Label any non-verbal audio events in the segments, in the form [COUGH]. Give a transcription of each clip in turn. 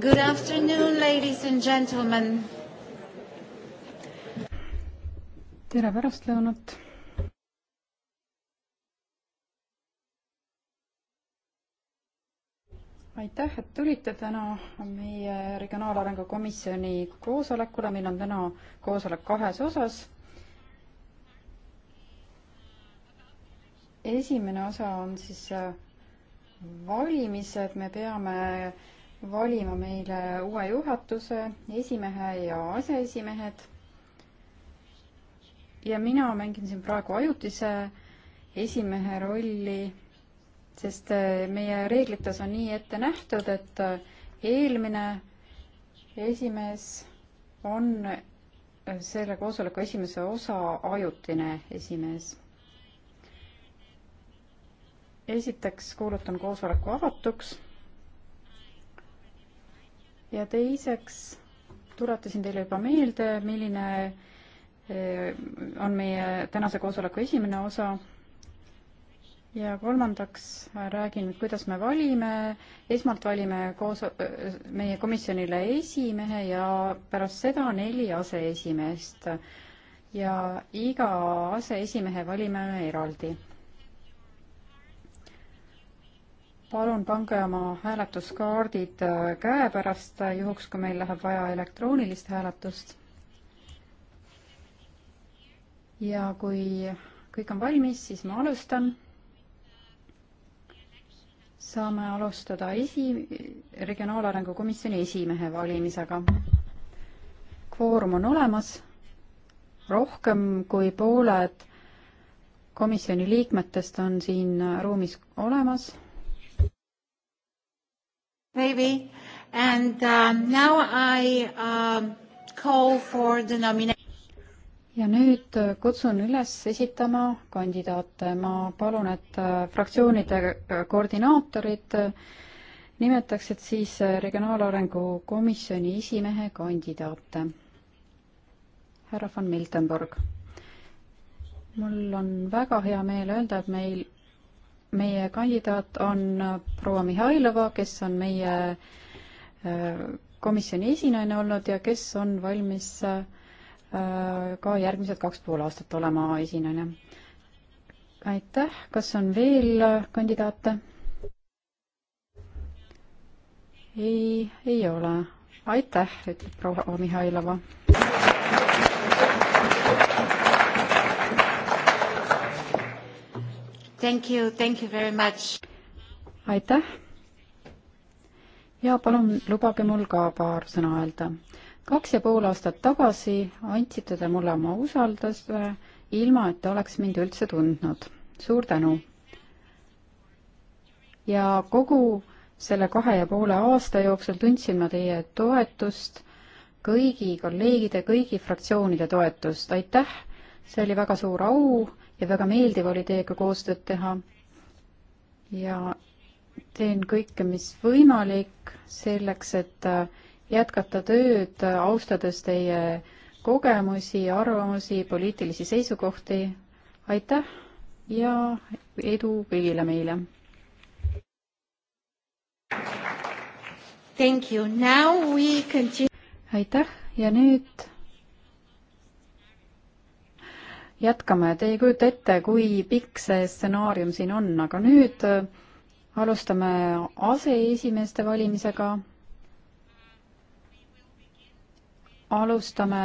Good afternoon, ladies and gentlemen. tere pärastlõunat. aitäh, et tulite täna meie Regionaalarengu Komisjoni koosolekule, meil on täna koosolek kahes osas. esimene osa on siis äh, valimised, me peame valima meile uue juhatuse, esimehe ja aseesimehed. ja mina mängin siin praegu ajutise esimehe rolli, sest eh, meie reeglites on nii ette nähtud, et eh, eelmine esimees on eh, selle koosoleku esimese osa ajutine esimees esiteks kuulutan koosoleku avatuks ja teiseks tuletasin teile juba meelde, milline eh, on meie tänase koosoleku esimene osa. ja kolmandaks räägin nüüd, kuidas me valime. esmalt valime koos, eh, meie komisjonile esimehe ja pärast seda neli aseesimeest. ja iga aseesimehe valime eraldi palun pange oma hääletuskaardid äh, käepärast, äh, juhuks kui meil läheb vaja elektroonilist hääletust. ja kui kõik on valmis, siis ma alustan. saame alustada esi-, Regionaalarengu Komisjoni esimehe valimisega. kvoorum on olemas, rohkem kui pooled komisjoni liikmetest on siin ruumis olemas Maybe. And um, now I um, call for the nomination. ja nüüd äh, kutsun üles esitama kandidaate. ma palun, et äh, fraktsioonide äh, koordinaatorid nimetaksid siis Regionaalarengu Komisjoni esimehe kandidaate. härra von Miltenburg, mul on väga hea meel öelda, et meil meie kandidaat on proua Mihhailova, kes on meie äh, komisjoni esinaine olnud ja kes on valmis äh, ka järgmised kaks pool aastat olema esinaine. aitäh, kas on veel kandidaate? ei, ei ole. aitäh, ütleb proua Mihhailova. Thank you, thank you very much. aitäh. ja palun lubage mul ka paar sõna öelda. kaks ja pool aastat tagasi andsite te mulle oma usalduse, ilma et te oleks mind üldse tundnud. suur tänu. ja kogu selle kahe ja poole aasta jooksul tundsin ma teie toetust, kõigi kolleegide, kõigi fraktsioonide toetust, aitäh. see oli väga suur au ja väga meeldiv oli teiega koostööd teha. ja teen kõike, mis võimalik selleks, et äh, jätkata tööd, äh, austades teie kogemusi, arvamusi, poliitilisi seisukohti. aitäh ja edu kõigile meile! aitäh ja nüüd jätkame, te ei kujuta ette, kui pikk see stsenaarium siin on, aga nüüd äh, alustame aseesimeeste valimisega. alustame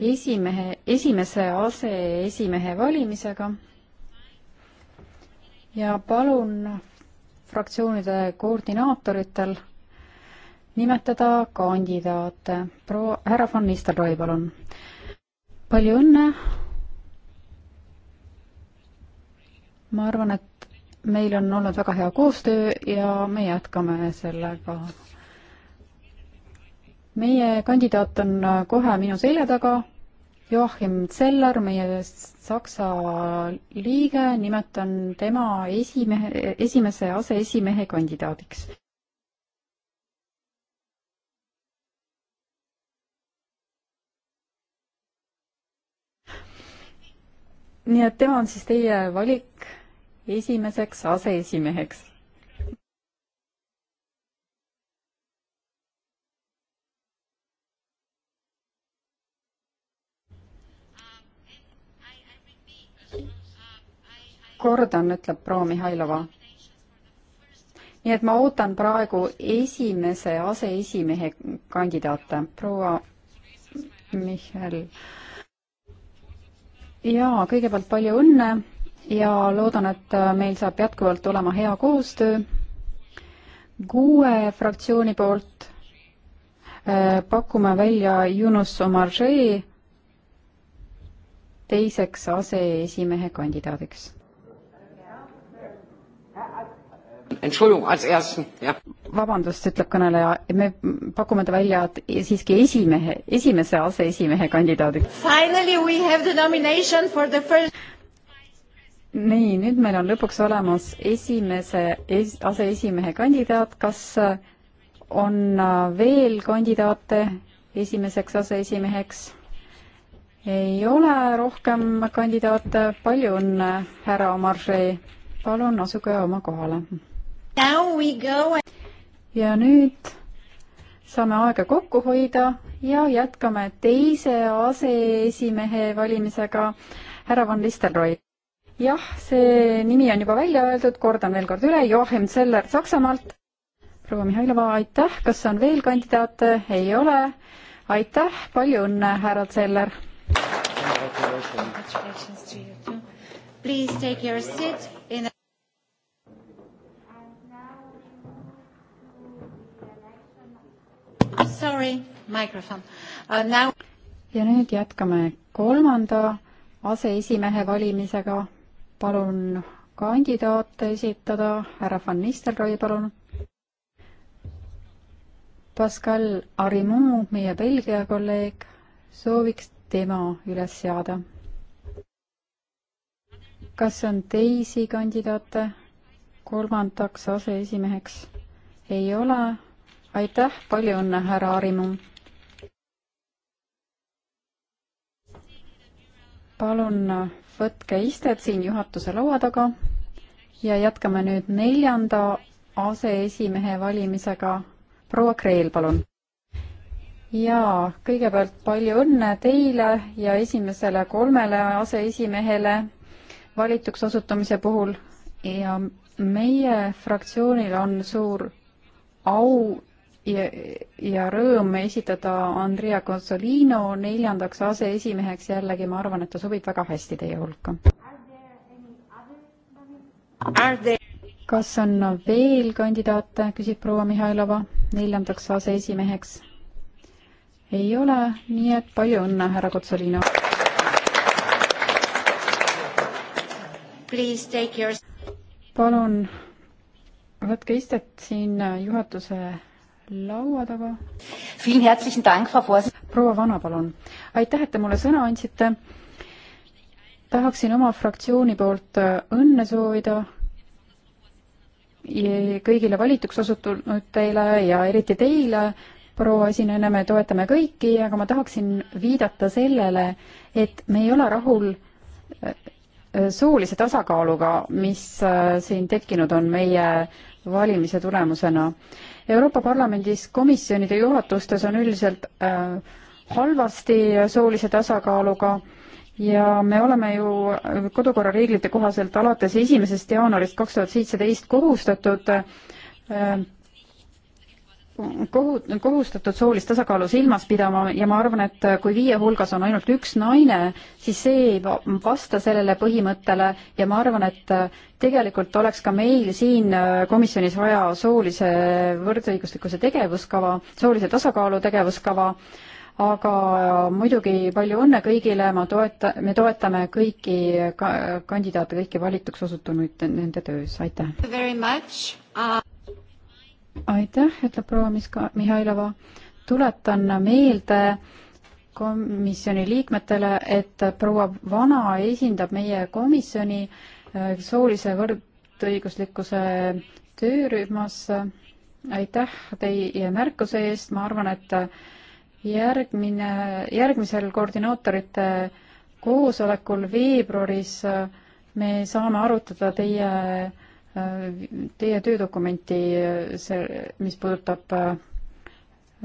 esimehe, esimese aseesimehe valimisega. ja palun fraktsioonide koordinaatoritel nimetada kandidaate. proua, härra von Nistelrooy, palun palju õnne. ma arvan, et meil on olnud väga hea koostöö ja me jätkame sellega. meie kandidaat on kohe minu selja taga Joachim Zeller, meie Saksa liige, nimetan tema esimehe, esimese aseesimehe kandidaadiks. nii et tema on siis teie valik esimeseks aseesimeheks. kordan, ütleb proua Mihhailova. nii et ma ootan praegu esimese aseesimehe kandidaate, proua Mihhail jaa, kõigepealt palju õnne ja loodan, et meil saab jätkuvalt olema hea koostöö. kuue fraktsiooni poolt äh, pakume välja Yunus Omarjee teiseks aseesimehe kandidaadiks. Entschuldigung, als ersten, jah vabandust, ütleb kõneleja, me pakume ta välja siiski esimehe, esimese aseesimehe kandidaadiks. nii, nüüd meil on lõpuks olemas esimese es, aseesimehe kandidaat, kas äh, on äh, veel kandidaate esimeseks aseesimeheks? ei ole rohkem kandidaate, palju õnne, härra Omarjee, palun asuge oma kohale. Now we go and ja nüüd saame aega kokku hoida ja jätkame teise aseesimehe valimisega, härra Van Nistelrooy. jah, see nimi on juba välja öeldud, kordan veel kord üle, Joachim Zeller Saksamaalt. proua Mihhailova, aitäh, kas on veel kandidaate? ei ole. aitäh, palju õnne, härra Zeller. Please take your seat in a Sorry, mikrofon uh,. Now... ja nüüd jätkame kolmanda aseesimehe valimisega. palun kandidaate esitada, härra Van Nistelrooy, palun. Pascal Arimuu, meie Belgia kolleeg, sooviks tema üles seada. kas on teisi kandidaate kolmandaks aseesimeheks? ei ole aitäh, palju õnne, härra Harimu. palun võtke istet siin juhatuse laua taga ja jätkame nüüd neljanda aseesimehe valimisega. proua Kreel, palun. jaa, kõigepealt palju õnne teile ja esimesele kolmele aseesimehele valituks osutumise puhul ja meie fraktsioonil on suur au ja, ja rõõm esitada Andrea Consolino neljandaks aseesimeheks jällegi, ma arvan, et ta sobib väga hästi teie hulka. kas on veel kandidaate, küsib proua Mihhailova neljandaks aseesimeheks? ei ole, nii et palju õnne, härra Consolino. palun võtke istet siin juhatuse laua taga. proua Vana, palun. aitäh, et te mulle sõna andsite. tahaksin oma fraktsiooni poolt äh, õnne soovida kõigile valituks osutunud teile ja eriti teile, proua esinejana, me toetame kõiki, aga ma tahaksin viidata sellele, et me ei ole rahul äh, soolise tasakaaluga, mis äh, siin tekkinud on meie valimise tulemusena. Euroopa Parlamendis komisjonide juhatustes on üldiselt äh, halvasti soolise tasakaaluga ja me oleme ju kodukorra reeglite kohaselt alates esimesest jaanuarist kaks tuhat seitseteist kohustatud äh, kohu-, kohustatud soolist tasakaalu silmas pidama ja ma arvan, et kui viie hulgas on ainult üks naine, siis see ei vasta sellele põhimõttele ja ma arvan, et tegelikult oleks ka meil siin komisjonis vaja soolise võrdõiguslikkuse tegevuskava, soolise tasakaalu tegevuskava, aga muidugi palju õnne kõigile, ma toeta-, me toetame kõiki ka-, kandidaate, kõiki valituks osutunuid nende töös, aitäh! aitäh, ütleb proua Miska-, Mihhailova. tuletan meelde komisjoni liikmetele, et proua Vana esindab meie komisjoni äh, soolise võrdõiguslikkuse töörühmas. aitäh teie märkuse eest, ma arvan, et järgmine, järgmisel koordinaatorite koosolekul veebruaris me saame arutada teie teie töödokumenti, see, mis puudutab äh,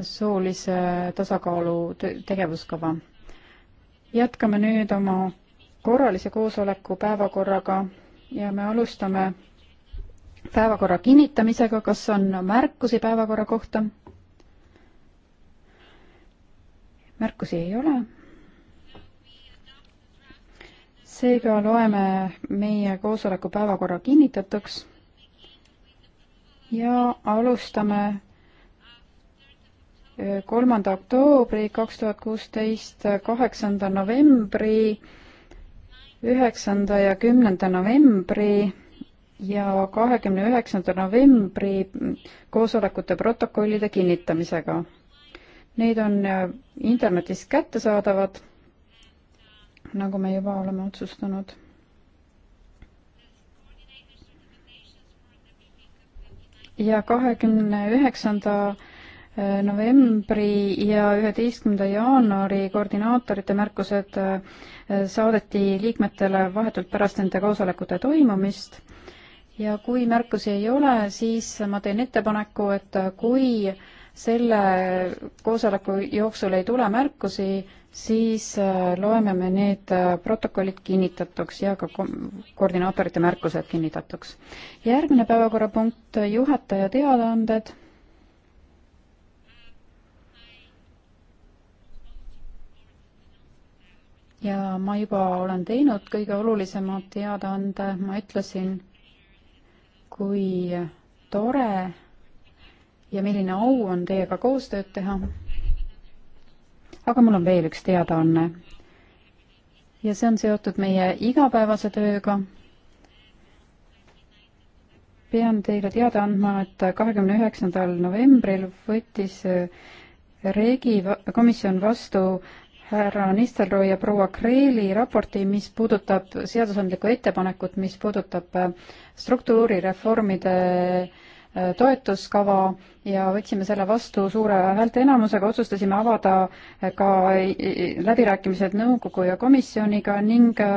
soolise tasakaalu tegevuskava. jätkame nüüd oma korralise koosoleku päevakorraga ja me alustame päevakorra kinnitamisega, kas on märkusi päevakorra kohta? märkusi ei ole seega loeme meie koosoleku päevakorra kinnitatuks ja alustame kolmanda oktoobri kaks tuhat kuusteist, kaheksanda novembri, üheksanda ja kümnenda novembri ja kahekümne üheksanda novembri koosolekute protokollide kinnitamisega. Need on internetis kättesaadavad nagu me juba oleme otsustanud. ja kahekümne üheksanda eh, novembri ja üheteistkümnenda jaanuari koordinaatorite märkused eh, saadeti liikmetele vahetult pärast nende koosolekute toimumist ja kui märkusi ei ole, siis ma teen ettepaneku, et kui selle koosoleku jooksul ei tule märkusi, siis äh, loeme me need äh, protokollid kinnitatuks ja ka koordinaatorite märkused kinnitatuks. järgmine päevakorrapunkt, äh, juhataja teadaanded. ja ma juba olen teinud kõige olulisema teadaande, ma ütlesin, kui tore ja milline au on teiega koostööd teha aga mul on veel üks teadaanne. ja see on seotud meie igapäevase tööga. pean teile teada andma, et kahekümne üheksandal novembril võttis eh, Regi komisjon vastu härra Nistelrooy ja proua Kreeli raporti, mis puudutab seadusandlikku ettepanekut, mis puudutab eh, struktuurireformide äh, Äh, toetuskava ja võtsime selle vastu suure häälteenamusega, otsustasime avada äh, ka äh, läbirääkimised nõukogu ja komisjoniga ning ka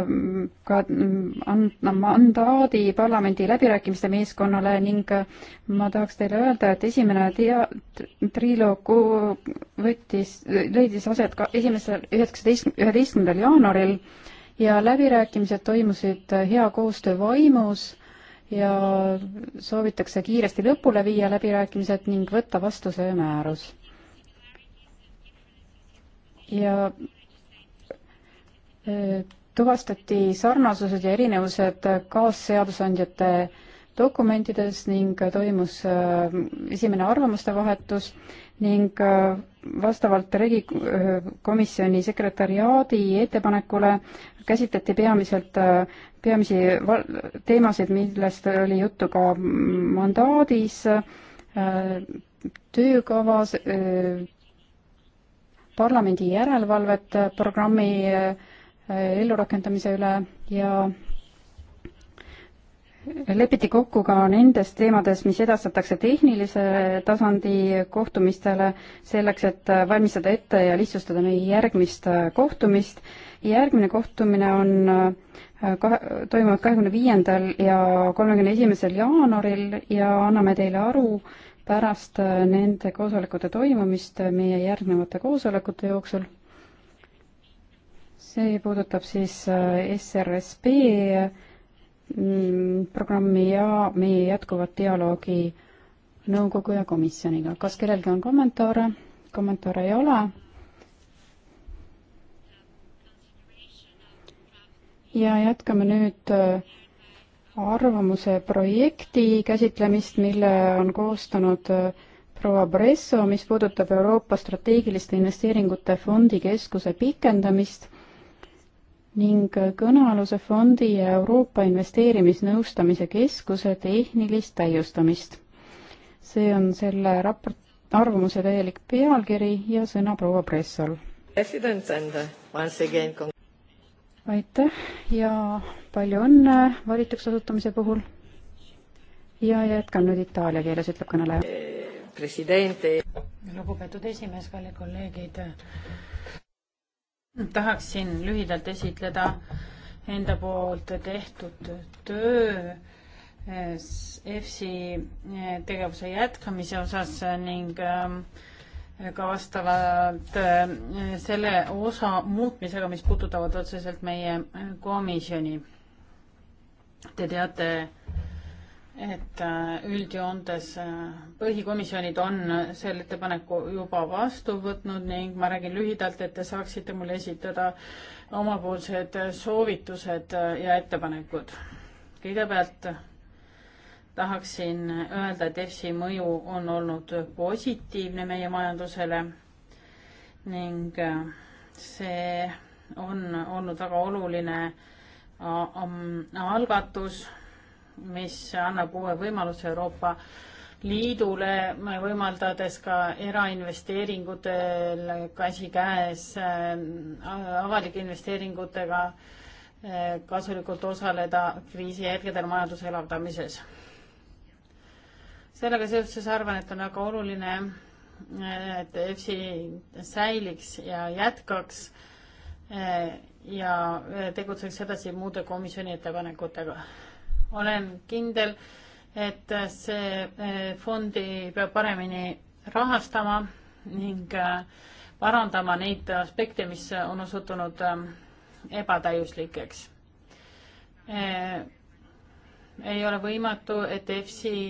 mm, anda mandaadi parlamendi läbirääkimiste meeskonnale ning ma tahaks teile öelda, et esimene dia-, triloog võttis, leidis aset ka esimesel, üheksateistkümne, üheteistkümnendal jaanuaril ja läbirääkimised toimusid hea koostöö vaimus ja soovitakse kiiresti lõpule viia läbirääkimised ning võtta vastu see määrus. ja e, tuvastati sarnasused ja erinevused kaasseadusandjate dokumentides ning toimus e, esimene arvamuste vahetus ning e, vastavalt regi-, komisjoni sekretariaadi ettepanekule käsitleti peamiselt, peamisi val-, teemasid, millest oli juttu ka mandaadis, töökavas, parlamendi järelevalvet programmi ellurakendamise üle ja lepiti kokku ka nendes teemades, mis edastatakse tehnilise tasandi kohtumistele, selleks et valmistada ette ja lihtsustada meie järgmist kohtumist. järgmine kohtumine on äh, kahe, toimunud kahekümne viiendal ja kolmekümne esimesel jaanuaril ja anname teile aru pärast äh, nende koosolekute toimumist äh, meie järgnevate koosolekute jooksul. see puudutab siis SRSP Mm, programmi ja meie jätkuvat dialoogi nõukogu ja komisjoniga. kas kellelgi on kommentaare? kommentaare ei ole. ja jätkame nüüd äh, arvamuse projekti käsitlemist, mille on koostanud äh, proua Bresso, mis puudutab Euroopa strateegiliste investeeringute fondi keskuse pikendamist ning kõnealuse fondi ja Euroopa Investeerimisnõustamise Keskuse tehnilist täiustamist. see on selle raport, arvamuse täielik pealkiri ja sõna proua Pressol. Uh, aitäh ja palju õnne valituks osutumise puhul. ja jätkan nüüd itaalia keeles, ütleb kõneleja. Eh, lugupeetud esimees, kallid kolleegid tahaksin lühidalt esitleda enda poolt tehtud töö eh, EFSI eh, tegevuse jätkamise osas ning eh, ka vastavalt selle osa muutmisega, mis puudutavad otseselt meie komisjoni. Te teate, et äh, üldjoontes äh, põhikomisjonid on äh, selle ettepaneku juba vastu võtnud ning ma räägin lühidalt, et te saaksite mulle esitada omapoolsed soovitused ja ettepanekud. kõigepealt tahaksin öelda, et EFSi mõju on olnud positiivne meie majandusele ning see on olnud väga oluline algatus mis annab uue võimaluse Euroopa Liidule, võimaldades ka erainvesteeringutel käsikäes äh, avalike investeeringutega äh, kasulikult osaleda kriisihetkedel majanduse elavdamises. sellega seoses arvan, et on väga oluline, äh, et EFSI säiliks ja jätkaks ja tegutseks edasi muude komisjoni ettepanekutega olen kindel, et see eh, fondi peab paremini rahastama ning eh, parandama neid aspekte, mis on osutunud eh, ebatäiuslikeks. ei ole võimatu, et EFSI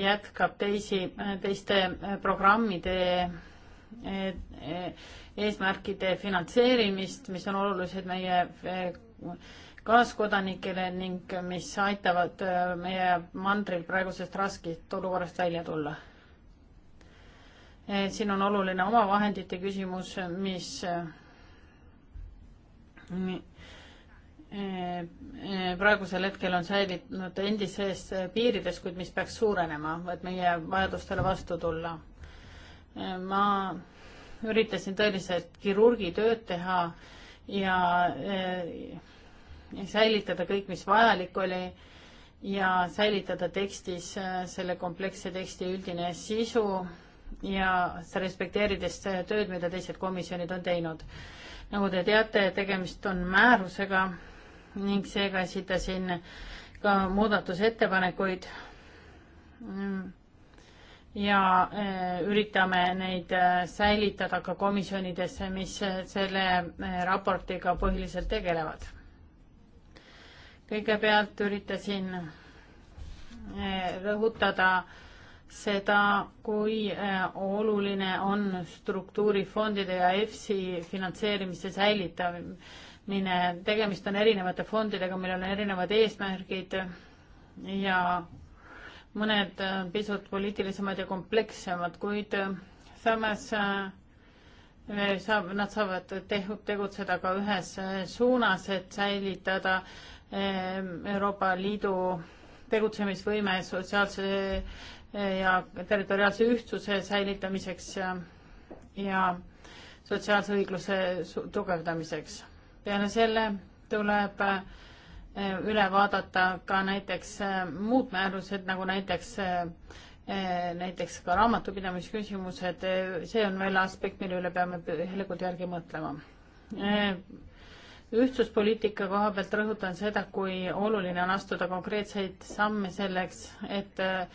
jätkab teisi, teiste programmide eesmärkide finantseerimist, mis on olulised meie kaaskodanikele ning mis aitavad äh, meie mandril praegusest raskest olukorrast välja tulla. siin on oluline omavahendite küsimus, mis äh, äh, praegusel hetkel on säilinud endises piirides, kuid mis peaks suurenema, et meie vajadustele vastu tulla. ma üritasin tõeliselt kirurgitööd teha ja säilitada kõik, mis vajalik oli ja säilitada tekstis äh, selle kompleksse teksti üldine sisu ja respekteerides tööd, mida teised komisjonid on teinud. nagu te teate, tegemist on määrusega ning seega esitasin ka muudatusettepanekuid mm. ja äh, üritame neid äh, säilitada ka komisjonides, mis selle raportiga põhiliselt tegelevad kõigepealt üritasin eh, rõhutada seda, kui eh, oluline on struktuurifondide ja EFSI finantseerimise säilitamine. tegemist on erinevate fondidega, millel on erinevad eesmärgid ja mõned on eh, pisut poliitilisemad ja komplekssemad, kuid samas saab, nad saavad tegutseda ka ühes suunas, et säilitada äh, Ehm, Euroopa Liidu tegutsemisvõime sotsiaalse eh, ja territoriaalse ühtsuse säilitamiseks ja, ja sotsiaalse õigluse tugevdamiseks. peale selle tuleb eh, üle vaadata ka näiteks eh, muud määrused, nagu näiteks, näiteks ka raamatupidamisküsimused, see on veel aspekt, mille üle peame tegelikult järgi mõtlema ühtsuspoliitika koha pealt rõhutan seda, kui oluline on astuda konkreetseid samme selleks, et äh,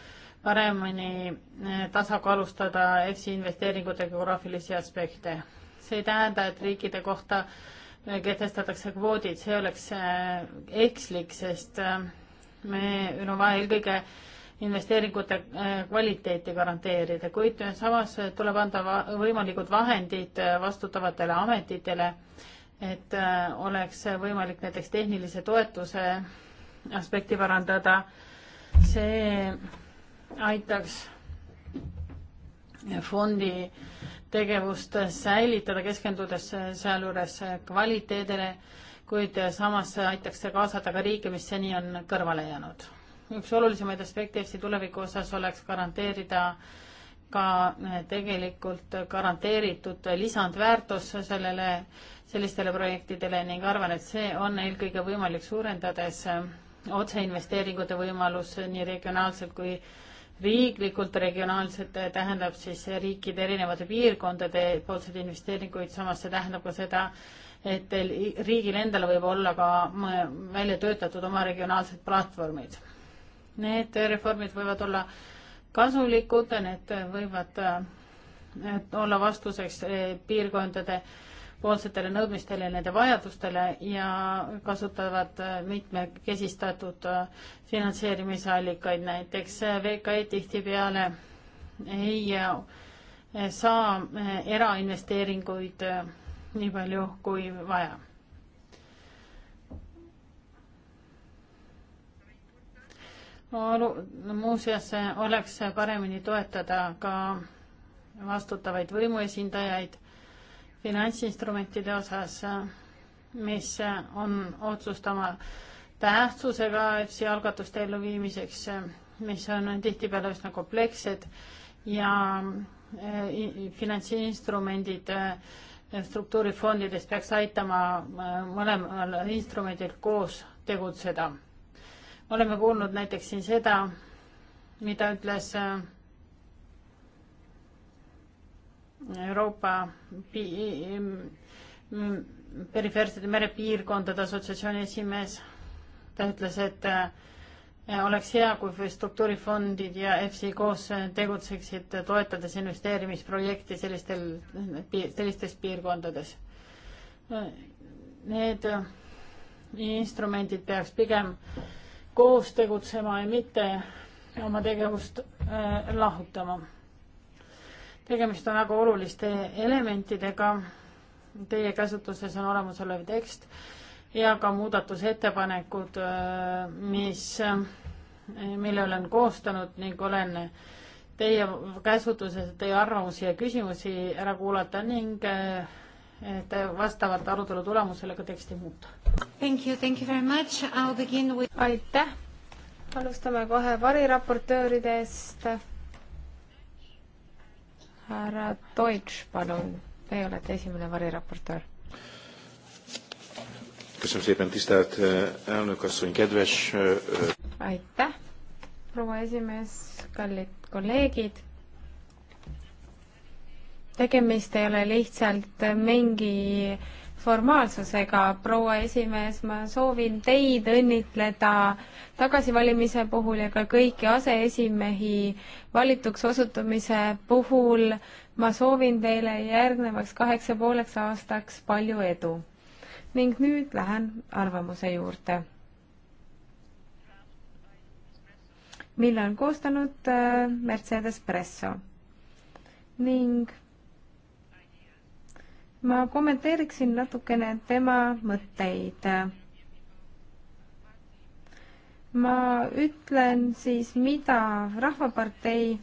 paremini äh, tasakaalustada EFSI investeeringute geograafilisi aspekte. see ei tähenda, et riikide kohta äh, kehtestatakse kvoodid, see oleks ekslik, sest me, meil on vaja eelkõige investeeringute kvaliteeti garanteerida, kuid samas tuleb anda va võimalikud vahendid vastutavatele ametitele et äh, oleks võimalik näiteks tehnilise toetuse aspekti parandada. see aitaks fondi tegevust säilitada, keskendudes sealjuures kvaliteedile, kuid samas aitaks see kaasata ka riike, mis seni on kõrvale jäänud. üks olulisemaid aspekte Eesti tuleviku osas oleks garanteerida ka tegelikult garanteeritud lisandväärtus sellele sellistele projektidele ning arvan, et see on eelkõige võimalik suurendades äh, otseinvesteeringute võimalus nii regionaalselt kui riiklikult, regionaalselt äh, tähendab siis riikide erinevate piirkondade poolseid investeeringuid, samas see tähendab ka seda, et riigil endal võib olla ka välja töötatud oma regionaalsed platvormid. Need reformid võivad olla kasulikud, need võivad äh, olla vastuseks piirkondade äh, poolsetele nõudmistele ja nende vajadustele ja kasutavad äh, mitmekesistatud äh, finantseerimisallikaid, näiteks äh, VKE tihtipeale ei saa erainvesteeringuid nii palju kui vaja. muuseas oleks paremini toetada ka vastutavaid võimuesindajaid finantsinstrumentide osas, mis on otsustama tähtsusega EFSI algatuste elluviimiseks, mis on tihtipeale üsna komplekssed ja eh, finantsinstrumendid eh, struktuurifondidest peaks aitama eh, mõlemal instrumendil koos tegutseda. oleme kuulnud näiteks siin seda, mida ütles Euroopa perifeersete merepiirkondade assotsiatsiooni esimees. ta ütles, et äh, oleks hea, kui struktuurifondid ja EFSI koos tegutseksid, toetades investeerimisprojekti sellistel, sellistes piirkondades. Need äh, instrumendid peaks pigem koos tegutsema ja mitte oma tegevust äh, lahutama tegemist on väga oluliste elementidega. Teie käsutuses on olemasolev tekst ja ka muudatusettepanekud, mis, mille olen koostanud ning olen teie käsutuses teie arvamusi ja küsimusi ära kuulata ning et vastavalt arutelu tulemusele ka teksti muuta. Thank you, thank you very much, I will begin with aitäh! alustame kohe variraportööridest härra Deutsch, palun, teie olete esimene variraportöör. Eh, eh, eh. aitäh, proua esimees, kallid kolleegid. tegemist ei ole lihtsalt mingi äh, formaalsusega, proua esimees, ma soovin teid õnnitleda tagasivalimise puhul ja ka kõiki aseesimehi valituks osutumise puhul. ma soovin teile järgnevaks kaheks ja pooleks aastaks palju edu. ning nüüd lähen arvamuse juurde. mille on koostanud äh, Mercedes Presso ning ma kommenteeriksin natukene tema mõtteid. ma ütlen siis, mida Rahvapartei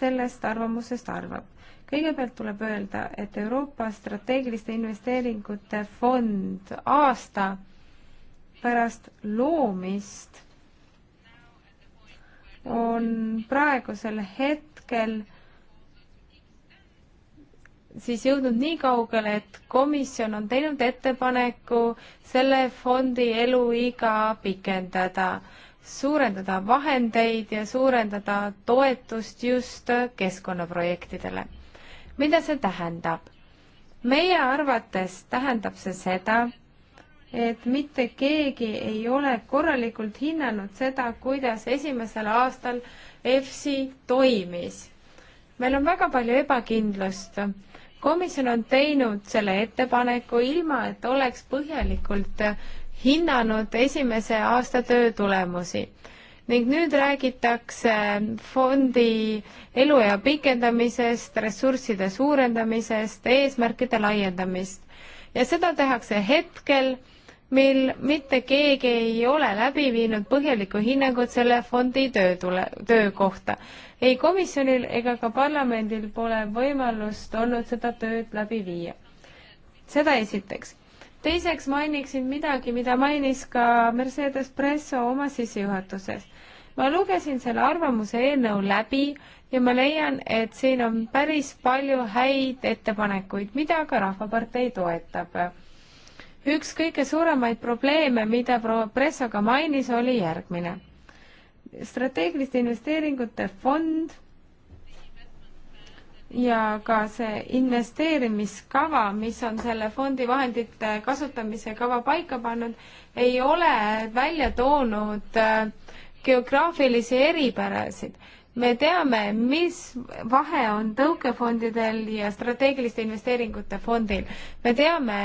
sellest arvamusest arvab. kõigepealt tuleb öelda, et Euroopa strateegiliste investeeringute fond aasta pärast loomist on praegusel hetkel siis jõudnud nii kaugele, et komisjon on teinud ettepaneku selle fondi eluiga pikendada, suurendada vahendeid ja suurendada toetust just keskkonnaprojektidele. mida see tähendab? meie arvates tähendab see seda, et mitte keegi ei ole korralikult hinnanud seda, kuidas esimesel aastal EFSI toimis. meil on väga palju ebakindlust komisjon on teinud selle ettepaneku ilma, et oleks põhjalikult hinnanud esimese aasta töö tulemusi ning nüüd räägitakse fondi eluea pikendamisest, ressursside suurendamisest, eesmärkide laiendamist ja seda tehakse hetkel mil mitte keegi ei ole läbi viinud põhjalikku hinnangut selle fondi töö tule, töö kohta. ei komisjonil ega ka parlamendil pole võimalust olnud seda tööd läbi viia. seda esiteks. teiseks mainiksin midagi, mida mainis ka Mercedes Presso oma sissejuhatuses. ma lugesin selle arvamuse eelnõu läbi ja ma leian, et siin on päris palju häid ettepanekuid, mida ka Rahvapartei toetab üks kõige suuremaid probleeme, mida proua Presso ka mainis, oli järgmine. strateegiliste investeeringute fond ja ka see investeerimiskava, mis on selle fondi vahendite kasutamise kava paika pannud, ei ole välja toonud äh, geograafilisi eripärasid. me teame, mis vahe on tõukefondidel ja strateegiliste investeeringute fondil. me teame,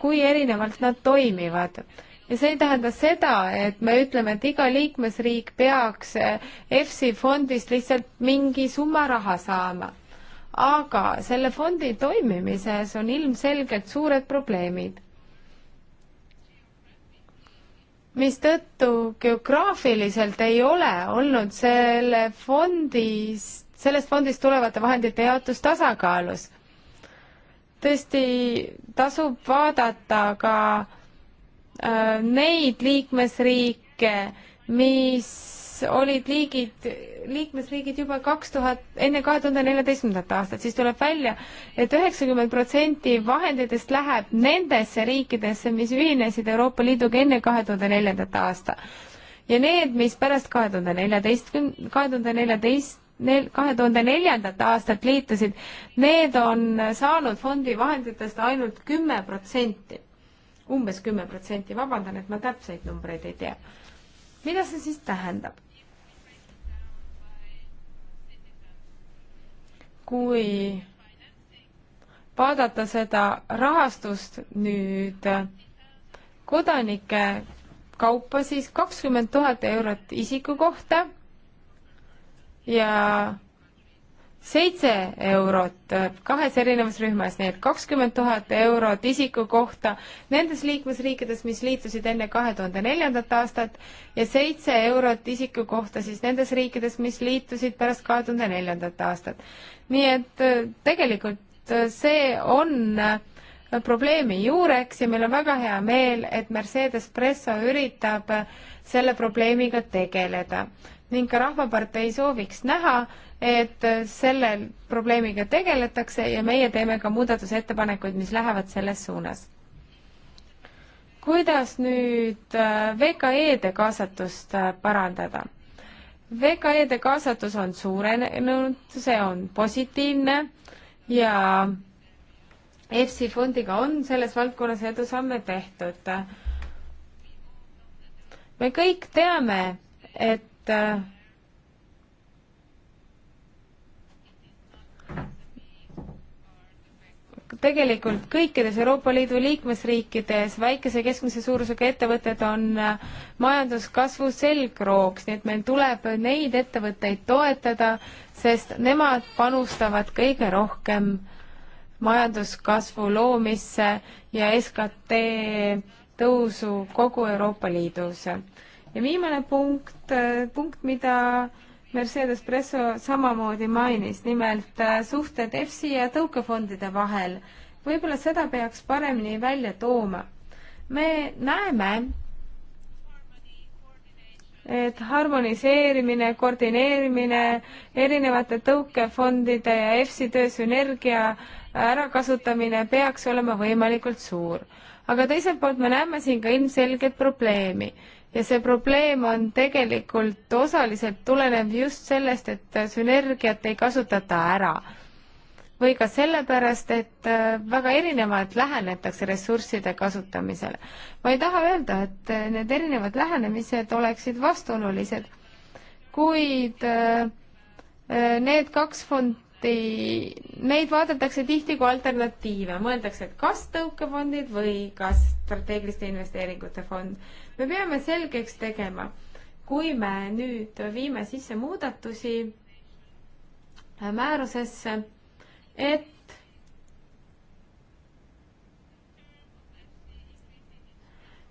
kui erinevalt nad toimivad ja see ei tähenda seda, et me ütleme, et iga liikmesriik peaks eh, EFSI fondist lihtsalt mingi summa raha saama. aga selle fondi toimimises on ilmselgelt suured probleemid. mistõttu geograafiliselt ei ole olnud selle fondist, sellest fondist tulevate vahendite jaotus tasakaalus tõesti tasub vaadata ka äh, neid liikmesriike, mis olid liigid, liikmesriigid juba kaks tuhat, enne kahe tuhande neljateistkümnendat aastat, siis tuleb välja et, et üheksakümmend protsenti vahenditest läheb nendesse riikidesse, mis ühinesid Euroopa Liiduga enne kahe tuhande neljandat aasta. ja need, mis pärast kahe tuhande neljateistkümne, kahe tuhande neljateist nel-, kahe tuhande neljandat aastat liitusid, need on saanud fondi vahenditest ainult kümme protsenti. umbes kümme protsenti, vabandan, et ma täpseid numbreid ei tea. mida see siis tähendab? kui vaadata seda rahastust nüüd kodanike kaupa, siis kakskümmend tuhat eurot isiku kohta ja seitse eurot kahes erinevas rühmas, nii et kakskümmend tuhat eurot isiku kohta nendes liikmesriikides, mis liitusid enne kahe tuhande neljandat aastat ja seitse eurot isiku kohta siis nendes riikides, mis liitusid pärast kahe tuhande neljandat aastat. nii et äh, tegelikult äh, see on äh, probleemi juureks ja meil on väga hea meel, et Mercedes Presso üritab selle probleemiga tegeleda ning ka Rahvapartei sooviks näha, et selle probleemiga tegeletakse ja meie teeme ka muudatusettepanekuid, mis lähevad selles suunas. kuidas nüüd äh, VKE-de kaasatust äh, parandada? VKE-de kaasatus on suurenenud, see on positiivne ja EFSI fondiga on selles valdkonnas edusamme tehtud. me kõik teame, et et äh, tegelikult kõikides Euroopa Liidu liikmesriikides väikese keskmise suurusega ettevõtted on äh, majanduskasvu selgrooks, nii et meil tuleb neid ettevõtteid toetada, sest nemad panustavad kõige rohkem majanduskasvu loomisse ja SKT tõusu kogu Euroopa Liidus ja viimane punkt, äh, punkt, mida Mercedes Presso samamoodi mainis, nimelt äh, suhted EFSI ja tõukefondide vahel. võib-olla seda peaks paremini välja tooma. me näeme, et harmoniseerimine, koordineerimine, erinevate tõukefondide ja EFSI töö sünergia ärakasutamine peaks olema võimalikult suur. aga teiselt poolt me näeme siin ka ilmselget probleemi ja see probleem on tegelikult osaliselt tulenev just sellest, et sünergiat ei kasutata ära. või ka sellepärast, et äh, väga erinevalt lähenetakse ressursside kasutamisele. ma ei taha öelda, et äh, need erinevad lähenemised oleksid vastuolulised, kuid äh, need kaks fond-, ei, neid vaadatakse tihti kui alternatiive, mõeldakse, et kas tõukefondid või kas strateegiliste investeeringute fond me peame selgeks tegema, kui me nüüd viime sisse muudatusi äh, määrusesse, et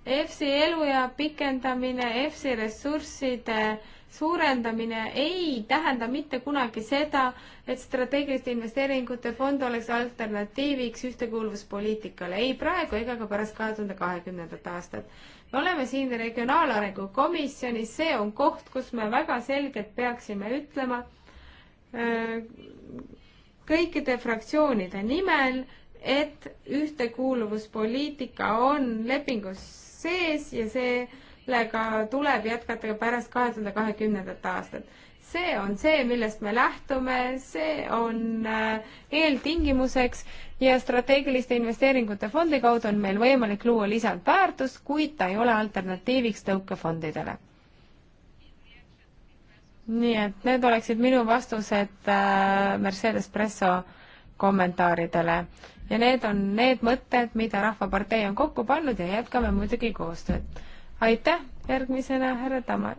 EFSi eluea pikendamine, EFSi ressursside suurendamine ei tähenda mitte kunagi seda, et strateegiliste investeeringute fond oleks alternatiiviks ühtekuuluvuspoliitikale ei praegu ega ka pärast kahe tuhande kahekümnendat aastat me oleme siin Regionaalarengu Komisjonis, see on koht, kus me väga selgelt peaksime ütlema äh, kõikide fraktsioonide nimel, et ühtekuuluvuspoliitika on lepingus sees ja sellega tuleb jätkata ka pärast kahe tuhande kahekümnendat aastat. see on see, millest me lähtume, see on äh, eeltingimuseks ja strateegiliste investeeringute fondi kaudu on meil võimalik luua lisandväärtust, kuid ta ei ole alternatiiviks tõukefondidele. nii et need oleksid minu vastused äh, Mercedes Presso kommentaaridele ja need on need mõtted, mida Rahvapartei on kokku pannud ja jätkame muidugi koostööd. aitäh, järgmisena härra Tamar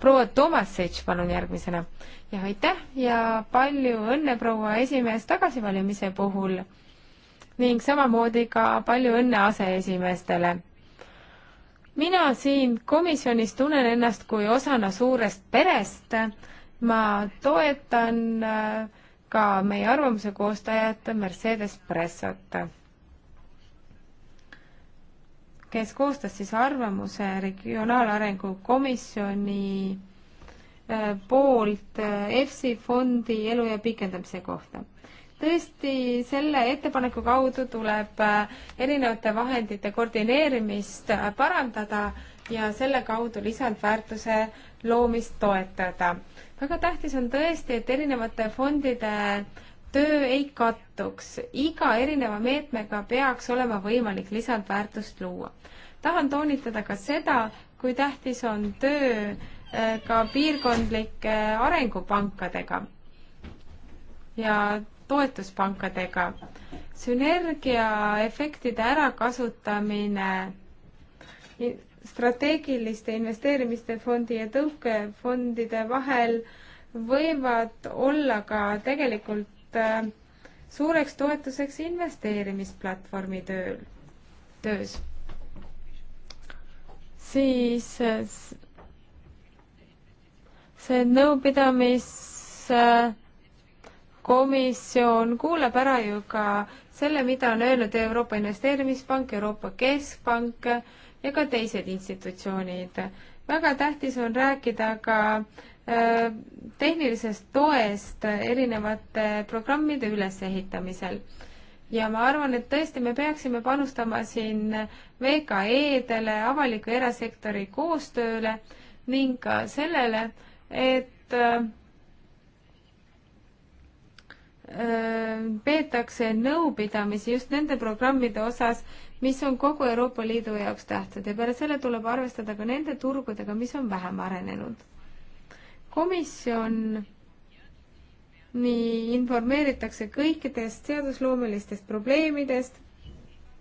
proua Tomasitš, palun järgmisena. jah, aitäh ja palju õnne, proua esimees, tagasivalimise puhul ning samamoodi ka palju õnne aseesimeestele. mina siin komisjonis tunnen ennast kui osana suurest perest. ma toetan äh, ka meie arvamuse koostajat Mercedes Pressot kes koostas siis arvamuse Regionaalarengu Komisjoni äh, poolt äh, EFSI fondi eluea pikendamise kohta. tõesti, selle ettepaneku kaudu tuleb äh, erinevate vahendite koordineerimist parandada ja selle kaudu lisandväärtuse loomist toetada. väga tähtis on tõesti, et erinevate fondide töö ei kattuks. iga erineva meetmega peaks olema võimalik lisandväärtust luua. tahan toonitada ka seda, kui tähtis on töö äh, ka piirkondlike äh, arengupankadega ja toetuspankadega. sünergiaefektide ärakasutamine strateegiliste investeerimiste fondi ja tõukefondide vahel võivad olla ka tegelikult Äh, suureks toetuseks investeerimisplatvormi tööl, töös. siis äh, see nõupidamiskomisjon äh, kuulab ära ju ka selle, mida on öelnud Euroopa Investeerimispank, Euroopa Keskpank ja ka teised institutsioonid. väga tähtis on rääkida ka äh, Äh, tehnilisest toest erinevate programmide ülesehitamisel. ja ma arvan, et tõesti me peaksime panustama siin VKE-dele, avaliku ja erasektori koostööle ning ka sellele, et äh, peetakse nõupidamisi just nende programmide osas, mis on kogu Euroopa Liidu jaoks tähtsad ja peale selle tuleb arvestada ka nende turgudega, mis on vähem arenenud komisjon nii informeeritakse kõikidest seadusloomelistest probleemidest,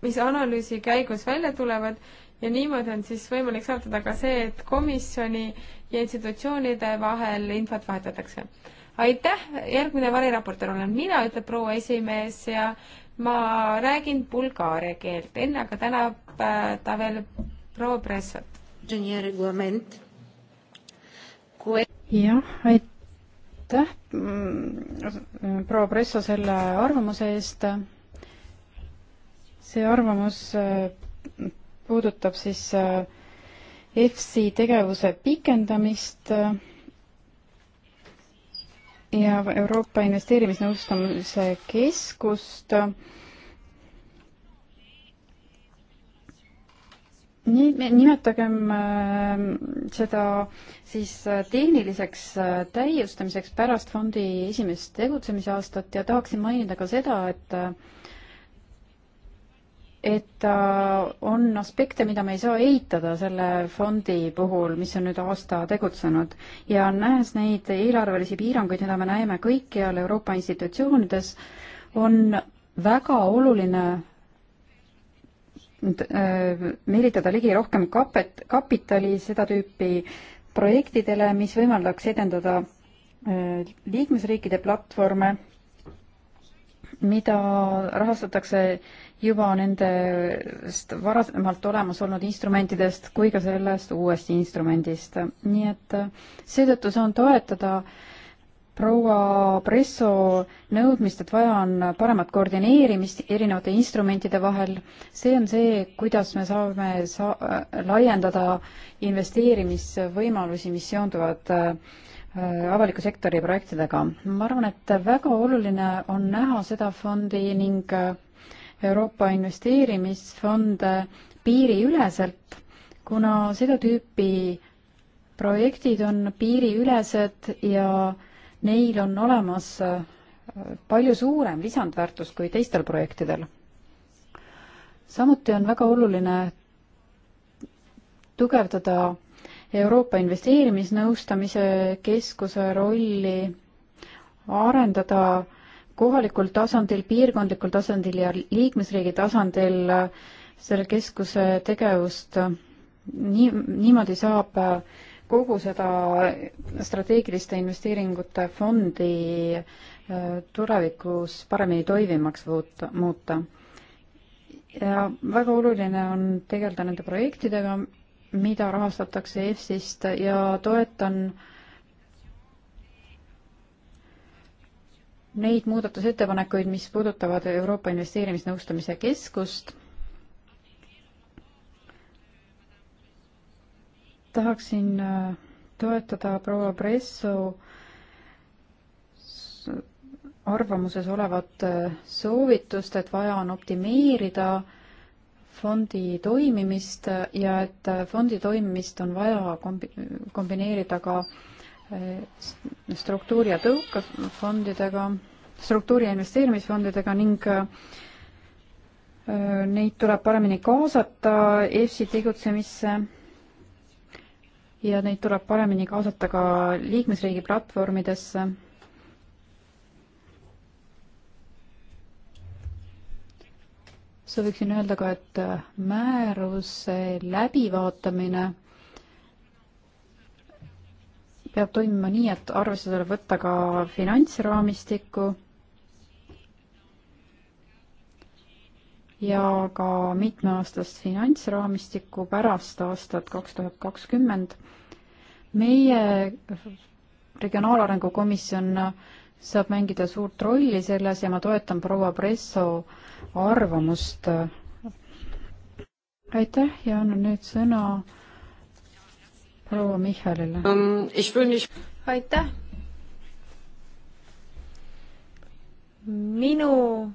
mis analüüsi käigus välja tulevad ja niimoodi on siis võimalik saavutada ka see, et komisjoni ja institutsioonide vahel infot vahetatakse. aitäh, järgmine variraportöör olen mina, ütleb proua esimees ja ma räägin bulgaaria keelt, enne aga tänab äh, ta veel proua Pressot jah, aitäh, mm, proua Presso, selle arvamuse eest. see arvamus äh, puudutab siis äh, EFSI tegevuse pikendamist äh, ja Euroopa Investeerimisnõustamise Keskust nii, nimetagem ähm, seda siis äh, tehniliseks äh, täiustamiseks pärast fondi esimest tegutsemisaastat ja tahaksin mainida ka seda, et äh, et on aspekte, mida me ei saa eitada selle fondi puhul, mis on nüüd aasta tegutsenud ja nähes neid eelarvelisi piiranguid, mida me näeme kõikjal Euroopa institutsioonides, on väga oluline Äh, meelitada ligi rohkem kapet, kapitali seda tüüpi projektidele, mis võimaldaks edendada äh, liikmesriikide platvorme, mida rahastatakse juba nendest varasemalt olemas olnud instrumentidest kui ka sellest uuest instrumendist. nii et äh, seetõttu saan toetada äh, proua Presso nõudmist, et vaja on paremat koordineerimist erinevate instrumentide vahel. see on see, kuidas me saame saa-, laiendada investeerimisvõimalusi, mis seonduvad äh, avaliku sektori projektidega. ma arvan, et väga oluline on näha seda fondi ning äh, Euroopa investeerimisfonde äh, piiriüleselt, kuna seda tüüpi projektid on piiriülesed ja äh, neil on olemas äh, palju suurem lisandväärtus kui teistel projektidel. samuti on väga oluline tugevdada Euroopa Investeerimisnõustamise Keskuse rolli, arendada kohalikul tasandil, piirkondlikul tasandil ja liikmesriigi tasandil äh, selle keskuse tegevust. nii, niimoodi saab äh, kogu seda strateegiliste investeeringute fondi äh, tulevikus paremini toimimaks muuta. ja väga oluline on tegeleda nende projektidega, mida rahastatakse EFSist ja toetan neid muudatusettepanekuid, mis puudutavad Euroopa Investeerimisnõustamise Keskust tahaksin äh, toetada proua Presso arvamuses olevat äh, soovitust, et vaja on optimeerida fondi toimimist ja et äh, fondi toimimist on vaja kombi-, kombineerida ka struktuuri- ja tõukefondidega, struktuuri- ja investeerimisfondidega ning neid tuleb paremini kaasata EFSi tegutsemisse ja neid tuleb paremini kaasata ka liikmesriigi platvormidesse. sooviksin öelda ka, et määruse läbivaatamine peab toimima nii, et arvesse tuleb võtta ka finantsraamistikku ja ka mitmeaastast finantsraamistikku pärast aastat kaks tuhat kakskümmend. meie Regionaalarengu Komisjon saab mängida suurt rolli selles ja ma toetan proua Presso arvamust. aitäh ja annan nüüd sõna proua Michalile um,. Nicht... aitäh. minu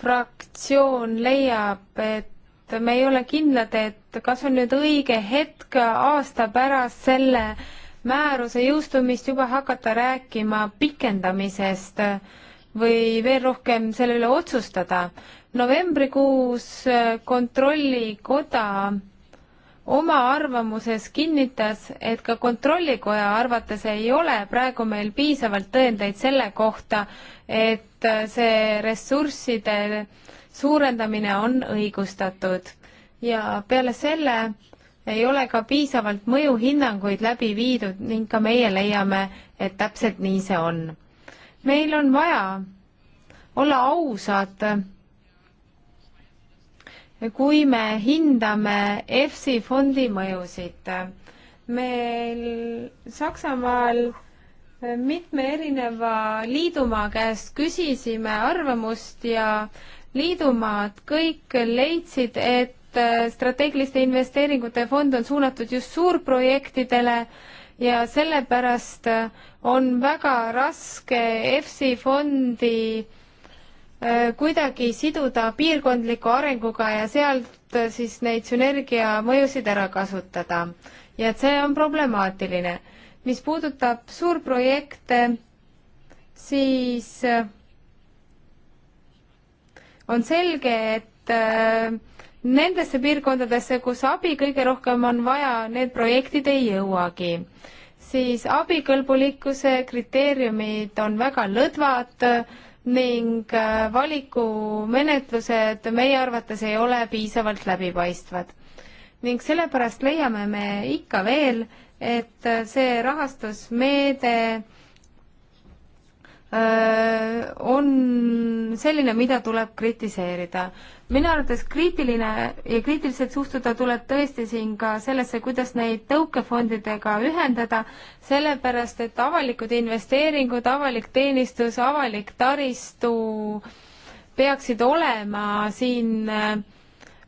fraktsioon leiab, et me ei ole kindlad, et kas on nüüd õige hetk aasta pärast selle määruse jõustumist juba hakata rääkima pikendamisest või veel rohkem selle üle otsustada. novembrikuus Kontrollikoda oma arvamuses kinnitas, et ka Kontrollikoja arvates ei ole praegu meil piisavalt tõendeid selle kohta, et et äh, see ressursside suurendamine on õigustatud ja peale selle ei ole ka piisavalt mõjuhinnanguid läbi viidud ning ka meie leiame, et täpselt nii see on. meil on vaja olla ausad, kui me hindame EFSI fondi mõjusid. meil Saksamaal mitme erineva liidumaa käest küsisime arvamust ja liidumaad kõik leidsid, et äh, strateegiliste investeeringute fond on suunatud just suurprojektidele ja sellepärast äh, on väga raske EFSI fondi äh, kuidagi siduda piirkondliku arenguga ja sealt siis neid sünergiamõjusid ära kasutada. ja et see on problemaatiline mis puudutab suurprojekte, siis äh, on selge, et äh, nendesse piirkondadesse, kus abi kõige rohkem on vaja, need projektid ei jõuagi. siis abikõlbulikkuse kriteeriumid on väga lõdvad äh, ning valikumenetlused meie arvates ei ole piisavalt läbipaistvad. ning sellepärast leiame me ikka veel, et see rahastusmeede äh, on selline, mida tuleb kritiseerida. minu arvates kriitiline ja kriitiliselt suhtuda tuleb tõesti siin ka sellesse, kuidas neid tõukefondidega ühendada, sellepärast et avalikud investeeringud, avalik teenistus, avalik taristu peaksid olema siin äh,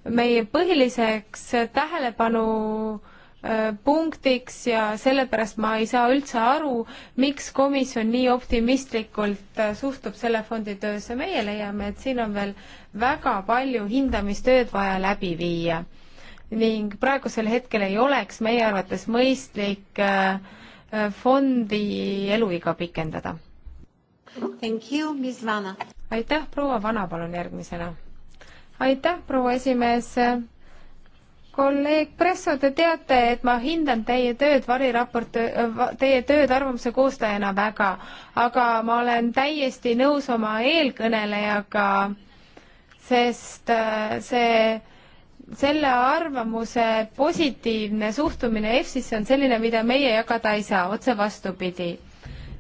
meie põhiliseks tähelepanu Äh, punktiks ja sellepärast ma ei saa üldse aru, miks komisjon nii optimistlikult äh, suhtub selle fondi töösse. meie leiame, et siin on veel väga palju hindamistööd vaja läbi viia ning praegusel hetkel ei oleks meie arvates mõistlik äh, fondi eluiga pikendada. aitäh, proua Vana, palun järgmisena. aitäh, proua esimees kolleeg Presso, te teate, et ma hindan teie tööd variraport, äh, teie tööd arvamuse koostajana väga, aga ma olen täiesti nõus oma eelkõnelejaga, sest äh, see, selle arvamuse positiivne suhtumine EFSisse on selline, mida meie jagada ei saa, otse vastupidi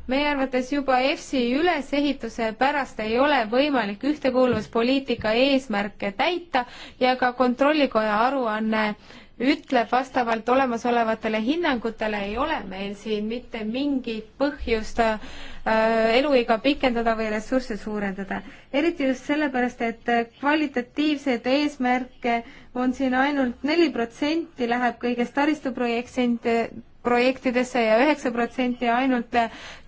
meie arvates juba EFSI ülesehituse pärast ei ole võimalik ühtekuuluvuspoliitika eesmärke täita ja ka Kontrollikoja aruanne ütleb vastavalt olemasolevatele hinnangutele, ei ole meil siin mitte mingit põhjust äh, eluiga pikendada või ressursse suurendada. eriti just sellepärast, et kvalitatiivseid eesmärke on siin ainult neli protsenti, läheb kõigest taristuprojektsid, projektidesse ja üheksa protsenti ainult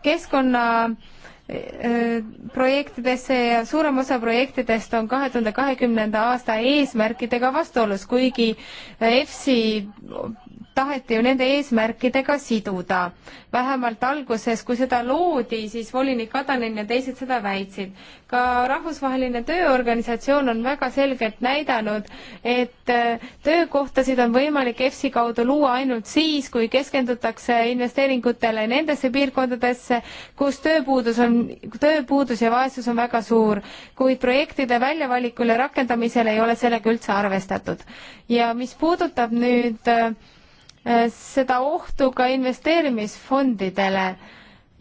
keskkonna eh, projektidesse ja suurem osa projektidest on kahe tuhande kahekümnenda aasta eesmärkidega vastuolus, kuigi EFSI taheti ju nende eesmärkidega siduda. vähemalt alguses, kui seda loodi, siis volinik Kadanen ja teised seda väitsid. ka Rahvusvaheline Tööorganisatsioon on väga selgelt näidanud, et äh, töökohtasid on võimalik EFSI kaudu luua ainult siis, kui keskendutakse investeeringutele nendesse piirkondadesse, kus tööpuudus on, tööpuudus ja vaesus on väga suur, kuid projektide väljavalikul ja rakendamisel ei ole sellega üldse arvestatud. ja mis puudutab nüüd äh, Eh, seda ohtu ka investeerimisfondidele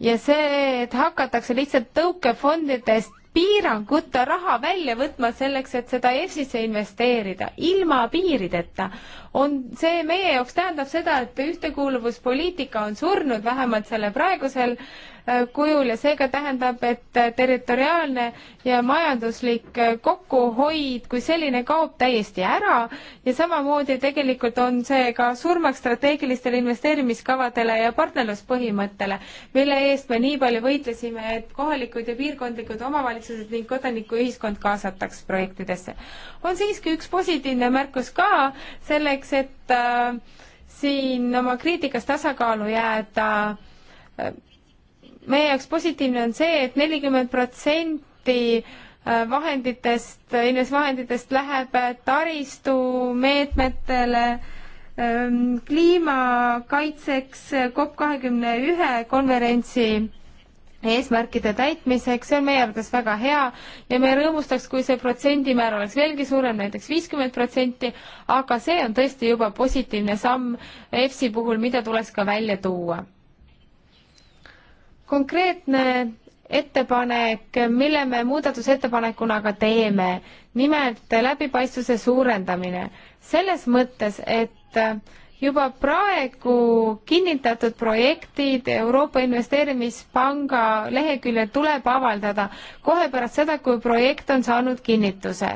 ja see, et hakatakse lihtsalt tõukefondidest piiranguta raha välja võtma selleks, et seda EFSisse investeerida, ilma piirideta, on see meie jaoks tähendab seda, et ühtekuuluvuspoliitika on surnud vähemalt selle praegusel äh, kujul ja seega tähendab, et äh, territoriaalne ja majanduslik äh, kokkuhoid kui selline kaob täiesti ära ja samamoodi tegelikult on see ka surmaks strateegilistele investeerimiskavadele ja partnerluspõhimõttele, mille eest me nii palju võitlesime, et kohalikud ja piirkondlikud omavalitsused omavalitsused ning kodanikuühiskond kaasataks projektidesse. on siiski üks positiivne märkus ka selleks, et äh, siin oma kriitikas tasakaalu jääda äh,. meie jaoks positiivne on see et, et nelikümmend protsenti äh, vahenditest, investvahenditest läheb taristumeetmetele ähm, kliimakaitseks äh, COP kahekümne ühe konverentsi eesmärkide täitmiseks, see on meie arvates väga hea ja me rõõmustaks, kui see protsendimäär oleks veelgi suurem, näiteks viiskümmend protsenti, aga see on tõesti juba positiivne samm EFSi puhul, mida tuleks ka välja tuua. konkreetne ettepanek, mille me muudatusettepanekuna ka teeme, nimelt läbipaistvuse suurendamine. selles mõttes, et juba praegu kinnitatud projektid Euroopa Investeerimispanga leheküljel tuleb avaldada kohe pärast seda, kui projekt on saanud kinnituse.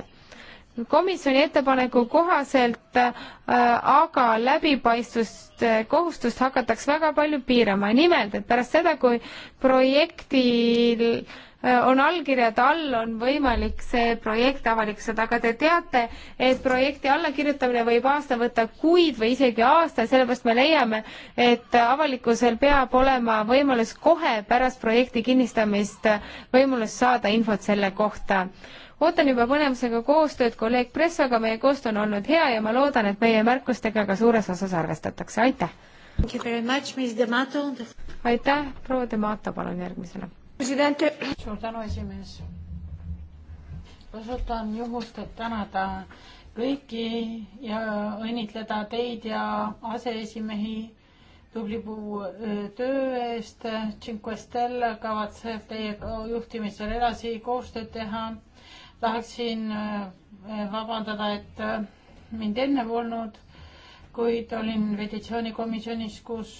komisjoni ettepaneku kohaselt äh, aga läbipaistvust äh,, kohustust hakatakse väga palju piirama, nimelt et pärast seda, kui projektil äh, Äh, on allkirjad all, on võimalik see projekt avalikustada, aga te teate, et projekti allakirjutamine võib aasta võtta kuid või isegi aasta, sellepärast me leiame, et avalikkusel peab olema võimalus kohe pärast projekti kinnistamist, võimalus saada infot selle kohta ootan juba põnevusega koostööd kolleeg Pressoga, meie koostöö on olnud hea ja ma loodan, et meie märkustega ka suures osas arvestatakse, aitäh! aitäh, proua Demato, palun järgmisena suur tänu, esimees. kasutan juhust, et tänada kõiki ja õnnitleda teid ja aseesimehi tubli puu töö eest. Cinquestel kavatseb teie juhtimisel edasi koostööd teha. tahaksin vabandada, et mind enne polnud, kuid olin petitsioonikomisjonis, kus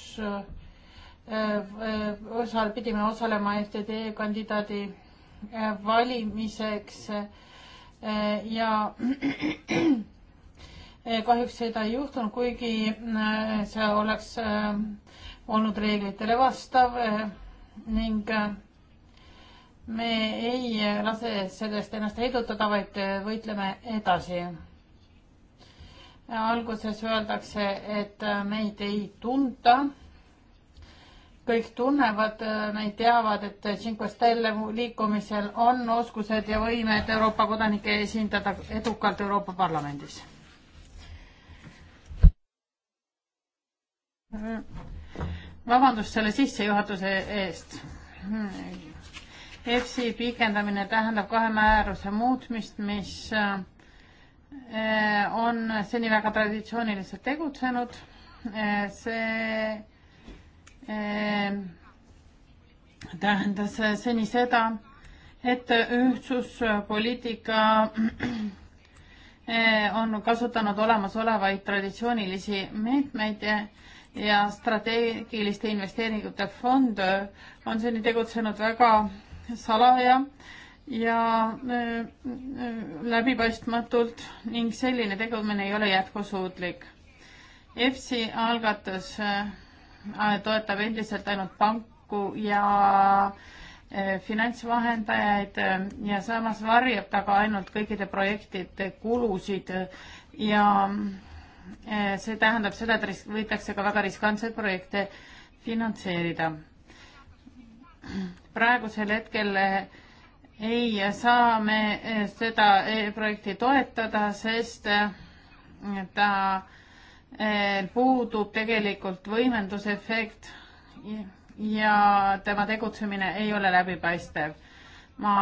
Äh, äh, osal pidime osalema FTD kandidaadi äh, valimiseks ja [CLEARS THROAT] kahjuks seda ei juhtunud, kuigi see oleks olnud reeglitele vastav ning me ei lase sellest ennast heidutada, vaid võitleme edasi. alguses öeldakse, et meid ei tunta kõik tunnevad, neid teavad, et Cinque Stelle liikumisel on oskused ja võimed Euroopa kodanikke esindada edukalt Euroopa Parlamendis. vabandust selle sissejuhatuse eest. EFSi pikendamine tähendab kahe määruse muutmist, mis eh, on seni väga traditsiooniliselt tegutsenud. Eh, see Ehm, tähendas seni seda, et ühtsuspoliitika eh, on kasutanud olemasolevaid traditsioonilisi meetmeid ja strateegiliste investeeringute fond on seni tegutsenud väga salaja ja eh, läbipaistmatult ning selline tegevus ei ole jätkusuutlik. EFSI algatas eh, Äh, toetab endiselt ainult panku ja äh, finantsvahendajaid äh, ja samas varjab ta ka ainult kõikide projektide kulusid ja see tähendab seda, et võidakse ka väga riskantseid projekte finantseerida. praegusel hetkel ei saa me seda projekti toetada, sest ta Äh, puudub tegelikult võimendusefekt ja tema tegutsemine ei ole läbipaistev. ma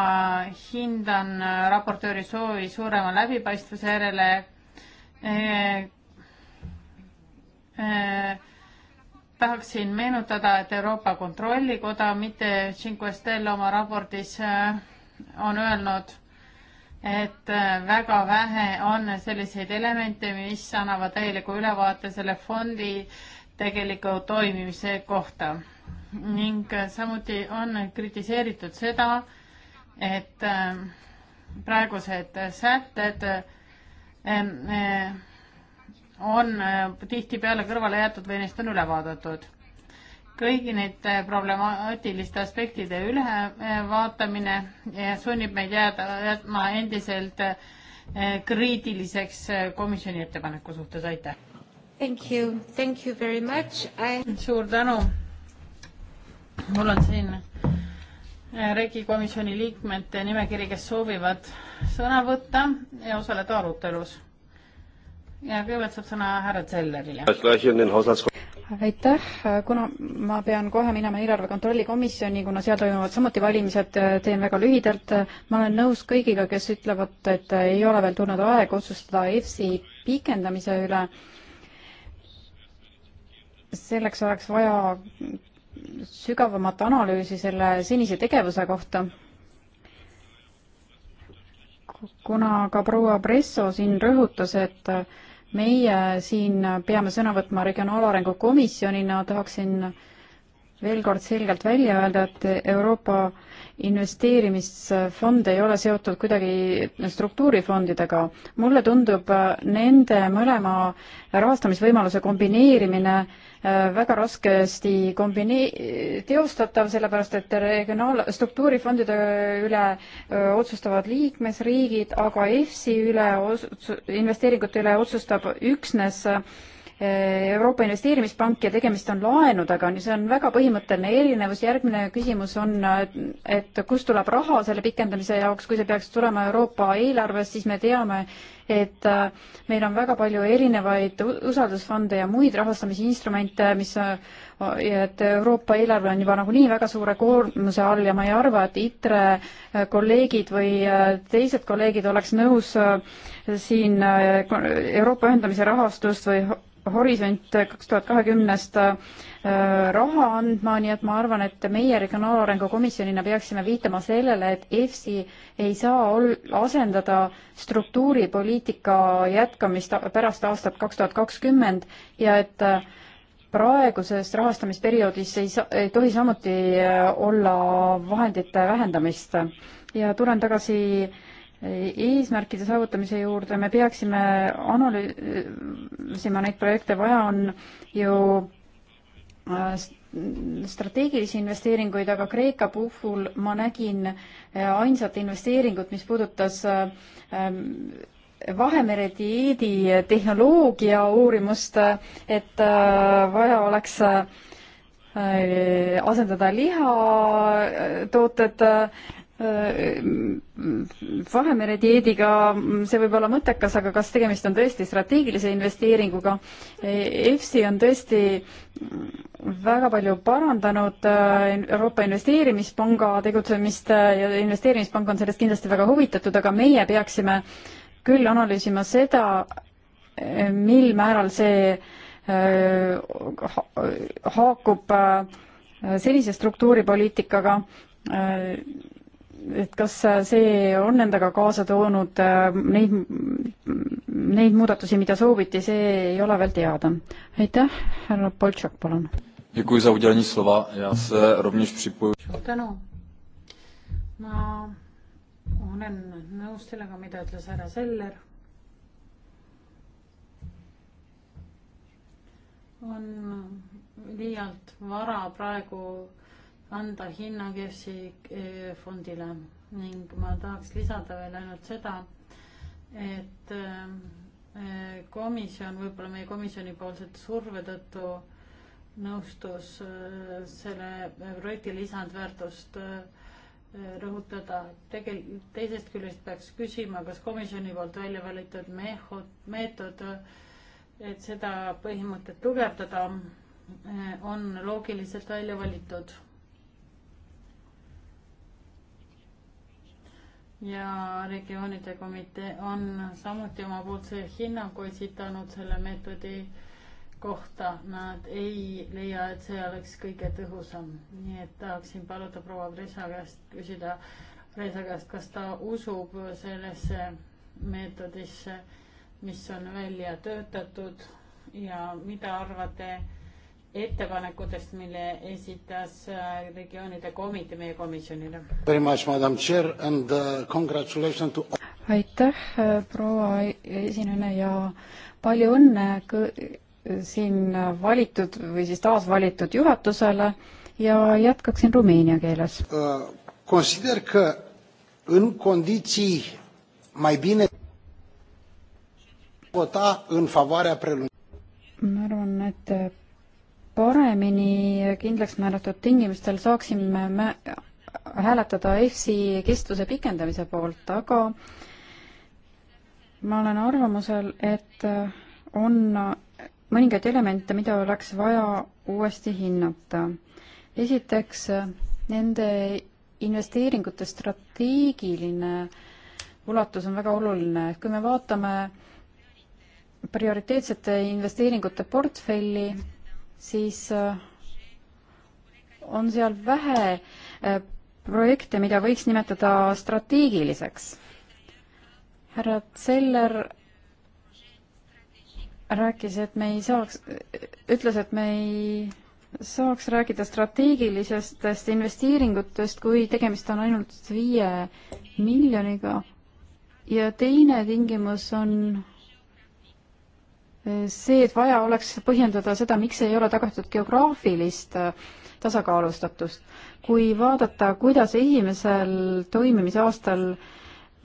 hindan äh, raportööri soovi suurema läbipaistvuse järele eh,. Eh, tahaksin meenutada, et Euroopa Kontrollikoda, mitte Cinque Stelle oma raportis eh, on öelnud et äh, väga vähe on selliseid elemente, mis annavad täieliku ülevaate selle fondi tegeliku toimimise kohta. ning äh, samuti on kritiseeritud seda, et äh, praegused sätted on tihtipeale kõrvale jäetud või neist on üle vaadatud kõigi neid äh, problemaatiliste aspektide ülevaatamine sunnib meid jääda, jätma endiselt äh, kriitiliseks äh, komisjoni ettepaneku suhtes, aitäh! Thank you, thank you very much I.... suur tänu. mul on siin Regi komisjoni liikmete nimekiri, kes soovivad sõna võtta ja osaleda arutelus ja kõigepealt saab sõna härra Zellerile. aitäh, kuna ma pean kohe minema eelarve kontrolli komisjoni, kuna seal toimuvad samuti valimised, teen väga lühidalt. ma olen nõus kõigiga, kes ütlevad, et ei ole veel tulnud aeg otsustada EFSi pikendamise üle. selleks oleks vaja sügavamat analüüsi selle senise tegevuse kohta kuna ka proua Presso siin rõhutas, et meie siin peame sõna võtma Regionaalarengu Komisjonina, tahaksin veel kord selgelt välja öelda, et Euroopa investeerimisfond ei ole seotud kuidagi struktuurifondidega. mulle tundub nende mõlema rahastamisvõimaluse kombineerimine äh, väga raskesti kombinee-, teostatav, sellepärast et regionaal-, struktuurifondide üle otsustavad liikmesriigid, aga EFSI üle os-, investeeringute üle otsustab üksnes Euroopa Investeerimispank ja tegemist on laenudega, nii see on väga põhimõtteline erinevus, järgmine küsimus on, et kust tuleb raha selle pikendamise jaoks, kui see peaks tulema Euroopa eelarvest, siis me teame, et äh, meil on väga palju erinevaid usaldusfonde ja muid rahastamisinstrumente, mis äh, et Euroopa eelarve on juba nagunii väga suure koormuse all ja ma ei arva, et ITRE äh, kolleegid või teised kolleegid oleks nõus siin Euroopa ühendamise rahastust või Horisont kaks tuhat kahekümnest Äh, raha andma, nii et ma arvan, et meie Regionaalarengu Komisjonina peaksime viitama sellele, et EFSI ei saa ol-, asendada struktuuripoliitika jätkamist pärast aastat kaks tuhat kakskümmend ja et äh, praeguses rahastamisperioodis ei saa, ei tohi samuti äh, olla vahendite vähendamist. ja tulen tagasi eesmärkide saavutamise juurde, me peaksime analüüsima neid projekte, vaja on ju Äh, strateegilisi investeeringuid, aga Kreeka puhul ma nägin äh, ainsat investeeringut, mis puudutas äh, ähm, Vahemere dieedi tehnoloogia uurimust, et vaja oleks asendada lihatooted Vahemere dieediga, see võib olla mõttekas, aga kas tegemist on tõesti strateegilise investeeringuga? EFSI on tõesti väga palju parandanud äh, Euroopa Investeerimispanga tegutsemist äh, ja investeerimispank on sellest kindlasti väga huvitatud, aga meie peaksime küll analüüsima seda, äh, mil määral see haakub sellise struktuuripoliitikaga, et kas see on endaga kaasa toonud äh, neid, neid muudatusi, mida sooviti, see ei ole veel teada. aitäh, härra Boltšak, palun. suur tänu. ma olen nõus sellega, mida ütles härra Seller. on liialt vara praegu anda hinnang EFSI eh, fondile ning ma tahaks lisada veel ainult seda, et eh, eh, komisjon võib-olla meie komisjonipoolset surve tõttu nõustus selle projekti lisandväärtust rõhutada. tegel-, teisest küljest peaks küsima, kas komisjoni poolt välja valitud meehod, meetod, et seda põhimõtet tugevdada, on loogiliselt välja valitud ja regioonide komitee on samuti omapoolse hinnangu esitanud selle meetodi kohta. Nad ei leia, et see oleks kõige tõhusam, nii et tahaksin paluda proua Presa käest küsida, Presa käest, kas ta usub sellesse meetodisse, mis on välja töötatud ja mida arvate ettepanekutest, mille esitas äh, regioonide komitee meie komisjonile. Uh, aitäh, äh, proua esinejana ja palju õnne siin valitud või siis taasvalitud juhatusele ja jätkaksin rumeenia keeles uh,. Consider că în condiții mai bine vota în favoarea prelungirii. ma arvan, et paremini kindlaks määratud tingimustel saaksime mä hääletada EFSi kestuse pikendamise poolt, aga ma olen arvamusel, et on mõningaid elemente, mida oleks vaja uuesti hinnata. esiteks nende investeeringute strateegiline ulatus on väga oluline, et kui me vaatame prioriteetsete investeeringute portfelli, siis äh, on seal vähe äh, projekte, mida võiks nimetada strateegiliseks. härra Zeller rääkis, et me ei saaks, ütles, et me ei saaks rääkida strateegilistest investeeringutest, kui tegemist on ainult viie miljoniga. ja teine tingimus on see, et vaja oleks põhjendada seda, miks ei ole tagatud geograafilist äh, tasakaalustatust. kui vaadata, kuidas esimesel toimimisaastal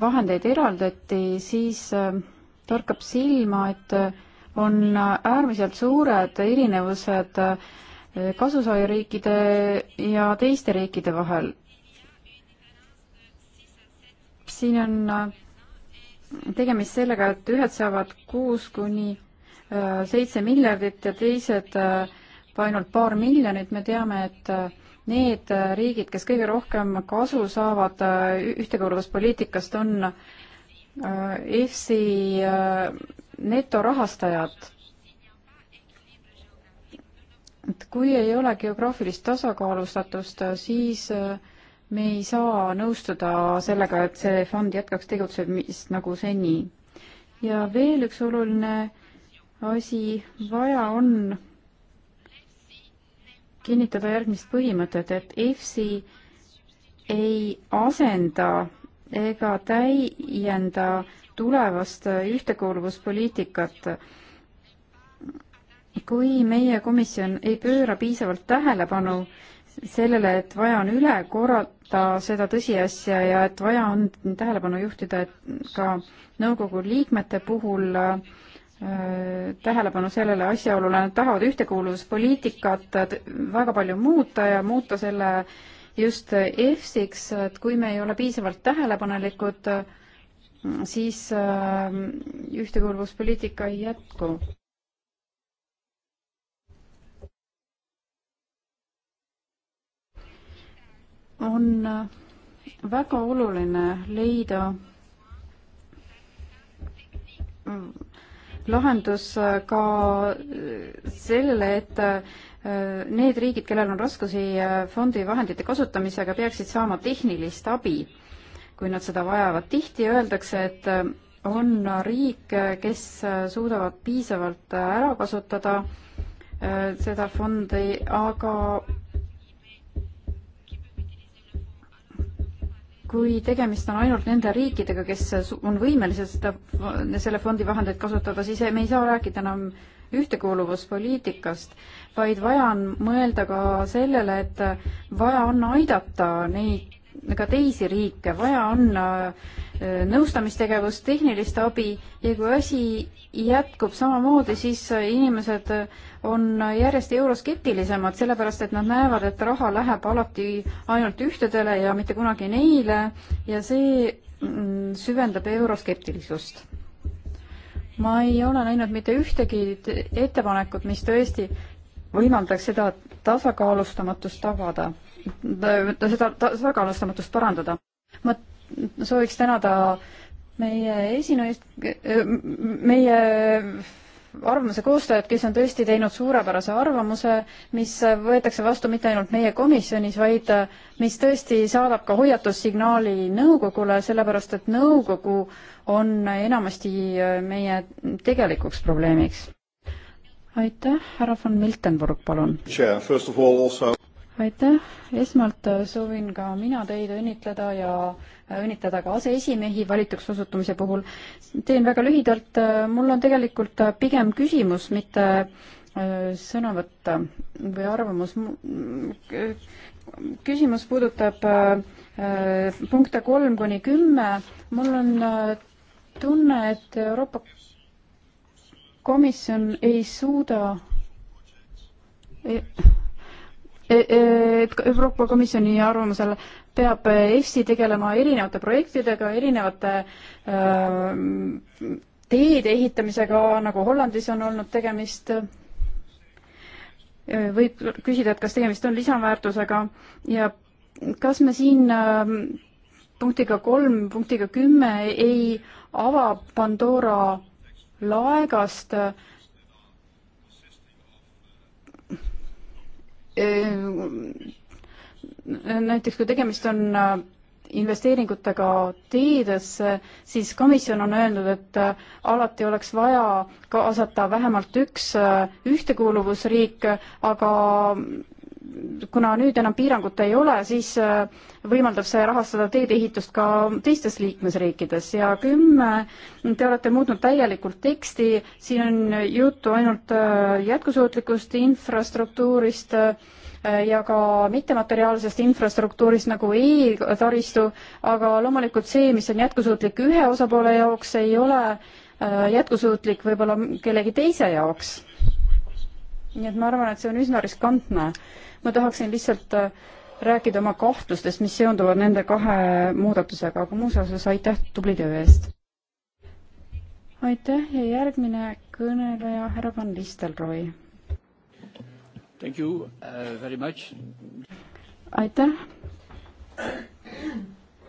vahendeid eraldati, siis äh, torkab silma, et äh, on äärmiselt suured erinevused kasusaajariikide ja teiste riikide vahel. siin on tegemist sellega, et ühed saavad kuus kuni seitse miljardit ja teised äh, ainult paar miljonit, me teame, et äh, need äh, riigid, kes kõige rohkem kasu saavad ühtekuuluvuspoliitikast, on EFSI netorahastajad. et kui ei ole geograafilist tasakaalustatust, siis me ei saa nõustuda sellega, et see fond jätkaks tegutsemist nagu seni. ja veel üks oluline äh, asi, vaja on kinnitada järgmist põhimõtet, et EFSI ei asenda ega täienda tulevast ühtekuuluvuspoliitikat. kui meie komisjon ei pööra piisavalt tähelepanu sellele, et vaja on üle korrata seda tõsiasja ja et vaja on tähelepanu juhtida, et ka nõukogu liikmete puhul äh, Äh, tähelepanu sellele asjaolule, nad tahavad ühtekuuluvuspoliitikat äh, väga palju muuta ja muuta selle just EFSiks, et kui me ei ole piisavalt tähelepanelikud, äh, siis ühtekuuluvuspoliitika ei jätku. on väga oluline leida mm, lahendus äh, ka äh, sellele, et äh, need riigid, kellel on raskusi fondi vahendite kasutamisega, peaksid saama tehnilist abi, kui nad seda vajavad. tihti öeldakse, et on riike, kes suudavad piisavalt ära kasutada seda fondi, aga kui tegemist on ainult nende riikidega, kes on võimelised seda, selle fondi vahendeid kasutada, siis me ei saa rääkida enam ühtekuuluvuspoliitikast, vaid vaja on mõelda ka sellele, et vaja on aidata neid ka teisi riike, vaja on äh, nõustamistegevust, tehnilist abi ja kui asi jätkub samamoodi, siis äh, inimesed äh, on järjest euroskeptilisemad, sellepärast et nad näevad, et raha läheb alati ainult ühtedele ja mitte kunagi neile ja see mm, süvendab euroskeptilisust ma ei ole näinud mitte ühtegi ettepanekut, mis tõesti võimaldaks seda tasakaalustamatust tagada seda tasakaalustamatust parandada. ma sooviks tänada meie esinaist, meie arvamuse koostajad, kes on tõesti teinud suurepärase arvamuse, mis võetakse vastu mitte ainult meie komisjonis, vaid mis tõesti saadab ka hoiatussignaali nõukogule, sellepärast et nõukogu on enamasti meie tegelikuks probleemiks. aitäh, härra von Miltenburg, palun. Also aitäh, esmalt äh, soovin ka mina teid õnnitleda ja äh, õnnitleda ka aseesimehi valituks osutumise puhul. teen väga lühidalt, äh, mul on tegelikult pigem küsimus, mitte sõnavõtt või arvamus. küsimus puudutab punkte kolm kuni kümme. mul on tunne, et Euroopa Komisjon ei suuda e-, E, e, et Euroopa Komisjoni arvamusel peab EFSI tegelema erinevate projektidega, erinevate ähm, teede ehitamisega, nagu Hollandis on olnud tegemist. Äh, võib küsida, et kas tegemist on lisaväärtusega ja kas me siin ähm, punktiga kolm, punktiga kümme ei ava Pandora laegast äh, Ehm, näiteks kui tegemist on äh, investeeringutega teedesse, siis komisjon on öelnud, et äh, alati oleks vaja kaasata vähemalt üks äh, ühtekuuluvusriik, aga kuna nüüd enam piirangut ei ole, siis äh, võimaldab see rahastada teedeehitust ka teistes liikmesriikides ja kümme, te olete muutnud täielikult teksti, siin on juttu ainult äh, jätkusuutlikust infrastruktuurist äh, ja ka mittemateriaalsest infrastruktuurist nagu e-taristu, aga loomulikult see, mis on jätkusuutlik ühe osapoole jaoks, ei ole jätkusuutlik võib-olla kellegi teise jaoks. nii et ma arvan, et see on üsna riskantne ma tahaksin lihtsalt äh, rääkida oma kahtlustest, mis seonduvad nende kahe muudatusega, aga muus osas aitäh tubli töö eest! aitäh ja järgmine kõneleja, härra Van Listelrooy. Thank you uh, very much! aitäh!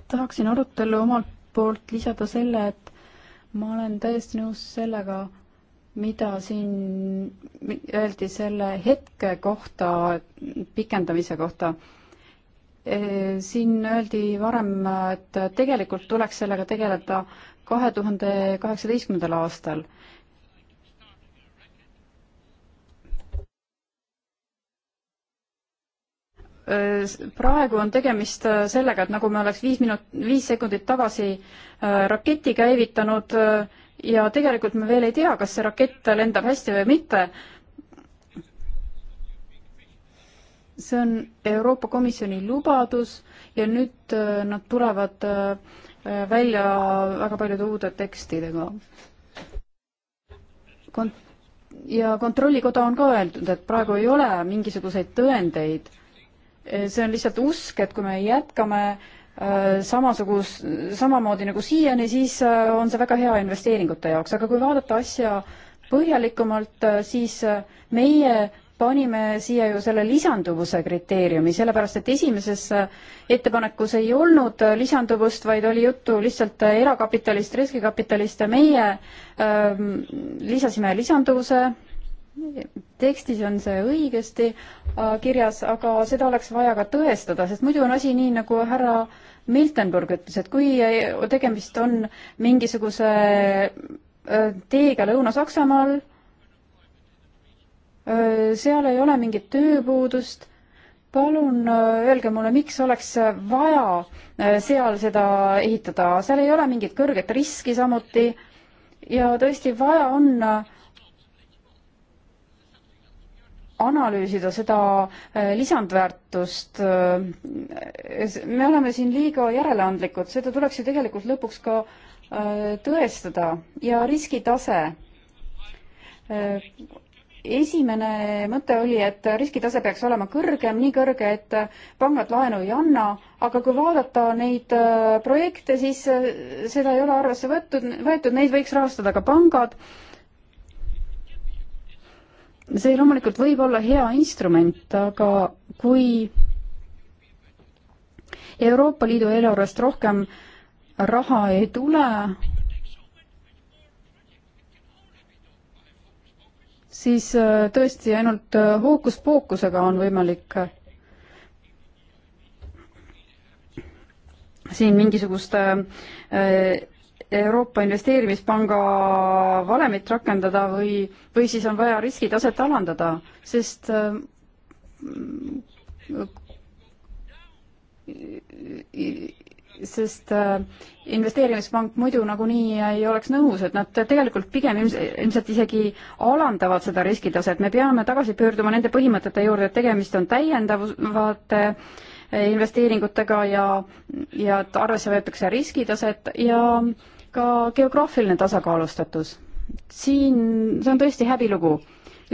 tahaksin arutelu omalt poolt lisada selle, et ma olen täiesti nõus sellega, mida siin öeldi selle hetke kohta, pikendamise kohta. E, siin öeldi varem, et tegelikult tuleks sellega tegeleda kahe tuhande kaheksateistkümnendal aastal e, praegu on tegemist sellega, et nagu me oleks viis minut, viis sekundit tagasi e, raketi käivitanud äh, ja tegelikult me veel ei tea, kas see rakett lendab hästi või mitte. see on Euroopa Komisjoni lubadus ja nüüd äh, nad tulevad äh, välja väga paljude uude tekstidega. Kont-, ja Kontrollikoda on ka öeldud, et praegu ei ole mingisuguseid tõendeid. Äh, see on lihtsalt usk, et kui me jätkame äh, Äh, samasus, samamoodi nagu siiani, siis äh, on see väga hea investeeringute jaoks, aga kui vaadata asja põhjalikumalt, äh, siis meie panime siia ju selle lisanduvuse kriteeriumi, sellepärast et esimeses ettepanekus ei olnud lisanduvust, vaid oli juttu lihtsalt erakapitalist, riskikapitalist ja meie ähm, lisasime lisanduvuse, tekstis on see õigesti äh, kirjas, aga seda oleks vaja ka tõestada, sest muidu on asi nii, nagu härra äh, Miltenburg ütles, et kui tegemist on mingisuguse äh, teega Lõuna-Saksamaal, äh, seal ei ole mingit tööpuudust palun äh, öelge mulle, miks oleks vaja seal seda ehitada, seal ei ole mingit kõrget riski samuti ja tõesti vaja on äh, analüüsida seda äh, lisandväärtust. Äh, me oleme siin liiga järeleandlikud, seda tuleks ju tegelikult lõpuks ka äh, tõestada ja riskitase. esimene mõte oli, et riskitase peaks olema kõrgem, nii kõrge, et pangad laenu ei anna, aga kui vaadata neid projekte, siis seda ei ole arvesse võetud, võetud, neid võiks rahastada ka pangad see loomulikult võib olla hea instrument, aga kui Euroopa Liidu eelarvest rohkem raha ei tule, siis äh, tõesti ainult äh, hookuspookusega on võimalik äh, siin mingisugust äh, Euroopa Investeerimispanga valemit rakendada või, või siis on vaja riskitaset alandada, sest äh, sest äh, investeerimispank muidu nagunii ei oleks nõus, et nad tegelikult pigem ilmselt isegi alandavad seda riskitaset, me peame tagasi pöörduma nende põhimõtete juurde, et tegemist on täiendavate äh, investeeringutega ja, ja et arvesse võetakse riskitaset ja äh, ka geograafiline tasakaalustatus. siin, see on tõesti häbilugu.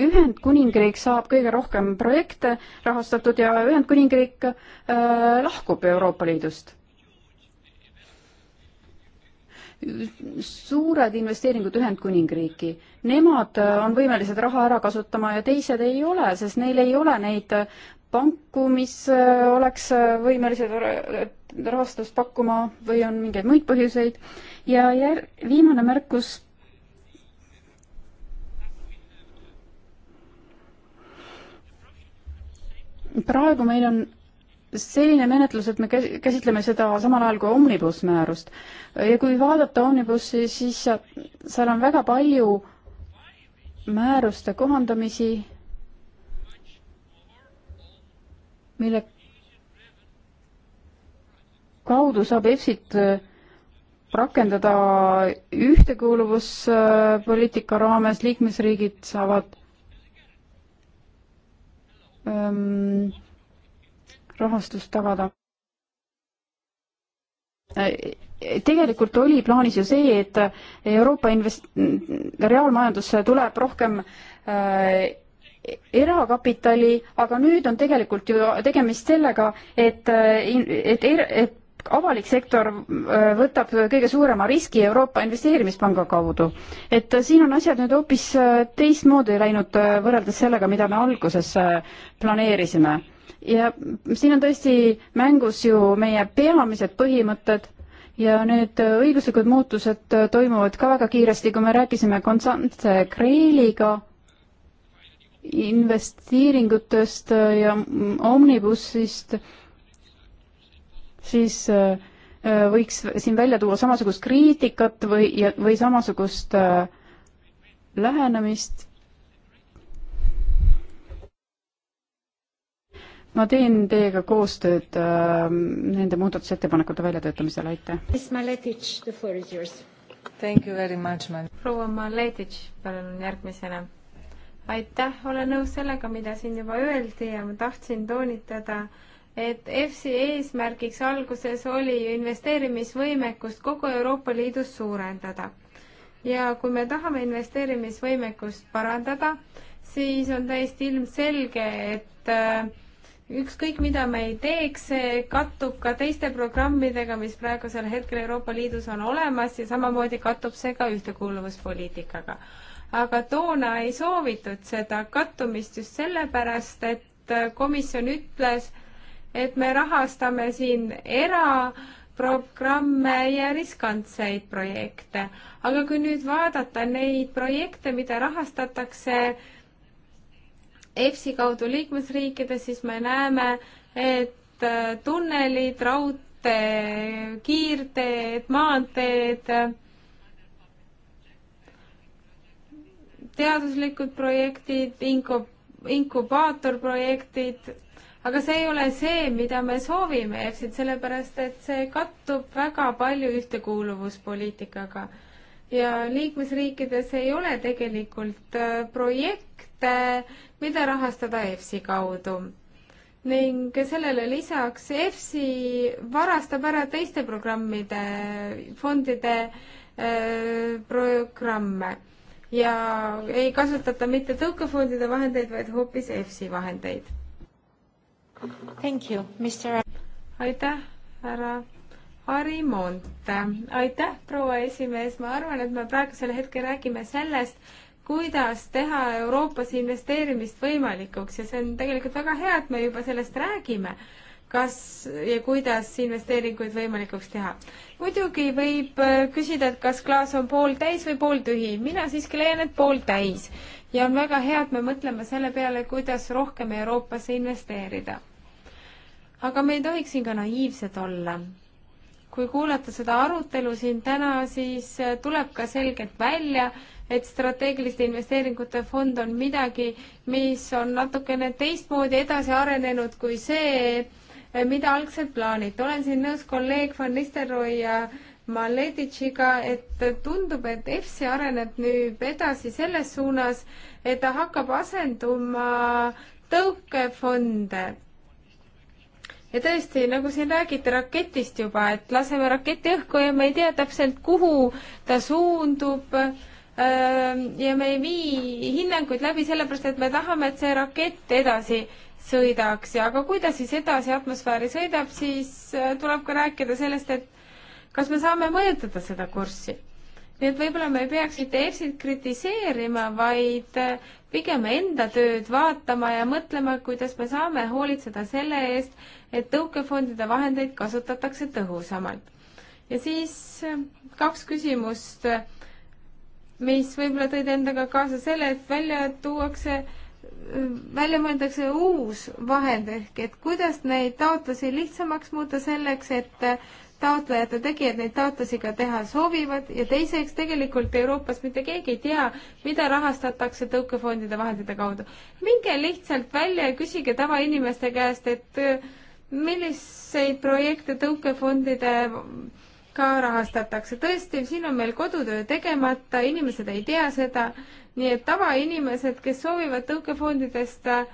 Ühendkuningriik saab kõige rohkem projekte rahastatud ja Ühendkuningriik äh, lahkub Euroopa Liidust. suured investeeringud Ühendkuningriiki, nemad äh, on võimelised raha ära kasutama ja teised ei ole, sest neil ei ole neid äh, panku, mis äh, oleks võimelised rahastust pakkuma või on mingeid muid põhjuseid ja jär-, viimane märkus. praegu meil on selline menetlus, et me käsitleme seda samal ajal kui Omnibus määrust. ja kui vaadata Omnibussi, siis seal on väga palju määruste kohandamisi, mille kaudu saab EFSit äh, rakendada ühtekuuluvuspoliitika raames, liikmesriigid saavad ähm, rahastust tagada. tegelikult oli plaanis ju see, et Euroopa invest-, reaalmajandusse tuleb rohkem äh, erakapitali, aga nüüd on tegelikult ju tegemist sellega, et, et, er-, et avalik sektor äh, võtab kõige suurema riski Euroopa Investeerimispanga kaudu. et äh, siin on asjad nüüd hoopis äh, teistmoodi läinud võrreldes sellega, mida me alguses planeerisime. ja siin on tõesti mängus ju meie peamised põhimõtted ja need õiguslikud muutused toimuvad ka väga kiiresti, kui me rääkisime Konstantse Kreeliga investeeringutest ja omnibussist siis äh, äh, võiks siin välja tuua samasugust kriitikat või, või samasugust äh, lähenemist. ma teen teiega koostööd nende muudatusettepanekute väljatöötamisel, aitäh. proua Maletitš, palun järgmisena aitäh, olen nõus sellega, mida siin juba öeldi ja ma tahtsin toonitada, et EFSI eesmärgiks alguses oli investeerimisvõimekust kogu Euroopa Liidus suurendada. ja kui me tahame investeerimisvõimekust parandada, siis on täiesti ilmselge, et äh, ükskõik, mida me ei teeks, see kattub ka teiste programmidega, mis praegusel hetkel Euroopa Liidus on olemas ja samamoodi kattub see ka ühtekuuluvuspoliitikaga. aga toona ei soovitud seda kattumist just sellepärast, et äh, komisjon ütles, et me rahastame siin eraprogramme ja riskantseid projekte. aga kui nüüd vaadata neid projekte, mida rahastatakse EFSI kaudu liikmesriikides, siis me näeme, et äh, tunnelid, raudtee, kiirteed, maanteed, teaduslikud projektid, inkub-, inkubaatorprojektid aga see ei ole see, mida me soovime EFSit, sellepärast et see kattub väga palju ühtekuuluvuspoliitikaga. ja liikmesriikides ei ole tegelikult äh, projekte, mida rahastada EFSi kaudu. ning sellele lisaks EFSi varastab ära teiste programmide, fondide äh, programme ja ei kasutata mitte tõukefondide vahendeid, vaid hoopis EFSI vahendeid Thank you, Mr. aitäh, härra Harri Moonte. aitäh, proua esimees, ma arvan, et me praegusel hetkel räägime sellest, kuidas teha Euroopas investeerimist võimalikuks ja see on tegelikult väga hea, et me juba sellest räägime, kas ja kuidas investeeringuid võimalikuks teha. muidugi võib äh, küsida, et kas klaas on pooltäis või pooltühi, mina siiski leian, et pooltäis. ja on väga hea, et me mõtleme selle peale, kuidas rohkem Euroopasse investeerida aga me ei tohiks siin ka naiivsed olla. kui kuulata seda arutelu siin täna, siis tuleb ka selgelt välja, et strateegiliste investeeringute fond on midagi, mis on natukene teistmoodi edasi arenenud kui see, mida algselt plaaniti. olen siin nõus kolleeg Van Nistelrooy ja Maleditšiga, et tundub, et EFSI areneb nüüd edasi selles suunas, et ta hakkab asenduma tõukefonde ja tõesti, nagu siin räägiti raketist juba, et laseme raketi õhku ja me ei tea täpselt, kuhu ta suundub ähm, ja me ei vii hinnanguid läbi sellepärast, et me tahame, et see rakett edasi sõidaks ja aga kui ta siis edasi atmosfääri sõidab, siis äh, tuleb ka rääkida sellest, et kas me saame mõjutada seda kurssi nii et võib-olla me ei peaks mitte EFSit kritiseerima, vaid äh, pigem enda tööd vaatama ja mõtlema, kuidas me saame hoolitseda selle eest, et tõukefondide vahendeid kasutatakse tõhusamalt. ja siis äh, kaks küsimust, äh, mis võib-olla tõid endaga kaasa selle, et välja tuuakse välja mõeldakse uus vahend ehk et kuidas neid taotlusi lihtsamaks muuta selleks, et taotlejate tegijad neid taotlusi ka teha soovivad ja teiseks tegelikult Euroopas mitte keegi ei tea, mida rahastatakse tõukefondide vahendite kaudu. minge lihtsalt välja ja küsige tavainimeste käest, et äh, milliseid projekte tõukefondide ka rahastatakse. tõesti, siin on meil kodutöö tegemata, inimesed ei tea seda, nii et tavainimesed, kes soovivad tõukefondidest äh,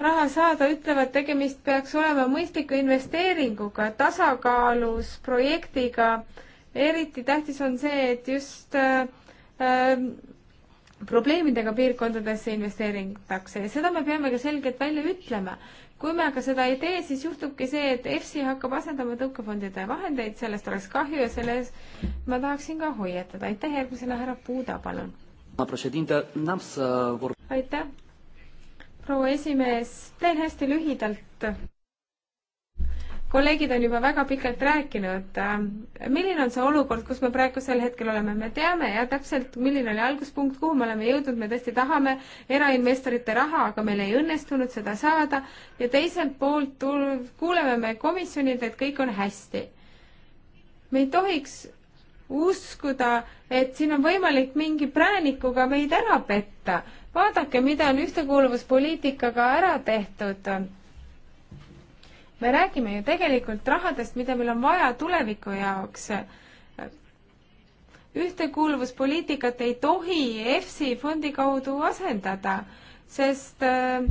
raha saada, ütlevad, tegemist peaks olema mõistliku investeeringuga, tasakaalus projektiga. eriti tähtis on see, et just äh, äh, probleemidega piirkondadesse investeeritakse ja seda me peame ka selgelt välja ütlema. kui me aga seda ei tee, siis juhtubki see, et EFSI hakkab asendama tõukefondide vahendeid, sellest oleks kahju ja selles ma tahaksin ka hoiatada. aitäh, järgmisena härra Puuda, palun. aitäh proua esimees, teen hästi lühidalt. kolleegid on juba väga pikalt rääkinud. milline on see olukord, kus me praegusel hetkel oleme, me teame ja täpselt, milline oli alguspunkt, kuhu me oleme jõudnud, me tõesti tahame erainvestorite raha, aga meil ei õnnestunud seda saada ja teiselt poolt kuuleme me komisjonilt, et kõik on hästi. me ei tohiks uskuda, et siin on võimalik mingi präänikuga meid ära petta vaadake, mida on ühtekuuluvuspoliitikaga ära tehtud. me räägime ju tegelikult rahadest, mida meil on vaja tuleviku jaoks. ühtekuuluvuspoliitikat ei tohi EFSI fondi kaudu asendada, sest äh,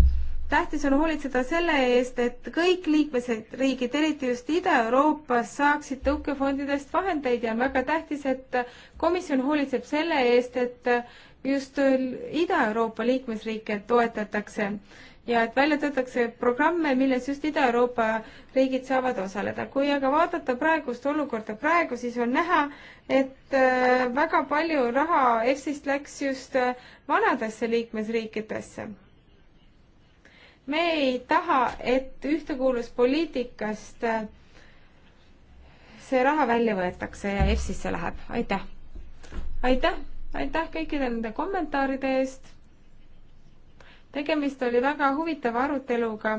tähtis on hoolitseda selle eest, et kõik liikmesriigid, eriti just Ida-Euroopas, saaksid tõukefondidest vahendeid ja on väga tähtis, et komisjon hoolitseb selle eest, et just Ida-Euroopa liikmesriike toetatakse ja et välja töötatakse programme, milles just Ida-Euroopa riigid saavad osaleda. kui aga vaadata praegust olukorda praegu, siis on näha, et äh, väga palju raha EFSist läks just äh, vanadesse liikmesriikidesse. me ei taha, et ühtekuuluvuspoliitikast äh, see raha välja võetakse ja EFSisse läheb. aitäh! aitäh! aitäh kõikide nende kommentaaride eest. tegemist oli väga huvitava aruteluga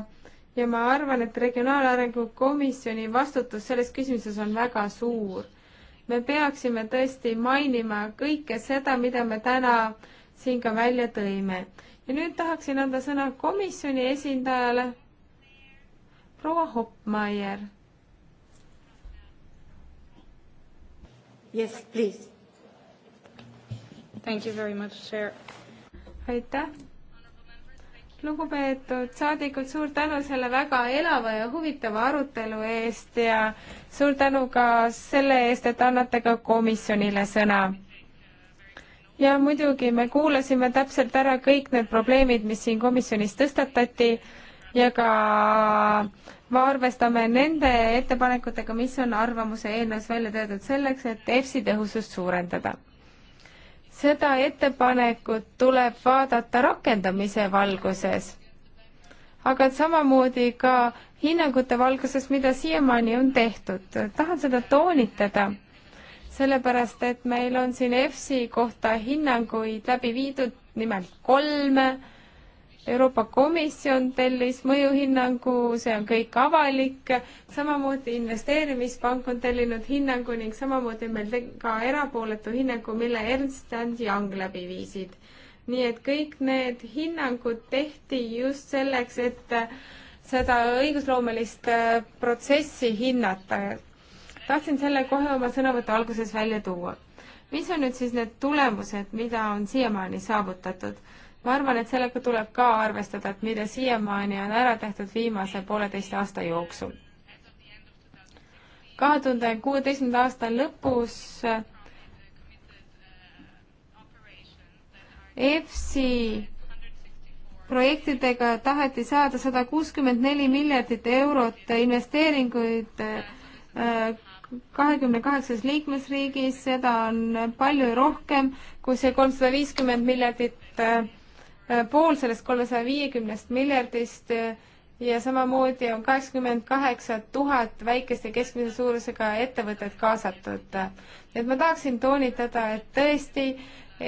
ja ma arvan, et Regionaalarengu Komisjoni vastutus selles küsimuses on väga suur. me peaksime tõesti mainima kõike seda, mida me täna siin ka välja tõime. ja nüüd tahaksin anda sõna komisjoni esindajale, proua Hoppmeier. Yes, please. Thank you very much, Chair. aitäh! lugupeetud saadikud, suur tänu selle väga elava ja huvitava arutelu eest ja suur tänu ka selle eest, et annate ka komisjonile sõna. ja muidugi me kuulasime täpselt ära kõik need probleemid, mis siin komisjonis tõstatati ja ka arvestame nende ettepanekutega, mis on arvamuse eelnõus välja töötatud selleks, et EFSi tõhusust suurendada seda ettepanekut tuleb vaadata rakendamise valguses, aga samamoodi ka hinnangute valguses, mida siiamaani on tehtud. tahan seda toonitada, sellepärast et meil on siin EFSI kohta hinnanguid läbi viidud nimelt kolme Euroopa Komisjon tellis mõjuhinnangu, see on kõik avalik, samamoodi investeerimispank on tellinud hinnangu ning samamoodi on meil ka erapooletu hinnangu, mille Ernst and Young läbi viisid. nii et kõik need hinnangud tehti just selleks, et seda õigusloomelist äh, protsessi hinnata. tahtsin selle kohe oma sõnavõtu alguses välja tuua. mis on nüüd siis need tulemused, mida on siiamaani saavutatud? ma arvan, et sellega tuleb ka arvestada, et mida siiamaani on ära tehtud viimase pooleteiste aasta jooksul. kahe tuhande kuueteistkümnenda aasta lõpus EFSI projektidega taheti saada sada kuuskümmend neli miljardit eurot investeeringuid äh, kahekümne kaheksas liikmesriigis, seda on palju rohkem kui see kolmsada viiskümmend miljardit äh, Äh, pool sellest kolmesaja viiekümnest miljardist äh, ja samamoodi on kaheksakümmend kaheksa tuhat väikeste keskmise suurusega ettevõtet kaasatud. et ma tahaksin toonitada, et tõesti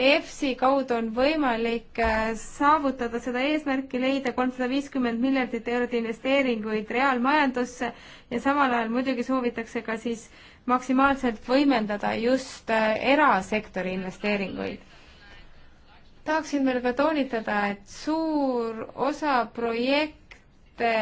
EFSI kaudu on võimalik äh, saavutada seda eesmärki, leida kolmsada viiskümmend miljardit eurot investeeringuid reaalmajandusse ja samal ajal muidugi soovitakse ka siis maksimaalselt võimendada just erasektori investeeringuid tahaksin veel ka toonitada, et suur osa projekte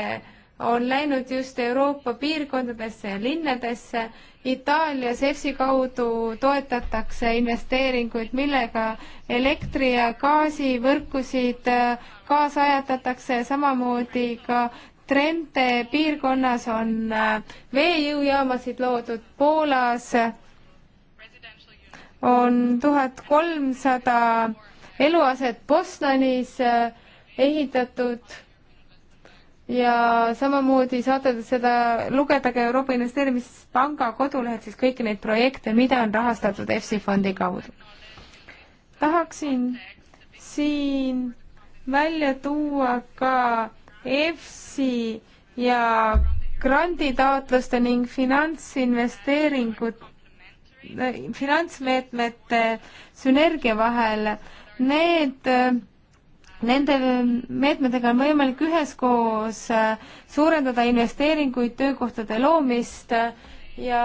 on läinud just Euroopa piirkondadesse ja linnadesse. Itaalias EFSI kaudu toetatakse investeeringuid, millega elektri- ja gaasivõrkusid äh, kaasajatatakse, samamoodi ka Trente piirkonnas on äh, veejõujaamasid loodud, Poolas on tuhat kolmsada eluaset Boznanis äh, ehitatud ja samamoodi saate seda lugeda ka Euroopa Investeerimispanga kodulehelt siis kõiki neid projekte, mida on rahastatud EFSI fondi kaudu. tahaksin siin välja tuua ka EFSI ja granditaotluste ning finantsinvesteeringud, finantsmeetmete sünergia vahel äh, Need äh, Nende meetmetega on võimalik üheskoos äh, suurendada investeeringuid, töökohtade loomist äh, ja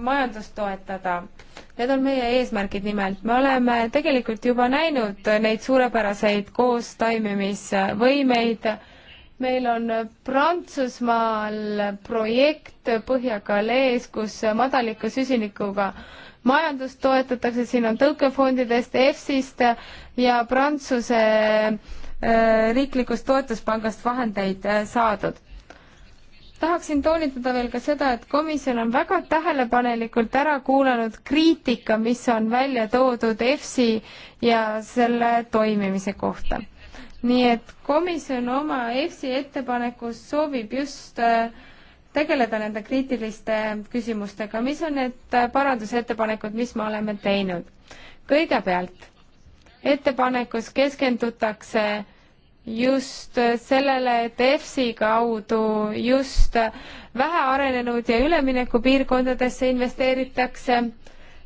majandust toetada. Need on meie eesmärgid nimelt. me oleme tegelikult juba näinud neid suurepäraseid koostoimimisvõimeid. meil on Prantsusmaal projekt Põhja-Galees, kus madaliku süsinikuga äh, majandust toetatakse, siin on tõukefondidest, EFSist ja Prantsuse äh, riiklikust toetuspangast vahendeid äh, saadud tahaksin toonitada veel ka seda, et komisjon on väga tähelepanelikult ära kuulanud kriitika, mis on välja toodud EFSI ja selle toimimise kohta. nii et komisjon oma EFSI ettepanekus soovib just äh, tegeleda nende kriitiliste küsimustega, mis on need parandusettepanekud, mis me oleme teinud. kõigepealt, ettepanekus keskendutakse just sellele, et EFSI kaudu just vähearenenud ja üleminekupiirkondadesse investeeritakse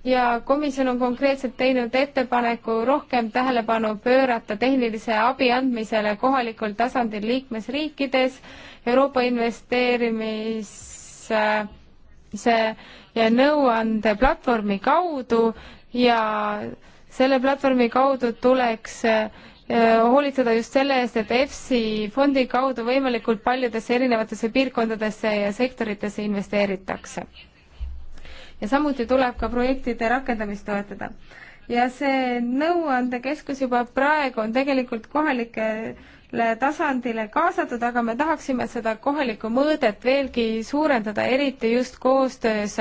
ja komisjon on konkreetselt teinud ettepaneku rohkem tähelepanu pöörata tehnilise abi andmisele kohalikul tasandil liikmesriikides, Euroopa investeerimise ja nõuandeplatvormi kaudu ja selle platvormi kaudu tuleks eh, hoolitseda just selle eest, et EFSI fondi kaudu võimalikult paljudesse erinevatesse piirkondadesse ja sektoritesse investeeritakse ja samuti tuleb ka projektide rakendamist toetada. ja see nõuandekeskus juba praegu on tegelikult kohalikele tasandile kaasatud, aga me tahaksime seda kohalikku mõõdet veelgi suurendada, eriti just koostöös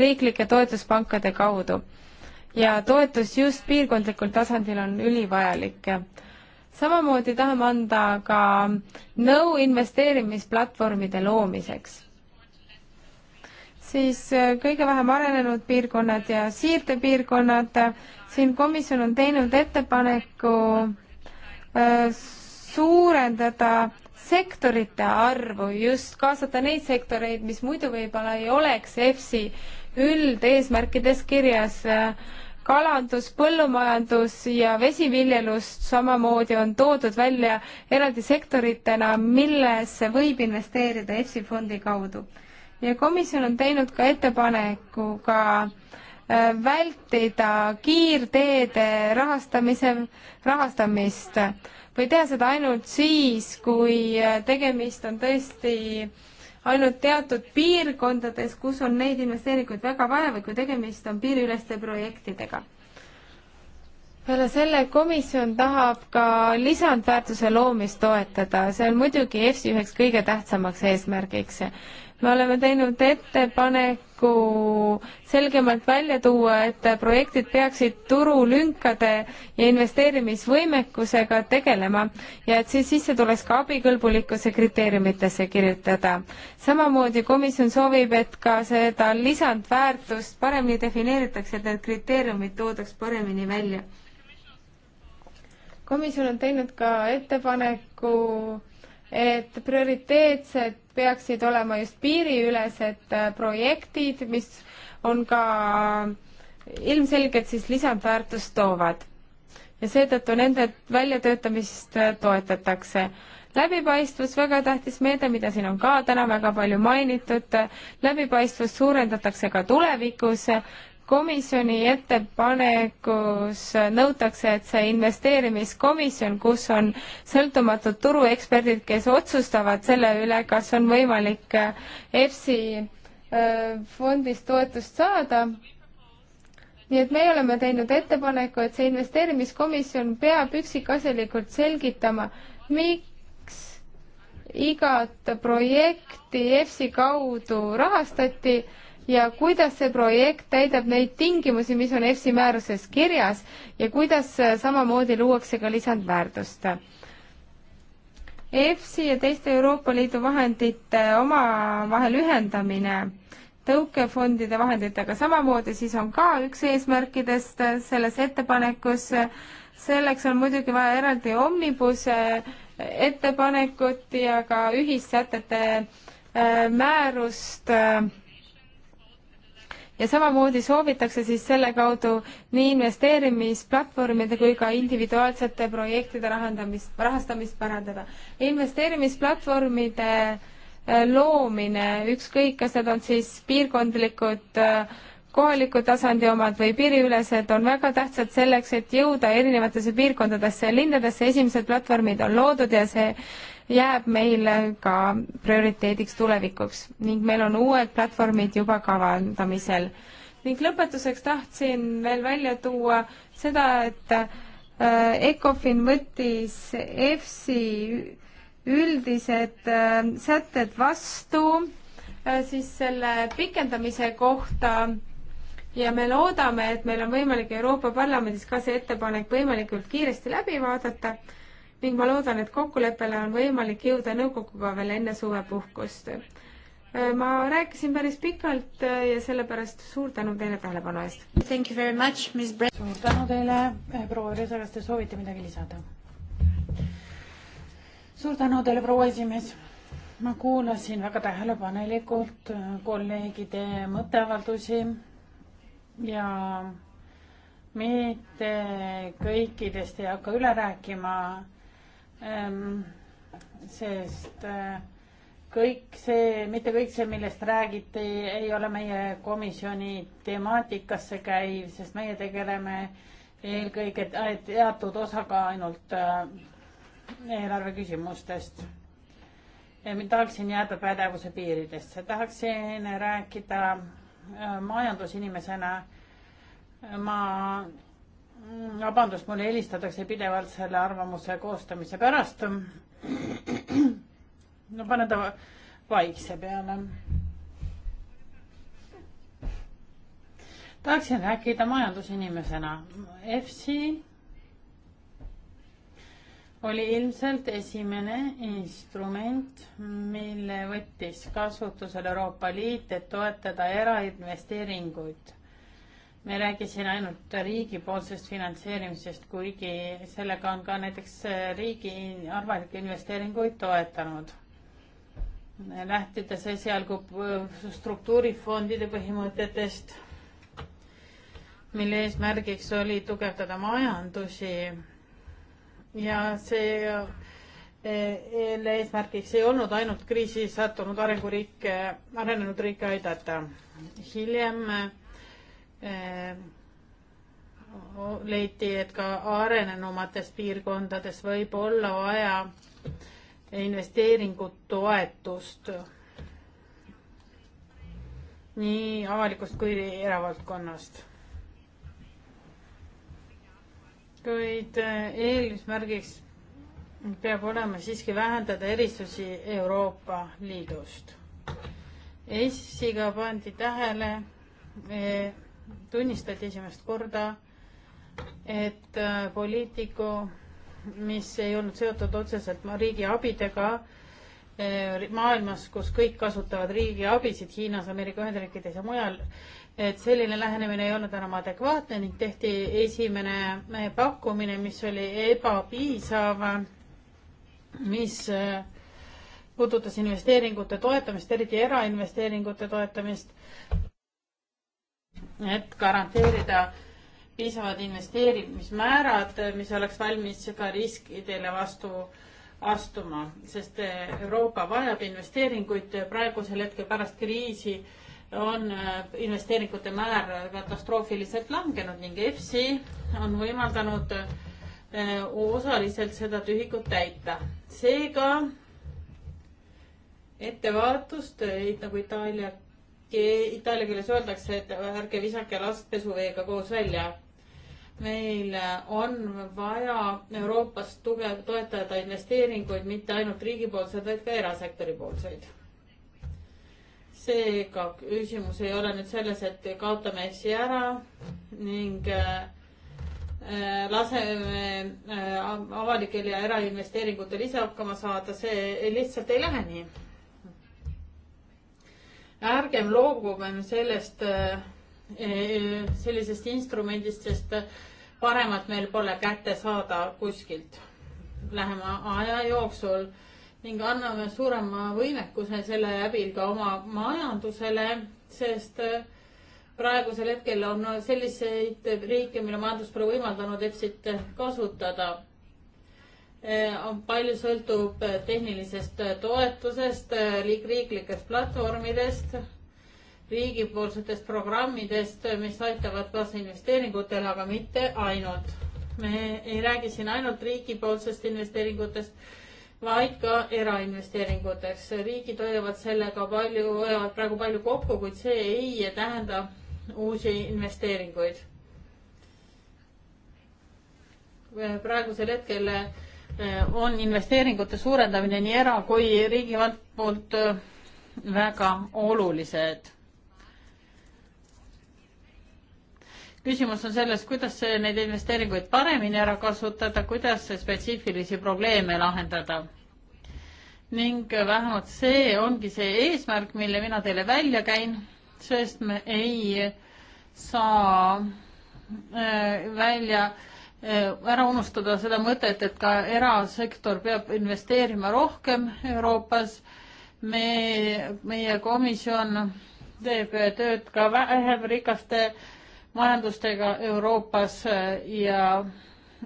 riiklike toetuspankade kaudu. ja toetus just piirkondlikul tasandil on ülivajalik samamoodi tahame anda ka nõu investeerimisplatvormide loomiseks siis äh, kõige vähem arenenud piirkonnad ja siirdepiirkonnad. siin komisjon on teinud ettepaneku äh, suurendada sektorite arvu, just kaasata neid sektoreid, mis muidu võib-olla ei oleks EFSI üldeesmärkides kirjas. kalandus, põllumajandus ja vesiviljelust samamoodi on toodud välja eraldi sektoritena, millesse võib investeerida EFSI fondi kaudu ja komisjon on teinud ka ettepaneku ka äh, vältida kiirteede rahastamise, rahastamist või teha seda ainult siis, kui äh, tegemist on tõesti ainult teatud piirkondades, kus on neid investeeringuid väga vaja või kui tegemist on piiriüleste projektidega. peale selle komisjon tahab ka lisandväärtuse loomist toetada, see on muidugi EFSI üheks kõige tähtsamaks eesmärgiks me oleme teinud ettepaneku selgemalt välja tuua, et projektid peaksid turulünkade ja investeerimisvõimekusega tegelema ja et siis sisse tuleks ka abikõlbulikkuse kriteeriumitesse kirjutada. samamoodi komisjon soovib, et ka seda lisandväärtust paremini defineeritakse, et need kriteeriumid toodaks paremini välja komisjon on teinud ka ettepaneku, et prioriteetsed peaksid olema just piiriülesed äh, projektid, mis on ka ilmselgelt siis lisandväärtust toovad. ja seetõttu nende väljatöötamist äh, toetatakse. läbipaistvus, väga tähtis meede, mida siin on ka täna väga palju mainitud, läbipaistvust suurendatakse ka tulevikus komisjoni ettepanekus nõutakse, et see investeerimiskomisjon, kus on sõltumatud turueksperdid, kes otsustavad selle üle, kas on võimalik EFSI äh, fondist toetust saada, nii et meie oleme teinud ettepaneku, et see investeerimiskomisjon peab üksikasjalikult selgitama, miks igat projekti EFSI kaudu rahastati ja kuidas see projekt täidab neid tingimusi, mis on EFSI määruses kirjas ja kuidas äh, samamoodi luuakse ka lisandväärtust. EFSI ja teiste Euroopa Liidu vahendite omavahel ühendamine tõukefondide vahenditega samamoodi, siis on ka üks eesmärkidest äh, selles ettepanekus. selleks on muidugi vaja eraldi omnibuse äh, ettepanekut ja ka ühissätete määrust äh, ja samamoodi soovitakse siis selle kaudu nii investeerimisplatvormide kui ka individuaalsete projektide rahandamist, rahastamist parandada. investeerimisplatvormide äh, loomine, ükskõik, kas need on siis piirkondlikud äh, kohaliku tasandi omad või piiriülesed on väga tähtsad selleks, et jõuda erinevatesse piirkondadesse ja linnadesse, esimesed platvormid on loodud ja see jääb meile ka prioriteediks tulevikuks ning meil on uued platvormid juba kavandamisel. ning lõpetuseks tahtsin veel välja tuua seda, et äh, ECOFIN võttis EFSI üldised äh, sätted vastu äh, siis selle pikendamise kohta ja me loodame, et meil on võimalik Euroopa Parlamendis ka see ettepanek võimalikult kiiresti läbi vaadata ning ma loodan, et kokkuleppele on võimalik jõuda nõukoguga veel enne suvepuhkust. Äh, ma rääkisin päris pikalt äh, ja sellepärast suur tänu teile tähelepanu eest. suur tänu teile, äh, proua Reza, kas te soovite midagi lisada? suur tänu teile, proua esimees ma kuulasin väga tähelepanelikult kolleegide mõtteavaldusi ja mitte kõikidest ei hakka üle rääkima, Ehm, sest äh, kõik see, mitte kõik see, millest räägiti, ei ole meie komisjoni temaatikasse käiv, sest meie tegeleme eelkõige äh, teatud osaga ainult äh, eelarve küsimustest. tahaksin jääda pädevuse piiridesse, tahaksin rääkida majandusinimesena. ma Mm, vabandust, mulle helistatakse pidevalt selle arvamuse koostamise pärast. [CLEARS THROAT] no pane ta vaikse peale. tahaksin rääkida majandusinimesena. EFSI oli ilmselt esimene instrument, mille võttis kasutusele Euroopa Liit, et toetada erainvesteeringuid me räägisin ainult riigipoolsest finantseerimisest, kuigi sellega on ka näiteks riigi avalikke investeeringuid toetanud. lähtudes esialgu struktuurifondide põhimõtetest, mille eesmärgiks oli tugevdada majandusi ja see, selle eh, eesmärgiks ei olnud ainult kriisi sattunud arenguriike, arenenud riike aidata. hiljem Ehm, leiti, et ka arenenumates piirkondades võib olla vaja investeeringutoetust nii avalikust kui eravaldkonnast. kuid äh, eesmärgiks peab olema siiski vähendada eristusi Euroopa Liidust. Eestiga pandi tähele tunnistati esimest korda, et äh, poliitiku, mis ei olnud seotud otseselt riigi abidega, äh, maailmas, kus kõik kasutavad riigi abisid Hiinas, Ameerika Ühendriikides ja mujal, et selline lähenemine ei olnud enam adekvaatne ning tehti esimene äh, pakkumine, mis oli ebapiisav, mis puudutas investeeringute toetamist, eriti erainvesteeringute toetamist et garanteerida piisavad investeerimismäärad, mis oleks valmis ka riskidele vastu astuma, sest Euroopa vajab investeeringuid praegusel hetkel pärast kriisi on investeeringute määr katastroofiliselt langenud ning EFSI on võimaldanud eh, osaliselt seda tühikut täita. seega ettevaatust, eh, nagu Itaalia itaalia keeles öeldakse, et ärge visake last pesuveega koos välja. meil on vaja Euroopas tugev toetada investeeringuid, mitte ainult riigipoolseid, vaid ka erasektori poolseid. seega küsimus ei ole nüüd selles, et kaotame EFSi ära ning äh, laseme äh, avalikel ja erainvesteeringutel ise hakkama saada, see lihtsalt ei lähe nii ärgem loobugem sellest, äh, äh, sellisest instrumendist, sest äh, paremat meil pole kätte saada kuskilt lähema aja jooksul ning anname suurema võimekuse selle abil ka oma majandusele, sest praegusel hetkel on selliseid riike, mille majandus pole võimaldanud EFSit kasutada Eh, palju sõltub eh, tehnilisest eh, toetusest, riiklikest platvormidest, riigipoolsetest programmidest, mis aitavad kaasa investeeringutele, aga mitte ainult. me ei räägi siin ainult riigipoolsest investeeringutest, vaid ka erainvesteeringuteks. riigid hoiavad sellega palju, hoiavad praegu palju kokku, kuid see ei tähenda uusi investeeringuid. praegusel hetkel Äh, on investeeringute suurendamine nii era- kui riigi poolt äh, väga olulised. küsimus on selles, kuidas neid investeeringuid paremini ära kasutada, kuidas spetsiifilisi probleeme lahendada. ning vähemalt see ongi see eesmärk, mille mina teile välja käin, sest me ei saa äh, välja äh, Eh, ära unustada seda mõtet, et ka erasektor peab investeerima rohkem Euroopas. me, meie komisjon teeb tööd ka vähem rikaste majandustega Euroopas ja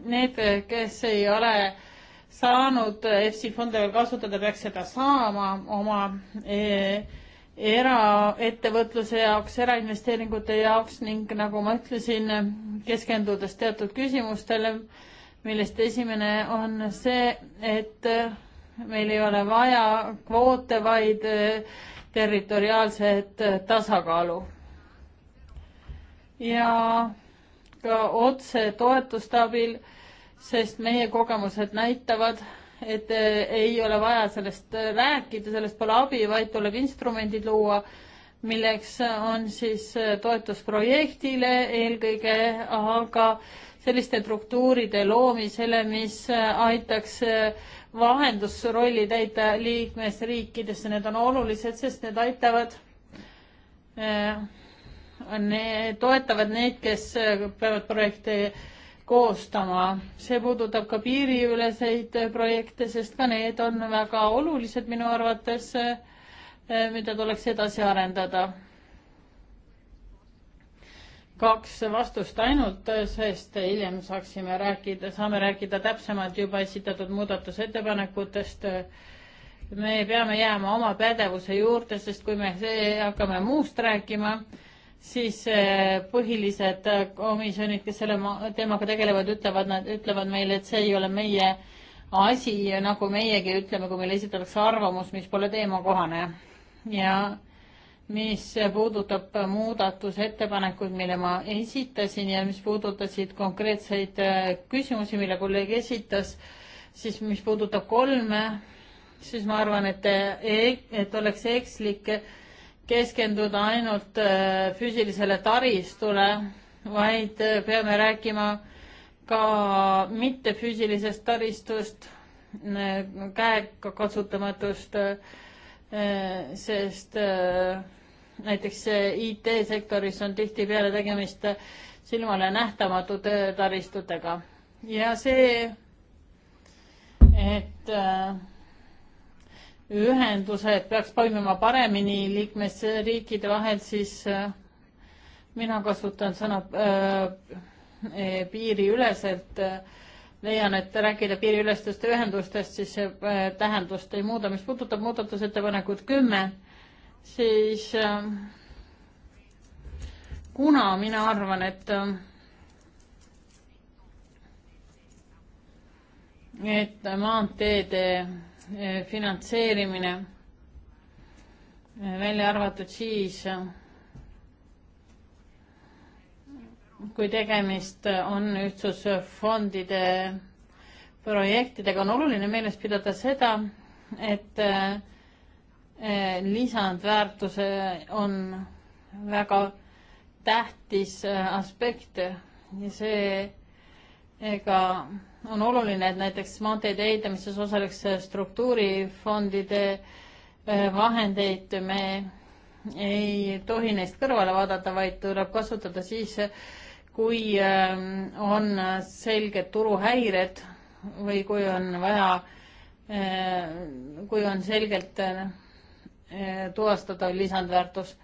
need, kes ei ole saanud EFSI fonde veel kasutada, peaks seda saama oma e eraettevõtluse jaoks, erainvesteeringute jaoks ning nagu ma ütlesin, keskendudes teatud küsimustele, millest esimene on see, et meil ei ole vaja kvoote, vaid territoriaalset tasakaalu. ja ka otse toetuste abil, sest meie kogemused näitavad, et eh, ei ole vaja sellest rääkida, sellest pole abi, vaid tuleb instrumendid luua, milleks on siis toetus projektile eelkõige, aga selliste struktuuride loomisele, mis aitaks vahendusrolli täita liikmesriikidesse, need on olulised, sest need aitavad eh, ne,, toetavad neid, kes peavad projekte koostama. see puudutab ka piiriüleseid projekte, sest ka need on väga olulised minu arvates, eh, mida tuleks edasi arendada. kaks vastust ainult, eh, sest hiljem saaksime rääkida, saame rääkida täpsemalt juba esitatud muudatusettepanekutest. me peame jääma oma pädevuse juurde, sest kui me see, hakkame muust rääkima, siis eh, põhilised eh, komisjonid, kes selle teemaga tegelevad, ütlevad, nad ütlevad meile, et see ei ole meie asi, nagu meiegi ütleme, kui meile esitatakse arvamus, mis pole teemakohane. ja mis puudutab muudatusettepanekuid, mille ma esitasin ja mis puudutasid konkreetseid eh, küsimusi, mille kolleeg esitas, siis mis puudutab kolme, siis ma arvan, et, e-, et oleks ekslik keskenduda ainult äh, füüsilisele taristule, vaid äh, peame rääkima ka mittefüüsilisest taristust, äh, käegakatsutamatust, sest näiteks IT-sektoris on tihtipeale tegemist silmale nähtamatute taristutega ja see, et äh, ühendused peaks toimima paremini liikmesriikide vahel, siis äh, mina kasutan sõna äh, e, piiriüleselt, äh, leian, et rääkida piiriülestest ühendustest, siis see tähendust ei muuda. mis puudutab muudatusettepanekut kümme, siis kuna mina arvan, et et maanteede Eh, finantseerimine, eh, välja arvatud siis, eh, kui tegemist on ühtsusfondide projektidega, on oluline meeles pidada seda, et lisandväärtuse on väga tähtis aspekt ja see ega on oluline, et näiteks maanteede ehitamises osaleks struktuurifondide eh, vahendeid, me ei tohi neist kõrvale vaadata, vaid tuleb kasutada siis, kui eh, on selged turuhäired või kui on vaja, eh, kui on selgelt tuvastada lisandväärtus.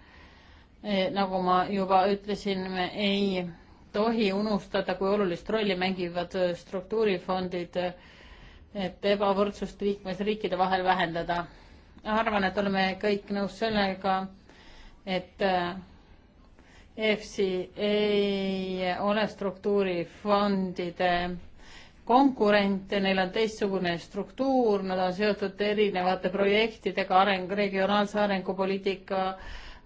nagu ma juba ütlesin, me ei tohi unustada, kui olulist rolli mängivad äh, struktuurifondid, äh, et ebavõrdsust liikmesriikide vahel vähendada. arvan, et oleme kõik nõus sellega, et äh, EFSI ei ole struktuurifondide konkurente, neil on teistsugune struktuur, nad on seotud erinevate projektidega, areng, regionaalse arengupoliitika äh,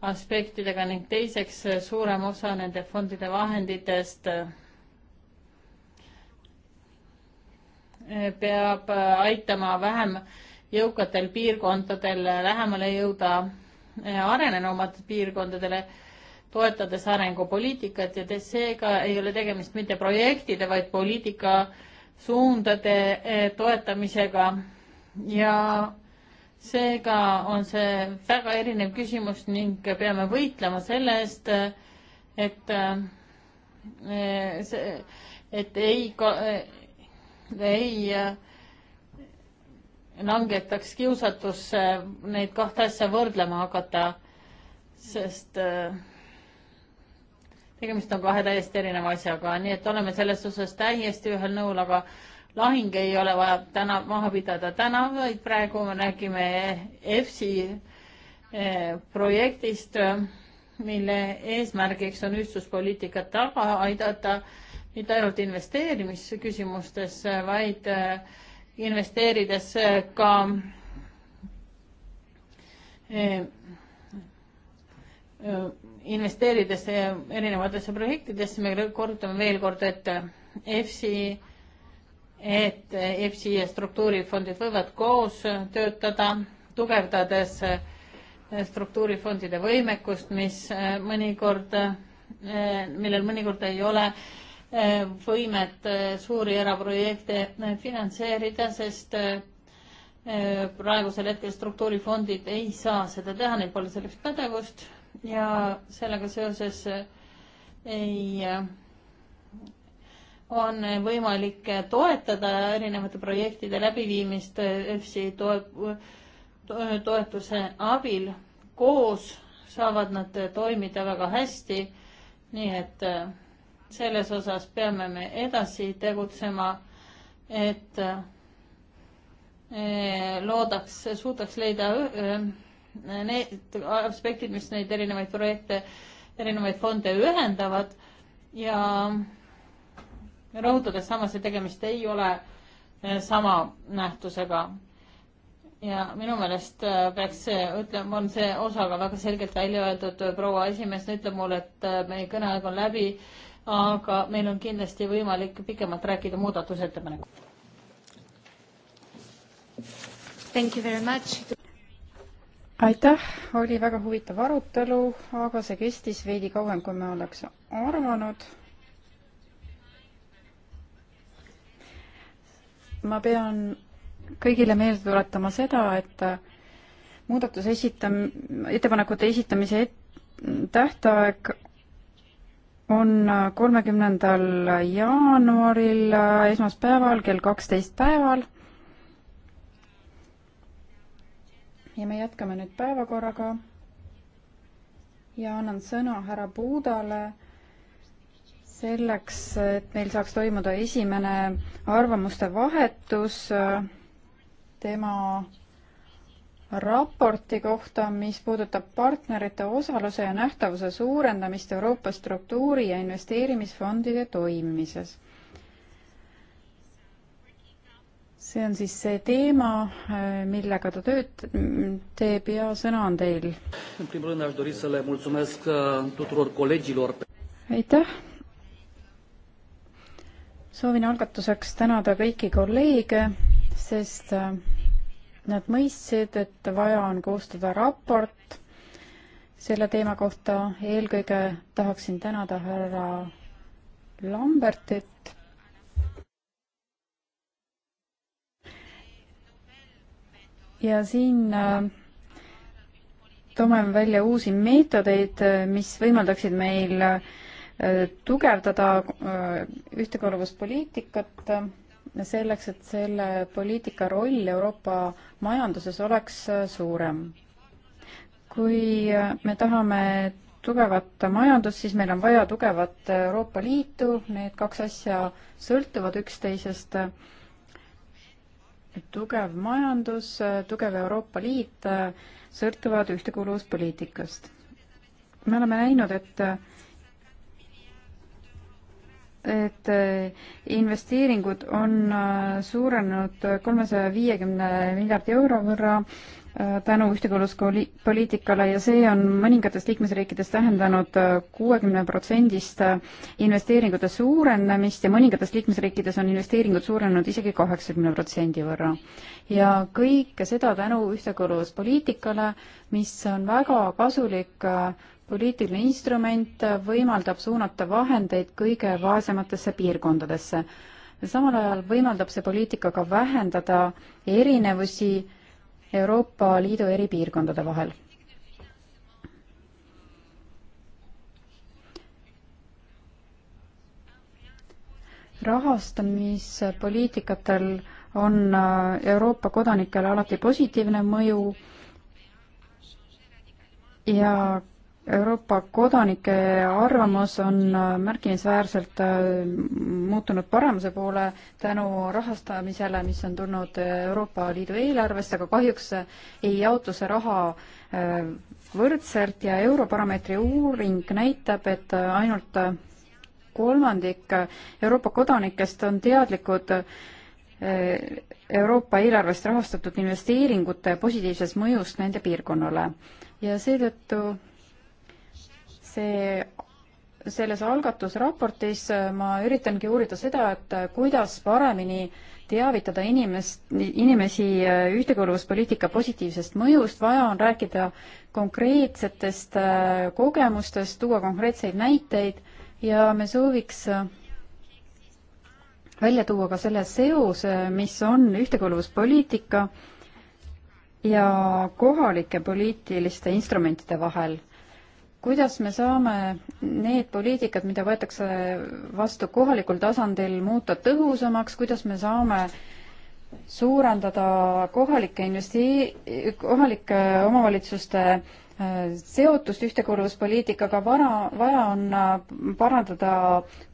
aspektidega ning teiseks suurem osa nende fondide vahenditest eh, peab eh, aitama vähem jõukatel piirkondadel lähemale jõuda eh, arenenumad piirkondadele, toetades arengupoliitikat ja seega ei ole tegemist mitte projektide, vaid poliitika suundade toetamisega ja seega on see väga erinev küsimus ning peame võitlema selle eest, et eh, see, et ei, eh, ei eh, langetaks kiusatusse neid kahte asja võrdlema hakata, sest tegemist on kahe täiesti erineva asjaga, nii et oleme selles osas täiesti ühel nõul, aga lahing ei ole vaja täna maha pidada täna, vaid praegu me räägime EFSI eh, projektist, mille eesmärgiks on ühtsuspoliitikat taga aidata mitte ainult investeerimisküsimustes, vaid eh, investeerides eh, ka investeerides erinevatesse projektidesse, me korrutame veel kord, et EFSI et EFSI ja struktuurifondid võivad koos töötada, tugevdades struktuurifondide võimekust, mis mõnikord, millel mõnikord ei ole võimet suuri eraprojekte finantseerida, sest praegusel hetkel struktuurifondid ei saa seda teha, neil pole selleks pädevust ja sellega seoses ei on võimalik toetada erinevate projektide läbiviimist EFSI toetuse abil. koos saavad nad toimida väga hästi. nii et äh, selles osas peame me edasi tegutsema, et äh, loodaks, suudaks leida äh, need aspektid, mis neid erinevaid projekte, erinevaid fonde ühendavad ja rõhutades samas, et tegemist ei ole eh, sama nähtusega. ja minu meelest eh, peaks see, ütleme, on see osaga väga selgelt välja öeldud, proua esimees ütleb mulle, et eh, meie kõneaeg on läbi, aga meil on kindlasti võimalik pikemalt rääkida muudatusettepanekut. Thank you very much aitäh, oli väga huvitav arutelu, aga see kestis veidi kauem, kui me oleks arvanud ma pean kõigile meelde tuletama seda, et muudatuse esitam-, ettepanekute esitamise et, tähtaeg on kolmekümnendal jaanuaril esmaspäeval kell kaksteist päeval. ja me jätkame nüüd päevakorraga ja annan sõna härra Puudale selleks, et meil saaks toimuda esimene arvamuste vahetus äh, tema raporti kohta, mis puudutab partnerite osaluse ja nähtavuse suurendamist Euroopa struktuuri- ja investeerimisfondide toimimises. see on siis see teema, äh, millega ta tööd teeb ja sõna on teil. Äh, aitäh, soovin algatuseks tänada kõiki kolleege, sest äh, nad mõistsid, et vaja on koostada raport selle teema kohta. eelkõige tahaksin tänada härra Lambertit. ja siin äh, toome välja uusi meetodeid, äh, mis võimaldaksid meil äh, Äh, tugevdada äh, ühtekuuluvuspoliitikat äh, selleks, et selle poliitika roll Euroopa majanduses oleks suurem. kui me tahame tugevat majandust, siis meil on vaja tugevat Euroopa Liitu, need kaks asja sõltuvad üksteisest. tugev majandus, tugev Euroopa Liit sõltuvad ühtekuuluvuspoliitikast. me oleme näinud, et et äh, investeeringud on äh, suurenenud kolmesaja viiekümne miljardi euro võrra äh, tänu ühtekuuluvuspoliitikale ja see on mõningates liikmesriikides tähendanud kuuekümne protsendist investeeringute suurenemist ja mõningates liikmesriikides on investeeringud suurenenud isegi kaheksakümne protsendi võrra. ja kõike seda tänu ühtekuuluvuspoliitikale, mis on väga kasulik poliitiline instrument võimaldab suunata vahendeid kõige vaesematesse piirkondadesse. samal ajal võimaldab see poliitika ka vähendada erinevusi Euroopa Liidu eri piirkondade vahel rahastamispoliitikatel on äh, Euroopa kodanikele alati positiivne mõju ja Euroopa kodanike arvamus on äh, märkimisväärselt äh, muutunud paremuse poole tänu rahastamisele, mis on tulnud äh, Euroopa Liidu eelarvest, aga kahjuks ei jaotu see raha võrdselt ja Europarameetri uuring näitab, et ainult kolmandik Euroopa kodanikest on teadlikud Euroopa eelarvest rahastatud investeeringute positiivsest mõjust nende piirkonnale ja seetõttu see, selles algatusraportis äh, ma üritangi uurida seda, et äh, kuidas paremini teavitada inimest, inimesi äh, ühtekuuluvuspoliitika positiivsest mõjust, vaja on rääkida konkreetsetest kogemustest, tuua konkreetseid näiteid ja me sooviks välja tuua ka selle seose, mis on ühtekuuluvuspoliitika ja kohalike poliitiliste instrumentide vahel kuidas me saame need poliitikad, mida võetakse vastu kohalikul tasandil, muuta tõhusamaks, kuidas me saame suurendada kohalike investee-, kohalike omavalitsuste äh, seotust ühtekuuluvuspoliitikaga, vara, vaja on äh, parandada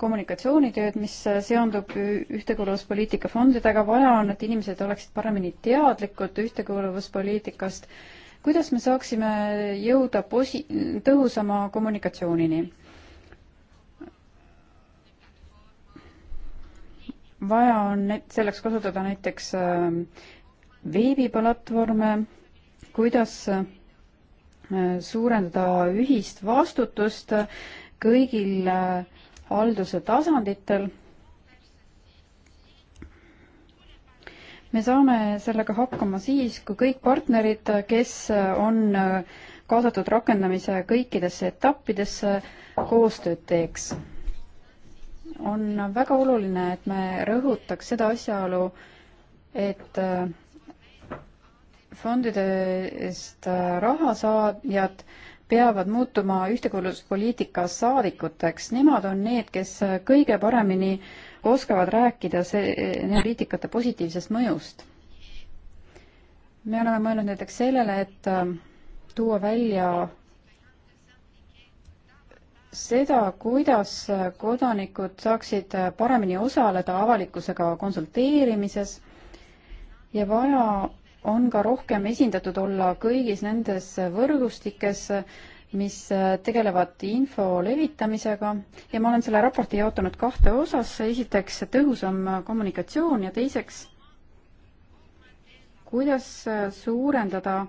kommunikatsioonitööd, mis äh, seondub ühtekuuluvuspoliitika fondidega, vaja on, et inimesed oleksid paremini teadlikud ühtekuuluvuspoliitikast kuidas me saaksime jõuda posi-, tõhusama kommunikatsioonini? vaja on net-, selleks kasutada näiteks äh, veebiplatvorme, kuidas äh, suurendada ühist vastutust kõigil äh, halduse tasanditel me saame sellega hakkama siis, kui kõik partnerid, kes on kaasatud rakendamise kõikidesse etappidesse, koostööd teeks. on väga oluline, et me rõhutaks seda asjaolu, et fondidest raha saajad peavad muutuma ühtekuuluvuspoliitika saadikuteks, nemad on need, kes kõige paremini oskavad rääkida see, poliitikate positiivsest mõjust. me oleme mõelnud näiteks sellele, et äh, tuua välja seda, kuidas äh, kodanikud saaksid äh, paremini osaleda avalikkusega konsulteerimises ja vaja on ka rohkem esindatud olla kõigis nendes võrgustikes, mis äh, tegelevad info levitamisega ja ma olen selle raporti jaotanud kahte osasse, esiteks tõhusam äh, kommunikatsioon ja teiseks, kuidas äh, suurendada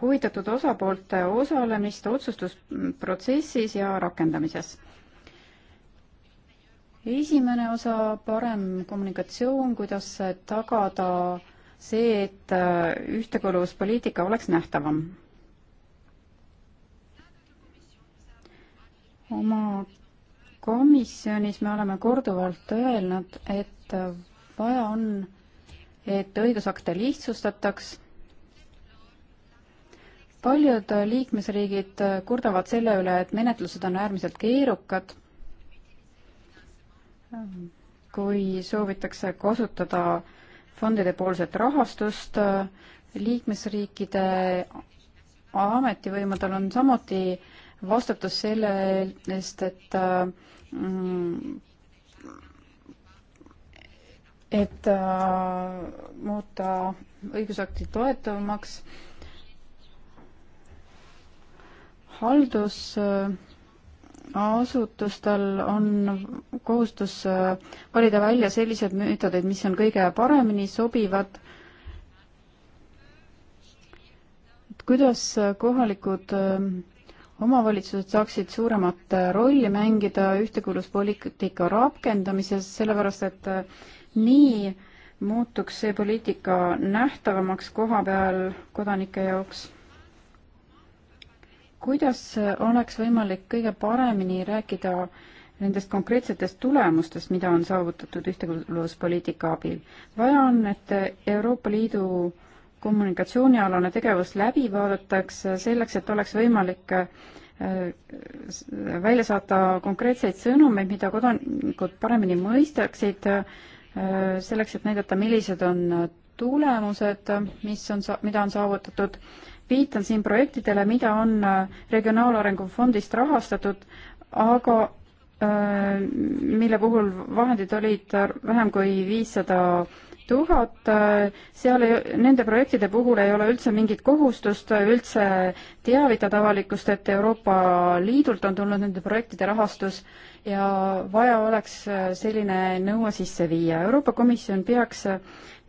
huvitatud osapoolte osalemist otsustusprotsessis ja rakendamises. esimene osa, parem kommunikatsioon, kuidas tagada see, et ühtekuuluvuspoliitika oleks nähtavam oma komisjonis me oleme korduvalt öelnud, et vaja on, et õigusakte lihtsustataks. paljud liikmesriigid kurdavad selle üle, et menetlused on äärmiselt keerukad, kui soovitakse kasutada fondide poolset rahastust, liikmesriikide ametivõimudel on samuti äh, vastutus selle eest, et äh, et äh, muuta õigusakti toetavamaks. haldusasutustel on kohustus äh, valida välja sellised meetodid, mis on kõige paremini sobivad. et kuidas äh, kohalikud äh, omavalitsused saaksid suuremat äh, rolli mängida ühtekuuluvuspoliitika rakendamises, sellepärast et äh, nii muutuks see poliitika nähtavamaks koha peal kodanike jaoks. kuidas äh, oleks võimalik kõige paremini rääkida nendest konkreetsetest tulemustest, mida on saavutatud ühtekuuluvuspoliitika abil? vaja on, et Euroopa Liidu äh, kommunikatsioonialane tegevus läbi vaadatakse selleks, et oleks võimalik äh, välja saata konkreetseid sõnumeid, mida kodanikud paremini mõistaksid, äh, selleks, et näidata, millised on tulemused, mis on, mida on saavutatud. viitan siin projektidele, mida on äh, Regionaalarengu Fondist rahastatud, aga mille puhul vahendid olid vähem kui viissada 500 tuhat, seal ei, nende projektide puhul ei ole üldse mingit kohustust üldse teavitada avalikkust, et Euroopa Liidult on tulnud nende projektide rahastus ja vaja oleks selline nõue sisse viia. Euroopa Komisjon peaks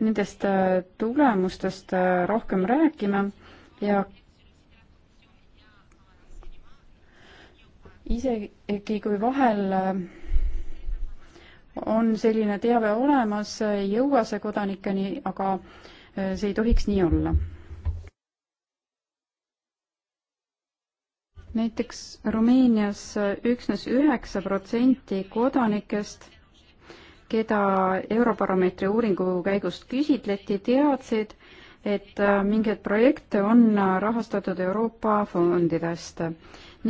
nendest tulemustest rohkem rääkima ja isegi kui vahel on selline teave olemas, ei jõua see kodanikeni, aga äh, see ei tohiks nii olla. näiteks Rumeenias üksnes üheksa protsenti kodanikest, keda Eurobaromeetri uuringu käigus küsitleti, teadsid, et äh, mingeid projekte on rahastatud Euroopa fondidest.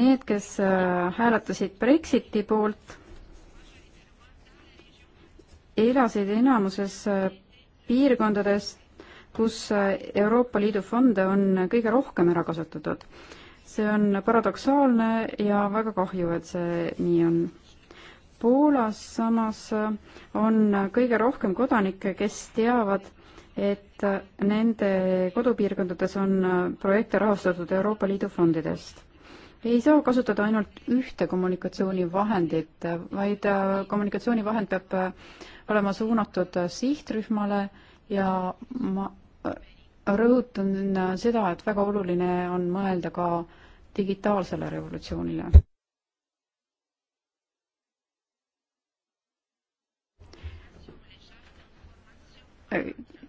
Need, kes äh, hääletasid Brexiti poolt elasid enamuses äh, piirkondades, kus äh, Euroopa Liidu fonde on kõige rohkem ära kasutatud. see on paradoksaalne ja väga kahju, et see nii on. Poolas samas äh, on kõige rohkem kodanikke, kes teavad, et nende kodupiirkondades on projekte rahastatud Euroopa Liidu fondidest ei saa kasutada ainult ühte kommunikatsioonivahendit, vaid kommunikatsioonivahend peab olema suunatud sihtrühmale ja ma rõhutan seda, et väga oluline on mõelda ka digitaalsele revolutsioonile.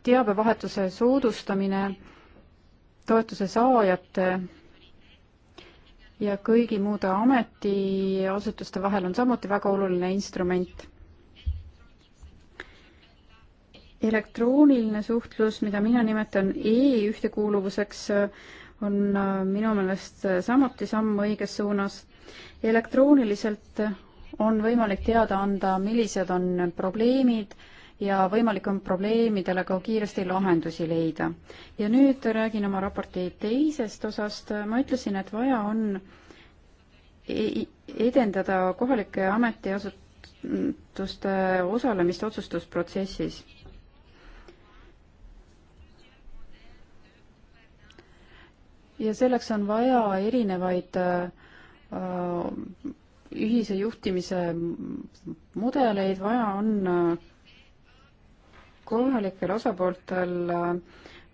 teabevahetuse soodustamine toetuse saajate ja kõigi muude ametiasutuste vahel on samuti väga oluline instrument elektrooniline suhtlus, mida mina nimetan e-ühtekuuluvuseks, on äh, minu meelest äh, samuti samm õiges suunas. elektrooniliselt on võimalik teada anda, millised on probleemid ja võimalik on probleemidele ka kiiresti lahendusi leida. ja nüüd räägin oma raporti teisest osast, ma ütlesin, et vaja on e-, edendada kohalike ametiasutuste osalemist otsustusprotsessis ja selleks on vaja erinevaid äh, ühise juhtimise mudeleid, vaja on äh, kohalikel osapooltel äh,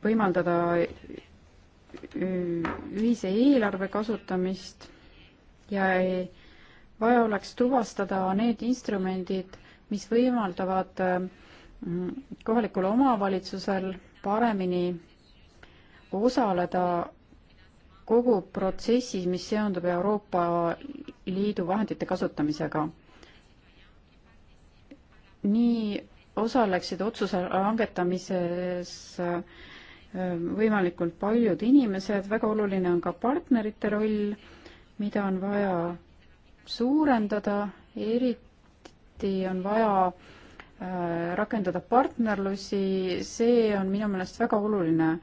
võimaldada ühise eelarve kasutamist ja ei, vaja oleks tuvastada need instrumendid, mis võimaldavad kohalikul omavalitsusel paremini osaleda kogu protsessis, mis seondub Euroopa Liidu vahendite kasutamisega. nii osaleksid otsuse langetamises ähm, võimalikult paljud inimesed, väga oluline on ka partnerite roll, mida on vaja suurendada, eriti on vaja äh, rakendada partnerlusi, see on minu meelest väga oluline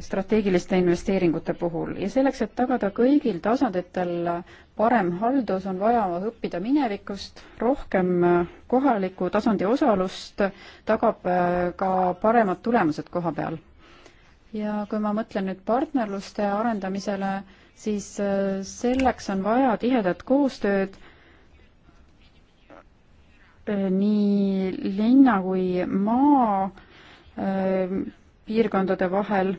strateegiliste investeeringute puhul ja selleks, et tagada kõigil tasanditel parem haldus, on vaja õppida minevikust, rohkem kohaliku tasandi osalust tagab äh, ka paremad tulemused koha peal. ja kui ma mõtlen nüüd partnerluste arendamisele, siis äh, selleks on vaja tihedat koostööd äh, nii linna kui maa piirkondade vahel.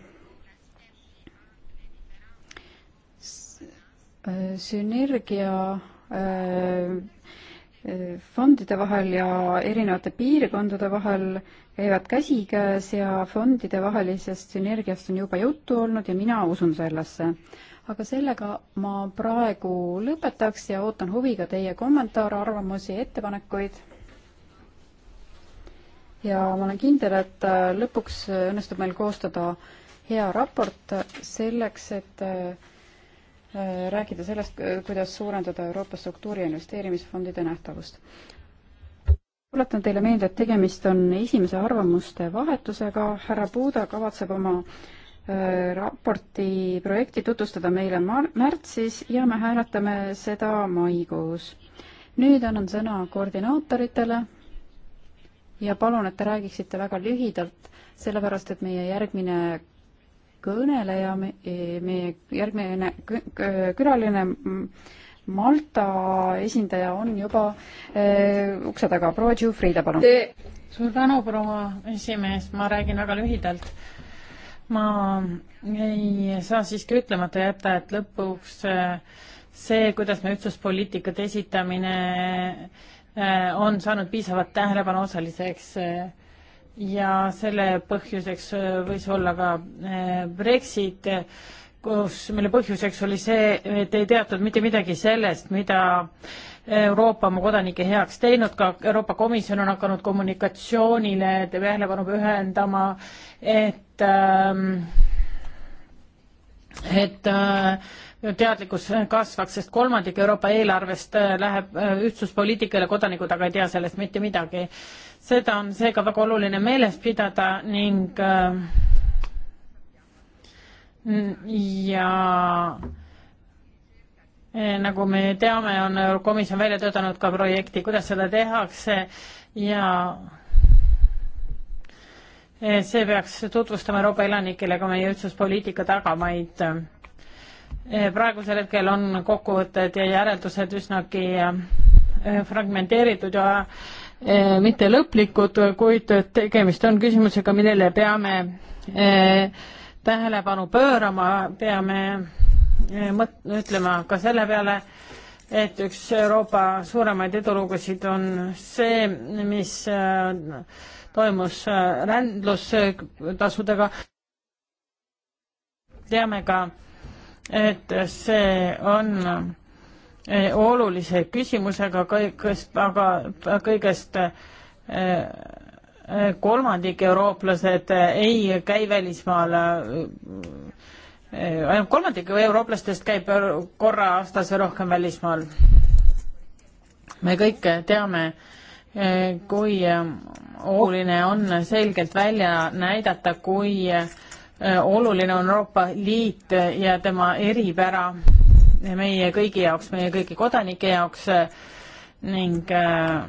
sünergia äh, fondide vahel ja erinevate piirkondade vahel käivad käsikäes ja fondide vahelisest sünergiast on juba juttu olnud ja mina usun sellesse. aga sellega ma praegu lõpetaks ja ootan huviga teie kommentaare, arvamusi, ettepanekuid ja ma olen kindel, et äh, lõpuks äh, õnnestub meil koostada hea raport äh, selleks, et rääkida sellest, kuidas suurendada Euroopa struktuuri ja investeerimisfondide nähtavust. tuletan teile meelde, et tegemist on esimese arvamuste vahetusega, härra Puuda kavatseb oma raporti projekti tutvustada meile märtsis ja me hääletame seda maikuus. nüüd annan sõna koordinaatoritele ja palun, et te räägiksite väga lühidalt, sellepärast et meie järgmine kõneleja, meie järgmine külaline mm, Malta esindaja on juba öö, eh, ukse taga. proua Tšufrida, palun. suur tänu, proua esimees, ma räägin väga lühidalt ma ei saa siiski ütlemata jätta, et lõpuks eh, see, kuidas me ühtsuspoliitikat esitamine Äh, on saanud piisavat tähelepanu osaliseks äh, ja selle põhjuseks äh, võis olla ka Brexit, kus, mille põhjuseks oli see, et ei teatud mitte midagi sellest, mida Euroopa oma kodanike heaks teinud, ka Euroopa Komisjon on hakanud kommunikatsioonile tähelepanu pühendama, et ähm, et teadlikkus kasvaks, sest kolmandik Euroopa eelarvest äh, läheb äh, ühtsuspoliitikale, kodanikud aga ei tea sellest mitte midagi. seda on seega väga oluline meeles pidada ning äh, ja nagu me teame, on komisjon välja töötanud ka projekti, kuidas seda tehakse ja see peaks tutvustama Euroopa elanikele ka meie ühtsuspoliitika tagamaid Eh, praegusel hetkel on kokkuvõtted ja järeldused üsnagi eh, fragmenteeritud ja eh, mitte lõplikud, kuid tegemist on küsimusega, millele peame tähelepanu pöörama, peame mõt-, ütlema ka selle peale, et üks Euroopa suuremaid edulugusid on see, mis toimus rändlustasude tasudega teame ka, et see on eh, olulise küsimusega kõigest, aga kõigest eh, kolmandik eurooplased ei käi välismaal. Eh, ainult kolmandik eurooplastest käib korra aastas või rohkem välismaal. me kõik teame, kui oluline on selgelt välja näidata, kui äh, Äh, oluline on Euroopa Liit ja tema eripära meie kõigi jaoks, meie kõigi kodanike jaoks ning äh,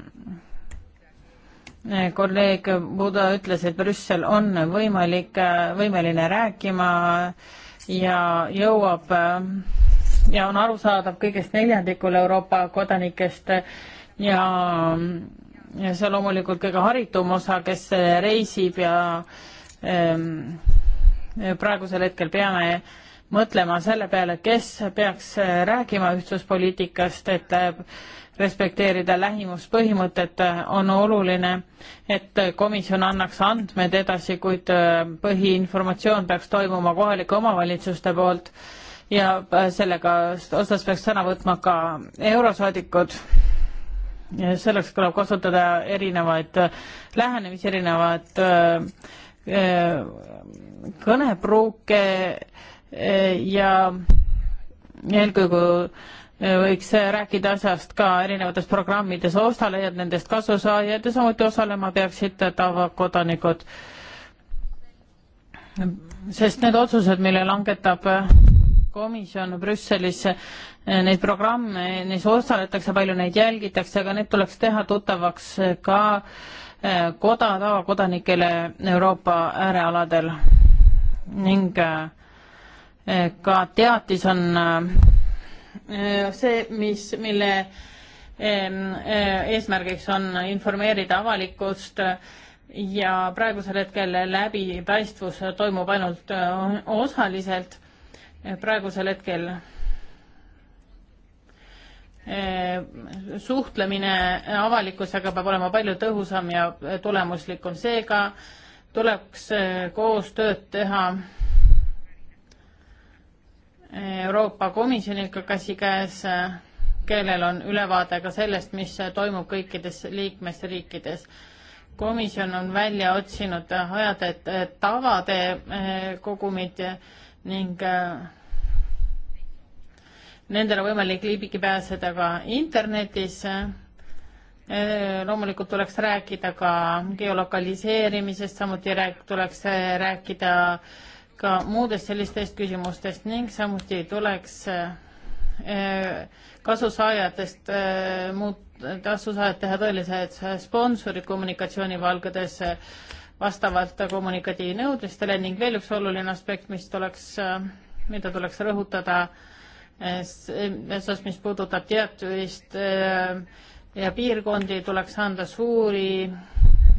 kolleeg Buda ütles, et Brüssel on võimalik, äh, võimeline rääkima ja jõuab ja on arusaadav kõigest neljandikul Euroopa kodanikest ja, ja see loomulikult kõige haritum osa, kes reisib ja ähm, praegusel hetkel peame mõtlema selle peale, kes peaks rääkima ühtsuspoliitikast, et respekteerida lähimuspõhimõtet, on oluline, et komisjon annaks andmed edasi, kuid põhiinformatsioon peaks toimuma kohalike omavalitsuste poolt ja sellega osas peaks sõna võtma ka eurosaadikud. selleks tuleb kasutada erinevaid lähenemisi, erinevad äh, kõnepruuke eh, ja eelkõige eh, võiks rääkida asjast ka erinevates programmides osalejad, nendest kasusaajad ja samuti osalema peaksid tavakodanikud. sest need otsused, mille langetab komisjon Brüsselis, eh, neid programme, neis osaletakse, palju neid jälgitakse, aga need tuleks teha tuttavaks ka koda, tavakodanikele Euroopa äärealadel ning äh, ka teatis on äh, see, mis, mille ähm, äh, eesmärgiks on informeerida avalikkust ja praegusel hetkel läbipaistvus toimub ainult osaliselt. praegusel hetkel suhtlemine avalikkusega peab olema palju tõhusam ja tulemuslikum, seega tuleks äh, koostööd teha äh, Euroopa Komisjoniga käsikäes, äh, kellel on ülevaade ka sellest, mis toimub kõikides liikmesriikides. komisjon on välja otsinud ajade tavade kogumid ning nendele on võimalik ligi pääseda ka internetis Äh, loomulikult tuleks rääkida ka geolokaliseerimisest, samuti rääk-, tuleks äh, rääkida ka muudest sellistest küsimustest ning samuti tuleks äh, kasusaajatest muud, kasusaajad teha tõelised sponsorid kommunikatsioonivalgades vastavalt kommunikatiivnõudlustele ning veel üks oluline aspekt, mis tuleks, mida tuleks rõhutada, osas, mis puudutab teatud ja piirkondi tuleks anda suuri,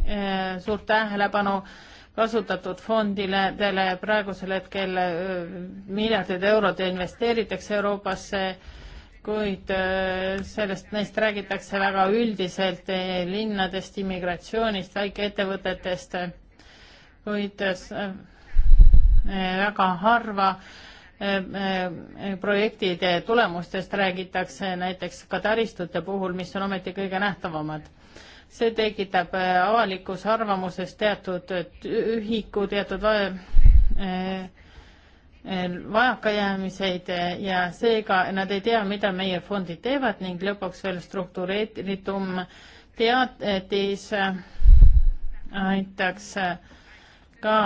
eh, suurt tähelepanu kasutatud fondile, praegusel hetkel eh, miljardid eurod investeeritakse Euroopasse, kuid eh, sellest, neist räägitakse väga üldiselt, linnadest, immigratsioonist, väikeettevõtetest, kuid väga harva äh, Äh, äh, projektide tulemustest räägitakse näiteks ka taristute puhul, mis on ometi kõige nähtavamad. see tekitab äh, avalikus arvamuses teatud ühiku, teatud vajakajäämiseid ja seega nad ei tea, mida meie fondid teevad ning lõpuks veel struktureeritum teatis aitaks ka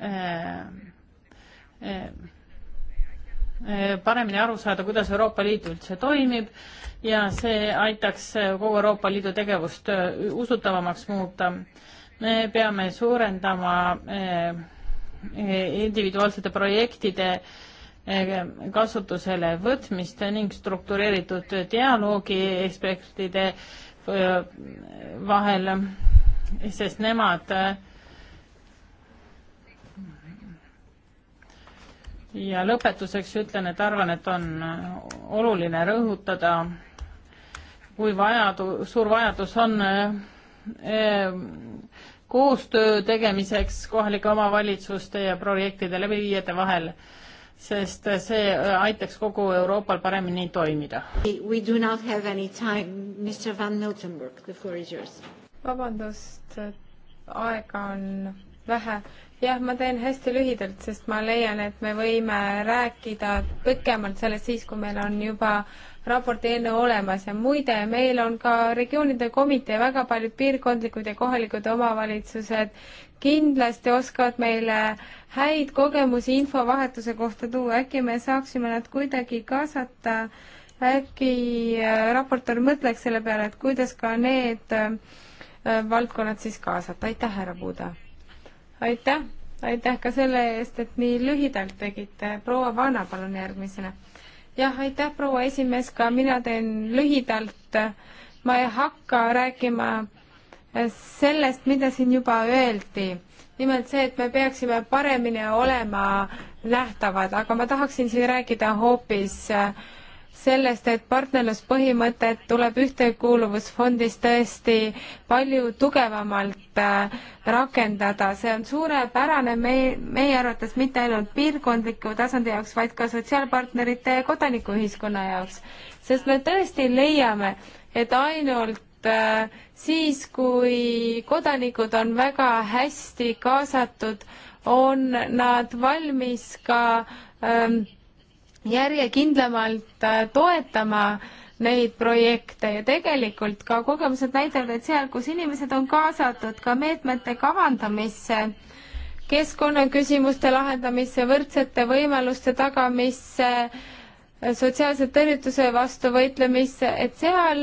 äh, äh, Eh, paremini aru saada, kuidas Euroopa Liit üldse toimib ja see aitaks kogu Euroopa Liidu tegevust eh, usutavamaks muuta. me peame suurendama eh, individuaalsete projektide kasutusele võtmist ning struktureeritud dialoogi ekspertide vahel, sest nemad ja lõpetuseks ütlen, et arvan, et on oluline rõhutada, kui vajadu-, suur vajadus on eh, koostöö tegemiseks kohalike omavalitsuste ja projektide läbiviijate vahel, sest see eh, aitaks kogu Euroopal paremini toimida. We do not have any time, Mr Van Miltenburg, the floor is yours. vabandust, aega on vähe jah, ma teen hästi lühidalt, sest ma leian, et me võime rääkida pikemalt sellest siis, kui meil on juba raporti eelnõu olemas ja muide, meil on ka regioonide komitee, väga paljud piirkondlikud ja kohalikud omavalitsused kindlasti oskavad meile häid kogemusi infovahetuse kohta tuua, äkki me saaksime nad kuidagi kaasata, äkki äh, raportöör mõtleks selle peale, et kuidas ka need äh, valdkonnad siis kaasata, aitäh, härra Puuda! aitäh, aitäh ka selle eest, et nii lühidalt tegite. proua Vana, palun järgmisena. jah, aitäh, proua esimees, ka mina teen lühidalt. ma ei hakka rääkima eh, sellest, mida siin juba öeldi. nimelt see, et me peaksime paremini olema nähtavad, aga ma tahaksin siin rääkida hoopis äh, sellest, et partnerluspõhimõtet tuleb Ühtekuuluvusfondis tõesti palju tugevamalt äh, rakendada, see on suurepärane meie, meie arvates mitte ainult piirkondliku tasandi jaoks, vaid ka sotsiaalpartnerite ja kodanikuühiskonna jaoks. sest me tõesti leiame, et ainult äh, siis, kui kodanikud on väga hästi kaasatud, on nad valmis ka ähm, järjekindlamalt äh, toetama neid projekte ja tegelikult ka kogemused näitavad, et seal, kus inimesed on kaasatud ka meetmete kavandamisse, keskkonnaküsimuste lahendamisse, võrdsete võimaluste tagamisse, sotsiaalse tõrjutuse vastu võitlemisse, et seal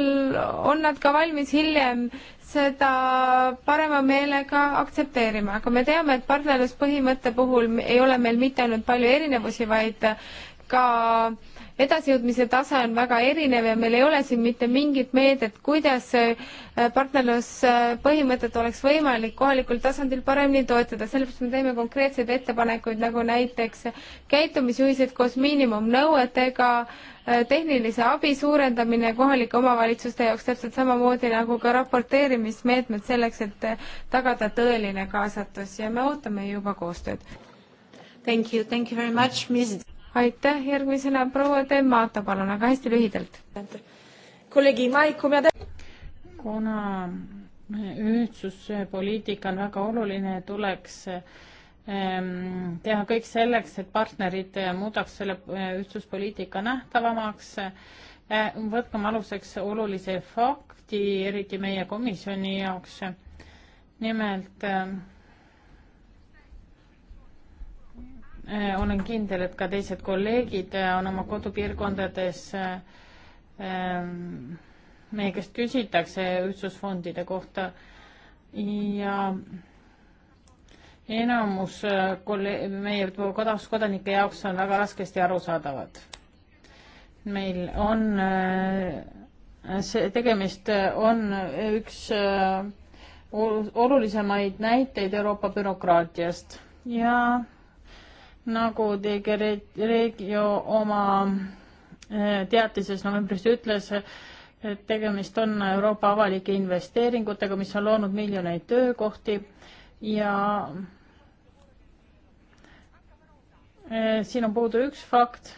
on nad ka valmis hiljem seda parema meelega aktsepteerima, aga me teame, et partnerluspõhimõtte puhul ei ole meil mitte ainult palju erinevusi, vaid ka edasijõudmise tase on väga erinev ja meil ei ole siin mitte mingit meedet, kuidas äh, partnerluspõhimõtet oleks võimalik kohalikul tasandil paremini toetada, sellepärast me teeme konkreetseid ettepanekuid, nagu näiteks käitumisjuhised koos miinimumnõuetega, äh, tehnilise abi suurendamine kohalike omavalitsuste jaoks täpselt samamoodi nagu ka raporteerimismeetmed selleks, et äh, tagada tõeline kaasatus ja me ootame juba koostööd. Thank you, thank you very much, Miss aitäh, järgmisena proua Demato, palun, aga hästi lühidalt. kuna ühtsuspoliitika on väga oluline, tuleks ehm, teha kõik selleks, et partnerid muudaks selle eh, ühtsuspoliitika nähtavamaks. Eh, võtkem aluseks olulise fakti, eriti meie komisjoni jaoks. nimelt ehm, Äh, olen kindel, et ka teised kolleegid äh, on oma kodupiirkondades äh, ähm, meie käest küsitakse ühtsusfondide kohta ja enamus kolle-, meie kodus kodanike jaoks on väga raskesti arusaadavad. meil on, see tegemist on üks olulisemaid näiteid Euroopa bürokraatiast ja nagu tegi Regio oma eh, teatises novembris ütles, et tegemist on Euroopa avalike investeeringutega, mis on loonud miljoneid töökohti ja eh, siin on puudu üks fakt,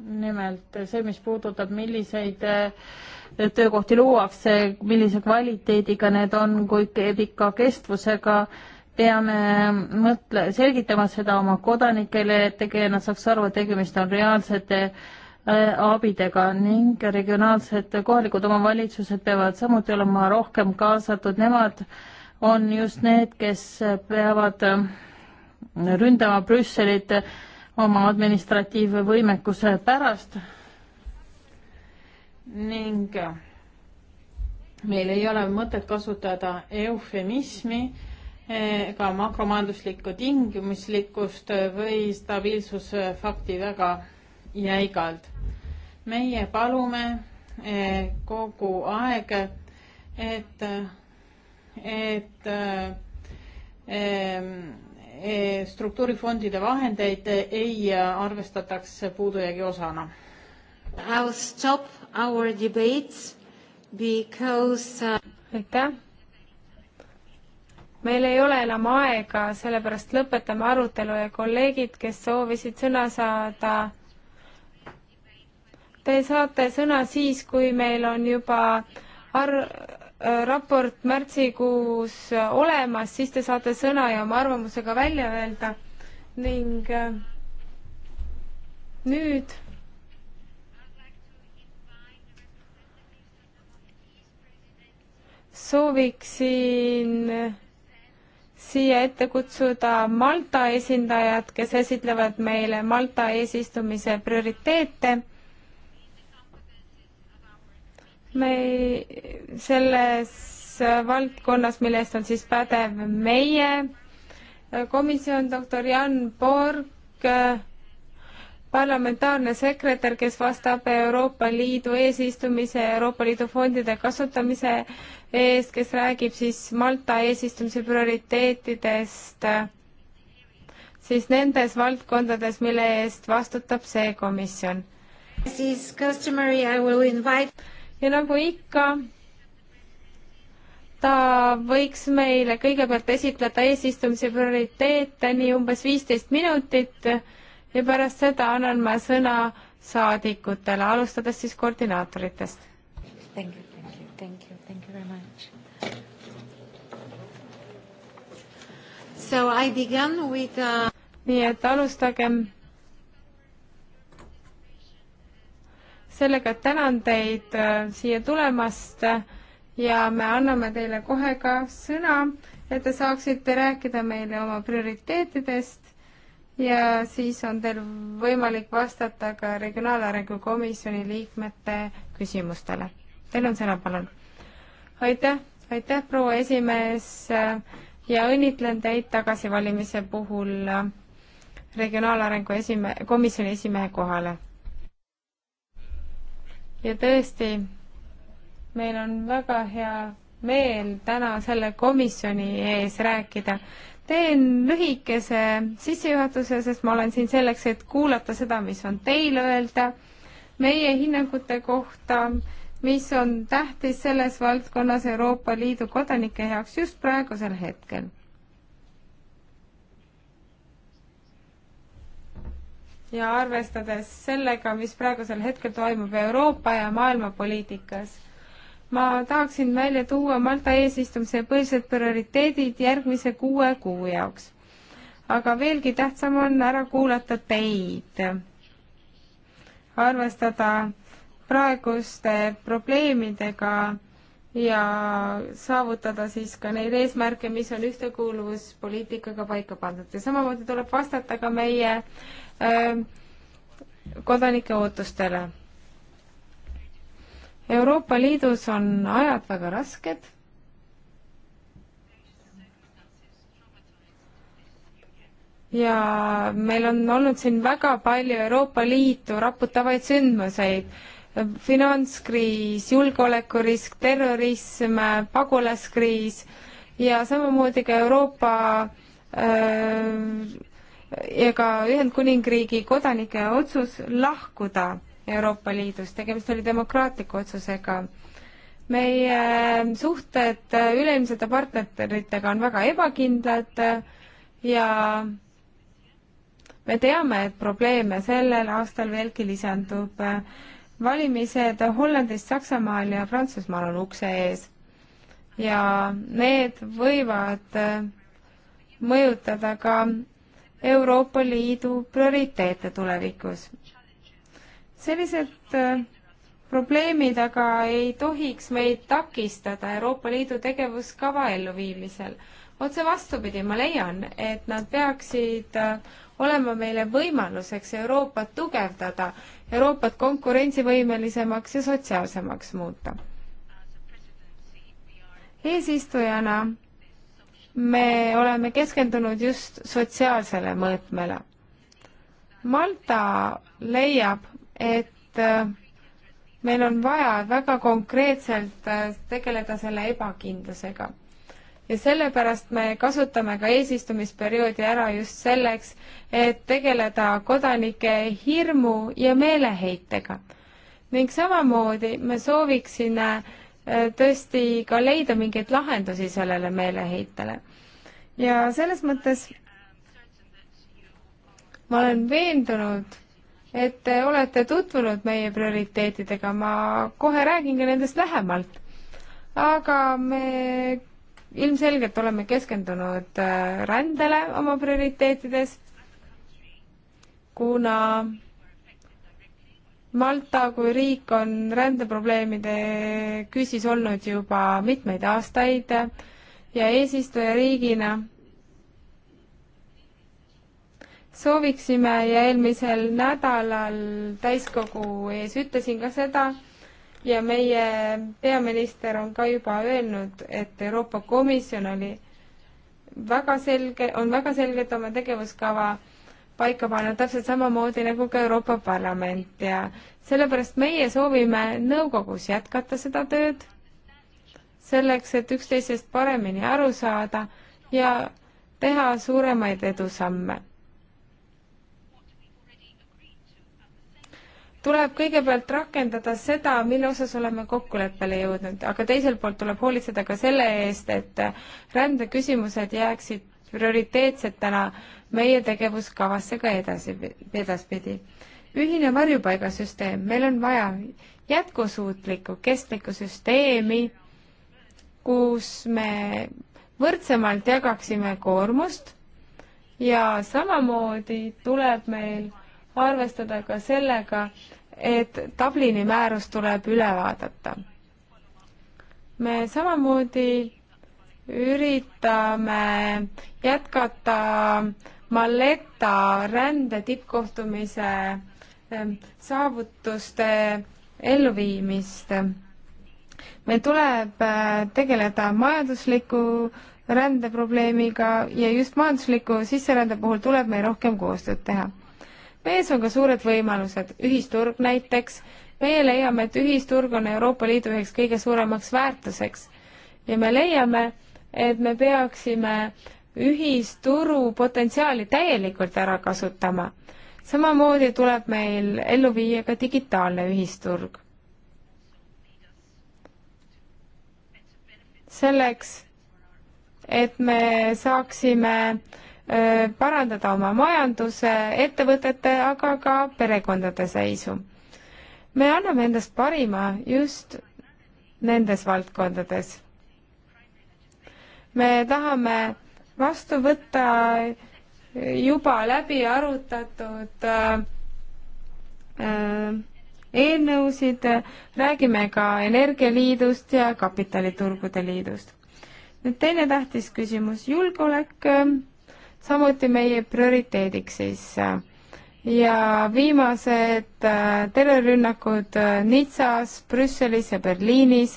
nimelt see, mis puudutab, milliseid eh, töökohti luuakse, millise kvaliteediga need on, kui pika kestvusega äh, peame mõtle, selgitama seda oma kodanikele, et tegelikult nad saaks aru, et tegemist on reaalsete äh, abidega ning regionaalsed kohalikud omavalitsused peavad samuti olema rohkem kaasatud, nemad on just need, kes peavad äh, ründama Brüsselit oma administratiivvõimekuse pärast ning äh, meil ei ole mõtet kasutada eufemismi äh, Eh, ka makromajanduslikku tingimuslikkust või stabiilsusfakti väga jäigalt. meie palume eh, kogu aeg, et, et, et eh, struktuurifondide vahendeid ei arvestataks puudujäägi osana. I will stop our debates because uh, aitäh meil ei ole enam aega, sellepärast lõpetame arutelu ja kolleegid, kes soovisid sõna saada, te saate sõna siis, kui meil on juba ar-, äh, raport märtsikuus olemas, siis te saate sõna ja oma arvamuse ka välja öelda ning äh, nüüd sooviksin siia ette kutsuda Malta esindajad, kes esitlevad meile Malta eesistumise prioriteete. me selles valdkonnas, millest on siis pädev meie komisjon, doktor Jan Borg parlamentaarne sekretär, kes vastab Euroopa Liidu eesistumise, Euroopa Liidu fondide kasutamise eest, kes räägib siis Malta eesistumise prioriteetidest siis nendes valdkondades, mille eest vastutab see komisjon. siis customary I will invite. ja nagu ikka, ta võiks meile kõigepealt esitleda eesistumise prioriteete, nii umbes viisteist minutit ja pärast seda annan ma sõna saadikutele, alustades siis koordinaatoritest. Thank you, thank you, thank you, thank you very much. So I began with uh... nii et alustagem sellega tänan teid äh, siia tulemast ja me anname teile kohe ka sõna, et te saaksite rääkida meile oma prioriteetidest ja siis on teil võimalik vastata ka Regionaalarengu Komisjoni liikmete küsimustele. Teil on sõna, palun. aitäh, aitäh, proua esimees ja õnnitlen teid tagasivalimise puhul Regionaalarengu esime-, komisjoni esimehe kohale. ja tõesti, meil on väga hea meel täna selle komisjoni ees rääkida, teen lühikese sissejuhatuse, sest ma olen siin selleks, et kuulata seda, mis on teil öelda meie hinnangute kohta, mis on tähtis selles valdkonnas Euroopa Liidu kodanike jaoks just praegusel hetkel. ja arvestades sellega, mis praegusel hetkel toimub Euroopa ja maailma poliitikas ma tahaksin välja tuua Malta eesistumise põhilised prioriteedid järgmise kuue kuu jaoks. aga veelgi tähtsam on ära kuulata teid, arvestada praeguste probleemidega ja saavutada siis ka neid eesmärke, mis on ühtekuuluvuspoliitikaga paika pandud ja samamoodi tuleb vastata ka meie öö, äh, kodanike ootustele Euroopa Liidus on ajad väga rasked. ja meil on olnud siin väga palju Euroopa Liitu raputavaid sündmuseid finantskriis, julgeolekurisk, terrorism, pagulaskriis ja samamoodi ka Euroopa äh, ja ka Ühendkuningriigi kodanike otsus lahkuda Euroopa Liidus, tegemist oli demokraatliku otsusega. meie äh, suhted äh, üleilmsete partneritega on väga ebakindlad äh, ja me teame, et probleeme sellel aastal veelgi lisandub. valimised Hollandis, Saksamaal ja Prantsusmaal on ukse ees ja need võivad mõjutada ka Euroopa Liidu prioriteete tulevikus sellised äh, probleemid aga ei tohiks meid takistada Euroopa Liidu tegevuskava elluviimisel. otse vastupidi, ma leian, et nad peaksid äh, olema meile võimaluseks Euroopat tugevdada, Euroopat konkurentsivõimelisemaks ja sotsiaalsemaks muuta. eesistujana me oleme keskendunud just sotsiaalsele mõõtmele. Malta leiab, et äh, meil on vaja väga konkreetselt äh, tegeleda selle ebakindlusega. ja sellepärast me kasutame ka eesistumisperioodi ära just selleks, et tegeleda kodanike hirmu ja meeleheitega. ning samamoodi me sooviksime äh, tõesti ka leida mingeid lahendusi sellele meeleheitele. ja selles mõttes ma olen veendunud, et te olete tutvunud meie prioriteetidega, ma kohe räägin ka nendest lähemalt. aga me ilmselgelt oleme keskendunud äh, rändele oma prioriteetides, kuna Malta kui riik on rändeprobleemide küsis olnud juba mitmeid aastaid ja eesistujariigina sooviksime ja eelmisel nädalal täiskogu ees ütlesin ka seda ja meie peaminister on ka juba öelnud, et Euroopa Komisjon oli väga selge, on väga selgelt oma tegevuskava paika pannud, täpselt samamoodi nagu ka Euroopa Parlament ja sellepärast meie soovime nõukogus jätkata seda tööd, selleks, et üksteisest paremini aru saada ja teha suuremaid edusamme tuleb kõigepealt rakendada seda, mille osas oleme kokkuleppele jõudnud, aga teiselt poolt tuleb hoolitseda ka selle eest, et rändeküsimused jääksid prioriteetsetena meie tegevuskavasse ka edasi, edaspidi. ühine varjupaigasüsteem, meil on vaja jätkusuutlikku, kestlikku süsteemi, kus me võrdsemalt jagaksime koormust ja samamoodi tuleb meil arvestada ka sellega, et Dublini määrus tuleb üle vaadata. me samamoodi üritame jätkata Maleta rände tippkohtumise ehm, saavutuste elluviimist. meil tuleb äh, tegeleda majandusliku rändeprobleemiga ja just majandusliku sisserände puhul tuleb meil rohkem koostööd teha ees on ka suured võimalused, ühisturg näiteks, meie leiame, et ühisturg on Euroopa Liidu üheks kõige suuremaks väärtuseks ja me leiame, et me peaksime ühisturu potentsiaali täielikult ära kasutama. samamoodi tuleb meil ellu viia ka digitaalne ühisturg. selleks, et me saaksime äh, Äh, parandada oma majanduse, ettevõtete, aga ka perekondade seisu. me anname endast parima just nendes valdkondades. me tahame vastu võtta juba läbi arutatud äh, äh, eelnõusid, räägime ka Energialiidust ja Kapitaliturgude Liidust. nüüd teine tähtis küsimus, julgeolek äh, samuti meie prioriteediks siis. Äh, ja viimased äh, terrorirünnakud äh, Nitsas, Brüsselis ja Berliinis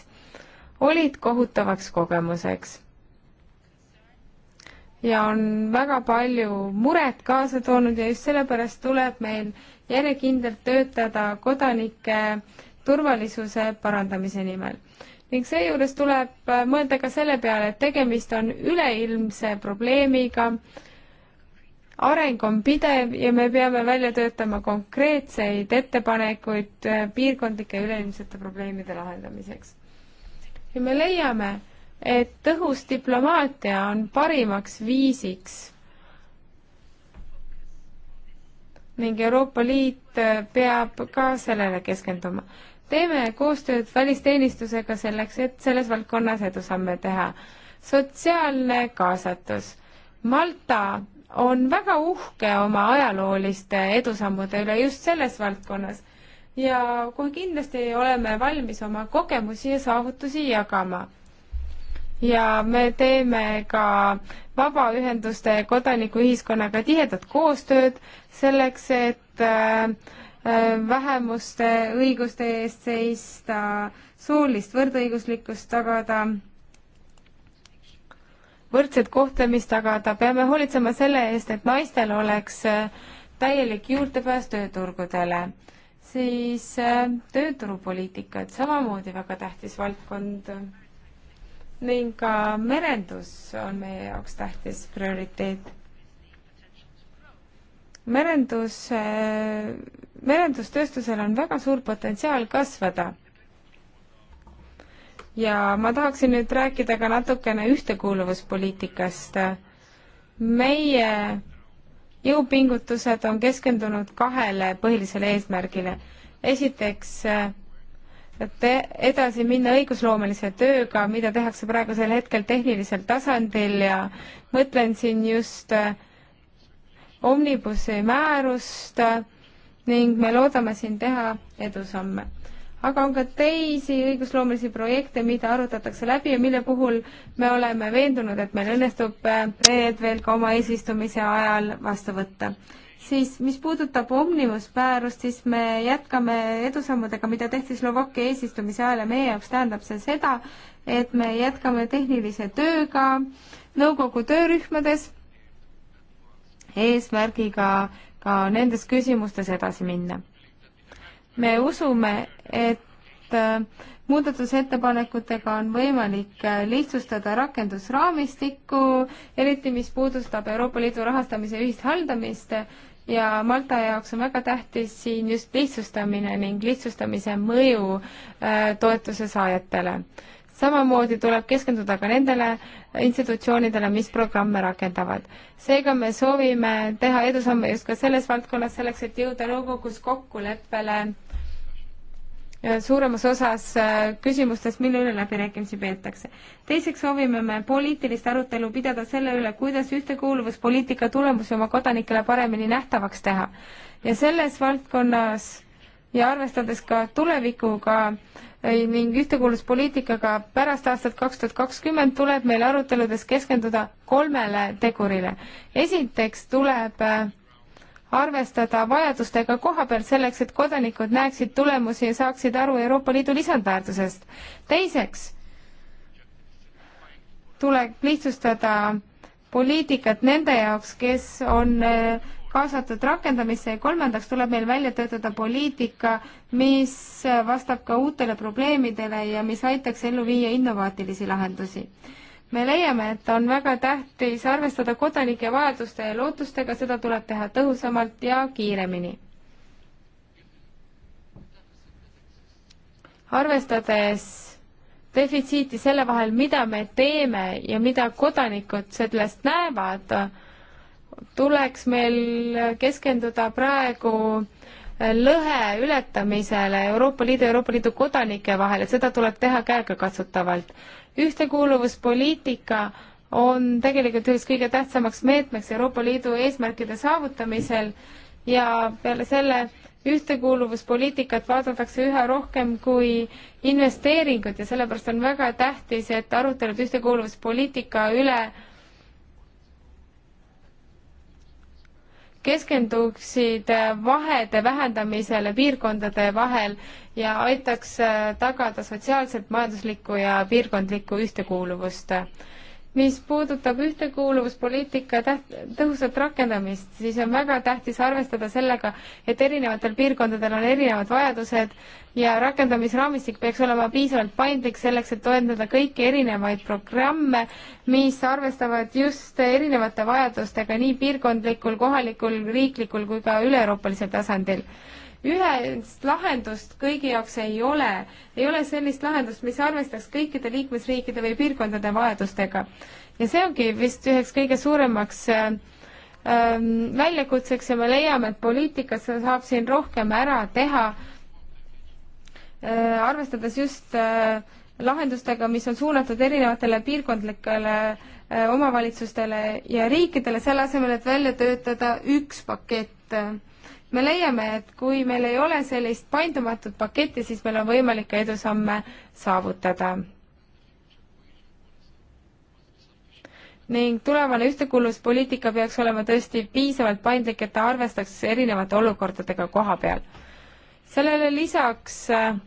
olid kohutavaks kogemuseks ja on väga palju muret kaasa toonud ja just sellepärast tuleb meil järjekindlalt töötada kodanike turvalisuse parandamise nimel. ning seejuures tuleb mõelda ka selle peale, et tegemist on üleilmse probleemiga areng on pidev ja me peame välja töötama konkreetseid ettepanekuid äh, piirkondlike üleilmsete probleemide lahendamiseks. ja me leiame, et tõhus diplomaatia on parimaks viisiks ning Euroopa Liit äh, peab ka sellele keskenduma. teeme koostööd välisteenistusega selleks, et selles valdkonnas edusamme teha. sotsiaalne kaasatus. Malta on väga uhke oma ajalooliste edusammude üle just selles valdkonnas ja kui kindlasti oleme valmis oma kogemusi ja saavutusi jagama. ja me teeme ka vabaühenduste ja kodanikuühiskonnaga tihedat koostööd selleks, et äh, äh, vähemuste õiguste eest seista, soolist võrdõiguslikkust tagada võrdset kohtlemist tagada, peame hoolitsema selle eest, et naistel oleks äh, täielik juurdepääs tööturgudele. siis äh, tööturupoliitikad, samamoodi väga tähtis valdkond ning ka merendus on meie jaoks tähtis prioriteet. merendus, äh, merendustööstusel on väga suur potentsiaal kasvada ja ma tahaksin nüüd rääkida ka natukene ühtekuuluvuspoliitikast. meie jõupingutused on keskendunud kahele põhilisele eesmärgile. esiteks, et edasi minna õigusloomelise tööga, mida tehakse praegusel hetkel tehnilisel tasandil ja mõtlen siin just omnibussi määrust ning me loodame siin teha edusamme aga on ka teisi õigusloomulisi projekte, mida arutatakse läbi ja mille puhul me oleme veendunud, et meil õnnestub need äh, veel ka oma eesistumise ajal vastu võtta. siis mis puudutab Omnibus määrust, siis me jätkame edusammudega, mida tehti Slovakkia eesistumise ajal ja meie jaoks tähendab see seda, et me jätkame tehnilise tööga nõukogu töörühmades eesmärgiga ka nendes küsimustes edasi minna me usume, et äh, muudatusettepanekutega on võimalik äh, lihtsustada rakendusraamistikku, eriti mis puudutab Euroopa Liidu rahastamise ühist haldamist ja Malta jaoks on väga tähtis siin just lihtsustamine ning lihtsustamise mõju äh, toetuse saajatele samamoodi tuleb keskenduda ka nendele institutsioonidele, mis programme rakendavad. seega me soovime teha edusamme just ka selles valdkonnas, selleks et jõuda nõukogus kokkuleppele suuremas osas äh, küsimustes, mille üle läbirääkimisi peetakse. teiseks soovime me poliitilist arutelu pidada selle üle, kuidas ühtekuuluvuspoliitika tulemusi oma kodanikele paremini nähtavaks teha. ja selles valdkonnas ja arvestades ka tulevikuga äh, ning ühtekuuluvuspoliitikaga pärast aastat kaks tuhat kakskümmend tuleb meil aruteludes keskenduda kolmele tegurile. esiteks tuleb äh, arvestada vajadustega koha peal selleks, et kodanikud näeksid tulemusi ja saaksid aru Euroopa Liidu lisandväärtusest. teiseks tuleb lihtsustada poliitikat nende jaoks, kes on äh, kaasatud rakendamisse ja kolmandaks tuleb meil välja töötada poliitika, mis vastab ka uutele probleemidele ja mis aitaks ellu viia innovaatilisi lahendusi me leiame, et on väga tähtis arvestada kodanike vajaduste ja lootustega, seda tuleb teha tõhusamalt ja kiiremini. arvestades defitsiiti selle vahel, mida me teeme ja mida kodanikud sellest näevad, tuleks meil keskenduda praegu äh, lõhe ületamisele Euroopa Liidu ja Euroopa Liidu kodanike vahel, et seda tuleb teha käegakatsutavalt. ühtekuuluvuspoliitika on tegelikult üheks kõige tähtsamaks meetmeks Euroopa Liidu eesmärkide saavutamisel ja peale selle ühtekuuluvuspoliitikat vaadatakse üha rohkem kui investeeringut ja sellepärast on väga tähtis, et arutelud ühtekuuluvuspoliitika üle keskenduksid vahede vähendamisele piirkondade vahel ja aitaks tagada sotsiaalset, majanduslikku ja piirkondlikku ühtekuuluvust mis puudutab ühtekuuluvuspoliitika täht-, tõhusat rakendamist, siis on väga tähtis arvestada sellega, et erinevatel piirkondadel on erinevad vajadused ja rakendamisraamistik peaks olema piisavalt paindlik selleks, et toetada kõiki erinevaid programme, mis arvestavad just erinevate vajadustega nii piirkondlikul, kohalikul, riiklikul kui ka üle-euroopalisel tasandil ühest lahendust kõigi jaoks ei ole. ei ole sellist lahendust, mis arvestaks kõikide liikmesriikide või piirkondade vajadustega. ja see ongi vist üheks kõige suuremaks äh, ähm, väljakutseks ja me leiame, et poliitikas saab siin rohkem ära teha äh,, arvestades just äh, lahendustega, mis on suunatud erinevatele piirkondlikele äh, omavalitsustele ja riikidele, selle asemel, et välja töötada üks pakett äh, me leiame, et kui meil ei ole sellist paindumatut paketti, siis meil on võimalik ka edusamme saavutada. ning tulevane ühtekuuluvuspoliitika peaks olema tõesti piisavalt paindlik, et ta arvestaks erinevate olukordadega koha peal. sellele lisaks äh,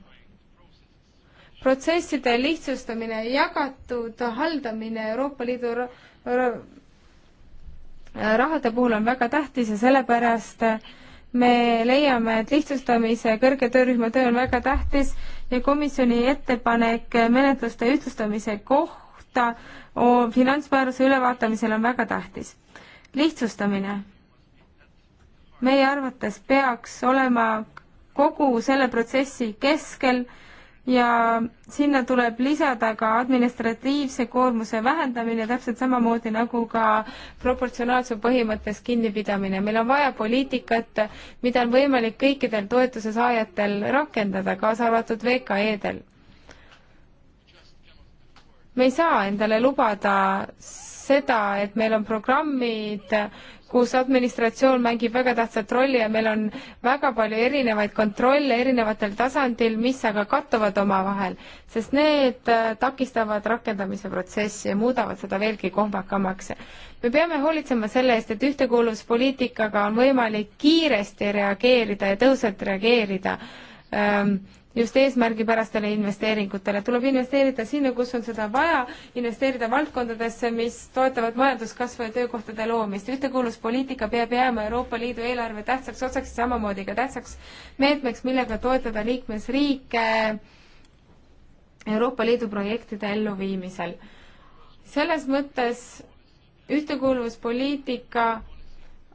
protsesside lihtsustamine, jagatud haldamine Euroopa Liidu rahade puhul on väga tähtis ja sellepärast äh, me leiame, et lihtsustamise kõrge töörühma töö on väga tähtis ja komisjoni ettepanek menetluste ühtlustamise kohta finantsmääruse ülevaatamisel on väga tähtis. lihtsustamine meie arvates peaks olema kogu selle protsessi keskel ja sinna tuleb lisada ka administratiivse koormuse vähendamine, täpselt samamoodi nagu ka proportsionaalsuse põhimõttes kinnipidamine. meil on vaja poliitikat, mida on võimalik kõikidel toetuse saajatel rakendada, kaasa arvatud VKE-del. me ei saa endale lubada seda, et meil on programmid, kus administratsioon mängib väga tähtsat rolli ja meil on väga palju erinevaid kontrolle erinevatel tasandil, mis aga kattuvad omavahel, sest need äh, takistavad rakendamise protsessi ja muudavad seda veelgi kohmakamaks. me peame hoolitsema selle eest, et ühtekuuluvuspoliitikaga on võimalik kiiresti reageerida ja tõhusalt reageerida ähm, just eesmärgipärastele investeeringutele. tuleb investeerida sinna, kus on seda vaja, investeerida valdkondadesse, mis toetavad majanduskasvu ja töökohtade loomist. ühtekuuluvuspoliitika peab jääma Euroopa Liidu eelarve tähtsaks otsaks ja samamoodi ka tähtsaks meetmeks, millega toetada liikmesriike Euroopa Liidu projektide elluviimisel. selles mõttes ühtekuuluvuspoliitika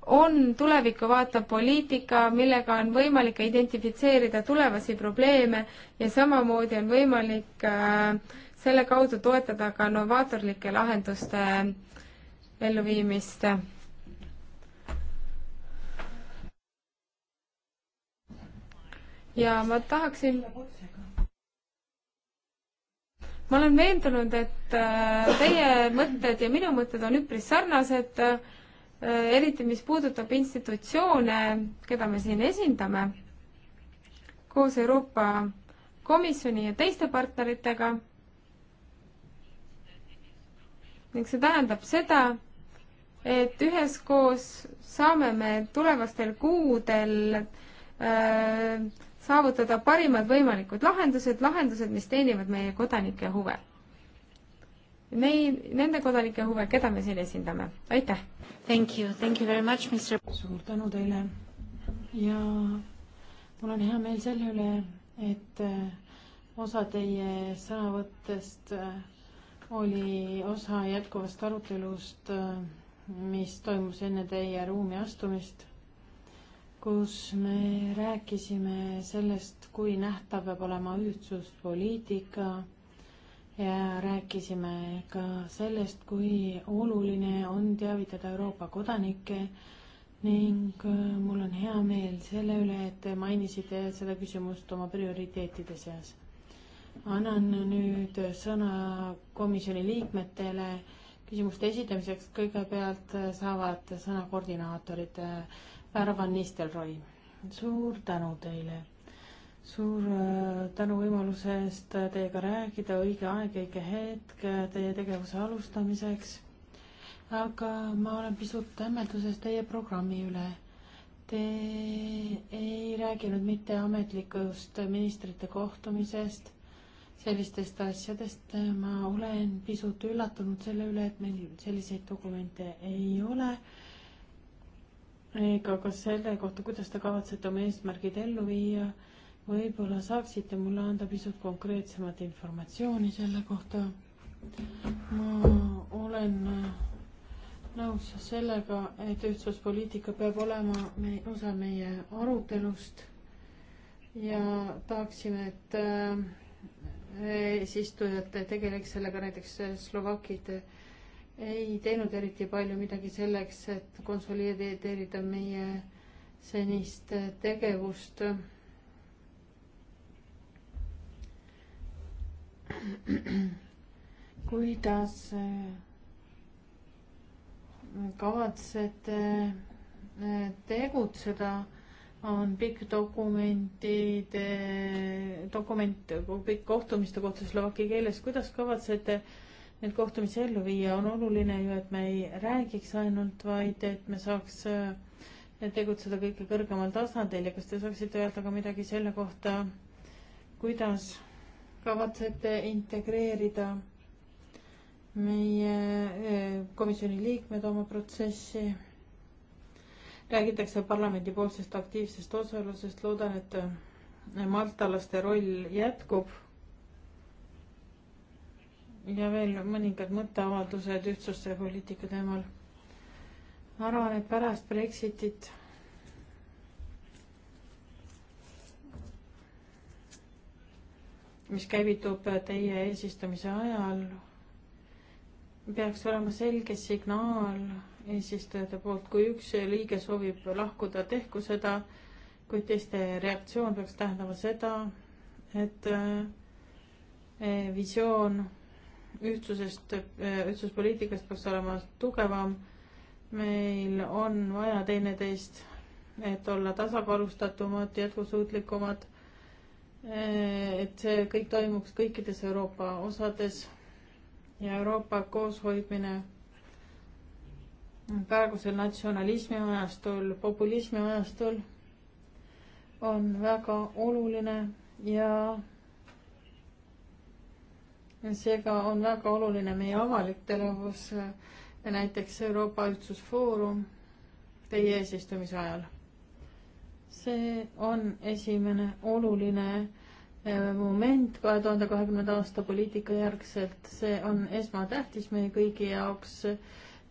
on tulevikku vaatav poliitika, millega on võimalik identifitseerida tulevasi probleeme ja samamoodi on võimalik äh, selle kaudu toetada ka novaatorlike lahenduste äh, elluviimist. ja ma tahaksin ma olen veendunud, et äh, teie mõtted ja minu mõtted on üpris sarnased Äh, eriti mis puudutab institutsioone, keda me siin esindame, koos Euroopa Komisjoni ja teiste partneritega. ning see tähendab seda, et üheskoos saame me tulevastel kuudel öö, äh, saavutada parimad võimalikud lahendused, lahendused, mis teenivad meie kodanike huve Neid, nende kodanike huve, keda me siin esindame. aitäh! Thank you, thank you very much, Mr. suur tänu teile ja mul on hea meel selle üle, et äh, osa teie sõnavõttest äh, oli osa jätkuvast arutelust, äh, mis toimus enne teie ruumi astumist, kus me rääkisime sellest, kui nähtav peab olema ühtsuspoliitika ja rääkisime ka sellest, kui oluline on teavitada Euroopa kodanikke ning äh, mul on hea meel selle üle, et te mainisite seda küsimust oma prioriteetide seas. annan nüüd sõna komisjoni liikmetele küsimuste esitamiseks. kõigepealt äh, saavad sõna koordinaatorid. Värvan äh, Nistelrooy, suur tänu teile suur äh, tänu võimaluse eest äh, teiega rääkida, õige aeg, õige hetk äh, teie tegevuse alustamiseks. aga ma olen pisut hämmelduses teie programmi üle. Te ei rääkinud mitte ametlikust ministrite kohtumisest, sellistest asjadest. ma olen pisut üllatunud selle üle, et meil selliseid dokumente ei ole ega ka selle kohta, kuidas te kavatsete oma eesmärgid ellu viia võib-olla saaksite mulle anda pisut konkreetsemat informatsiooni selle kohta. ma olen äh, nõus sellega, et ühtsuspoliitika peab olema me, osa meie arutelust ja tahaksime, et eesistujad äh, tegeleks sellega, näiteks äh, Slovakid ei teinud eriti palju midagi selleks, et konsolideerida meie senist äh, tegevust kuidas äh, kavatsete äh, tegutseda, on pikk dokumentide, dokument, pikk kohtumiste kohta slovaki keeles, kuidas kavatsete neid kohtumisi ellu viia, on oluline ju, et me ei räägiks ainult, vaid et me saaks äh, tegutseda kõige kõrgemal tasandil ja kas te saaksite öelda ka midagi selle kohta, kuidas kavatsete integreerida meie eh, komisjoni liikmed oma protsessi. räägitakse parlamendipoolsest aktiivsest osalusest, loodan, et eh, maltalaste roll jätkub. ja veel mõningad mõtteavaldused ühtsuse poliitika teemal. ma arvan, et pärast Brexitit mis käivitub teie eesistumise ajal, peaks olema selge signaal eesistujate poolt, kui üks liige soovib lahkuda, tehku seda, kuid teiste reaktsioon peaks tähendama seda, et eh, visioon ühtsusest, eh, ühtsuspoliitikast peaks olema tugevam. meil on vaja teineteist, et olla tasakaalustatumad, jätkusuutlikumad Eh, et see kõik toimuks kõikides Euroopa osades ja Euroopa kooshoidmine praegusel natsionalismi ajastul, populismi ajastul on väga oluline ja seega on väga oluline meie avalik tegevus, näiteks Euroopa Ühtsusfoorum teie eesistumise ajal see on esimene oluline äh, moment kahe tuhande kahekümnenda aasta poliitika järgselt, see on esmatähtis meie kõigi jaoks,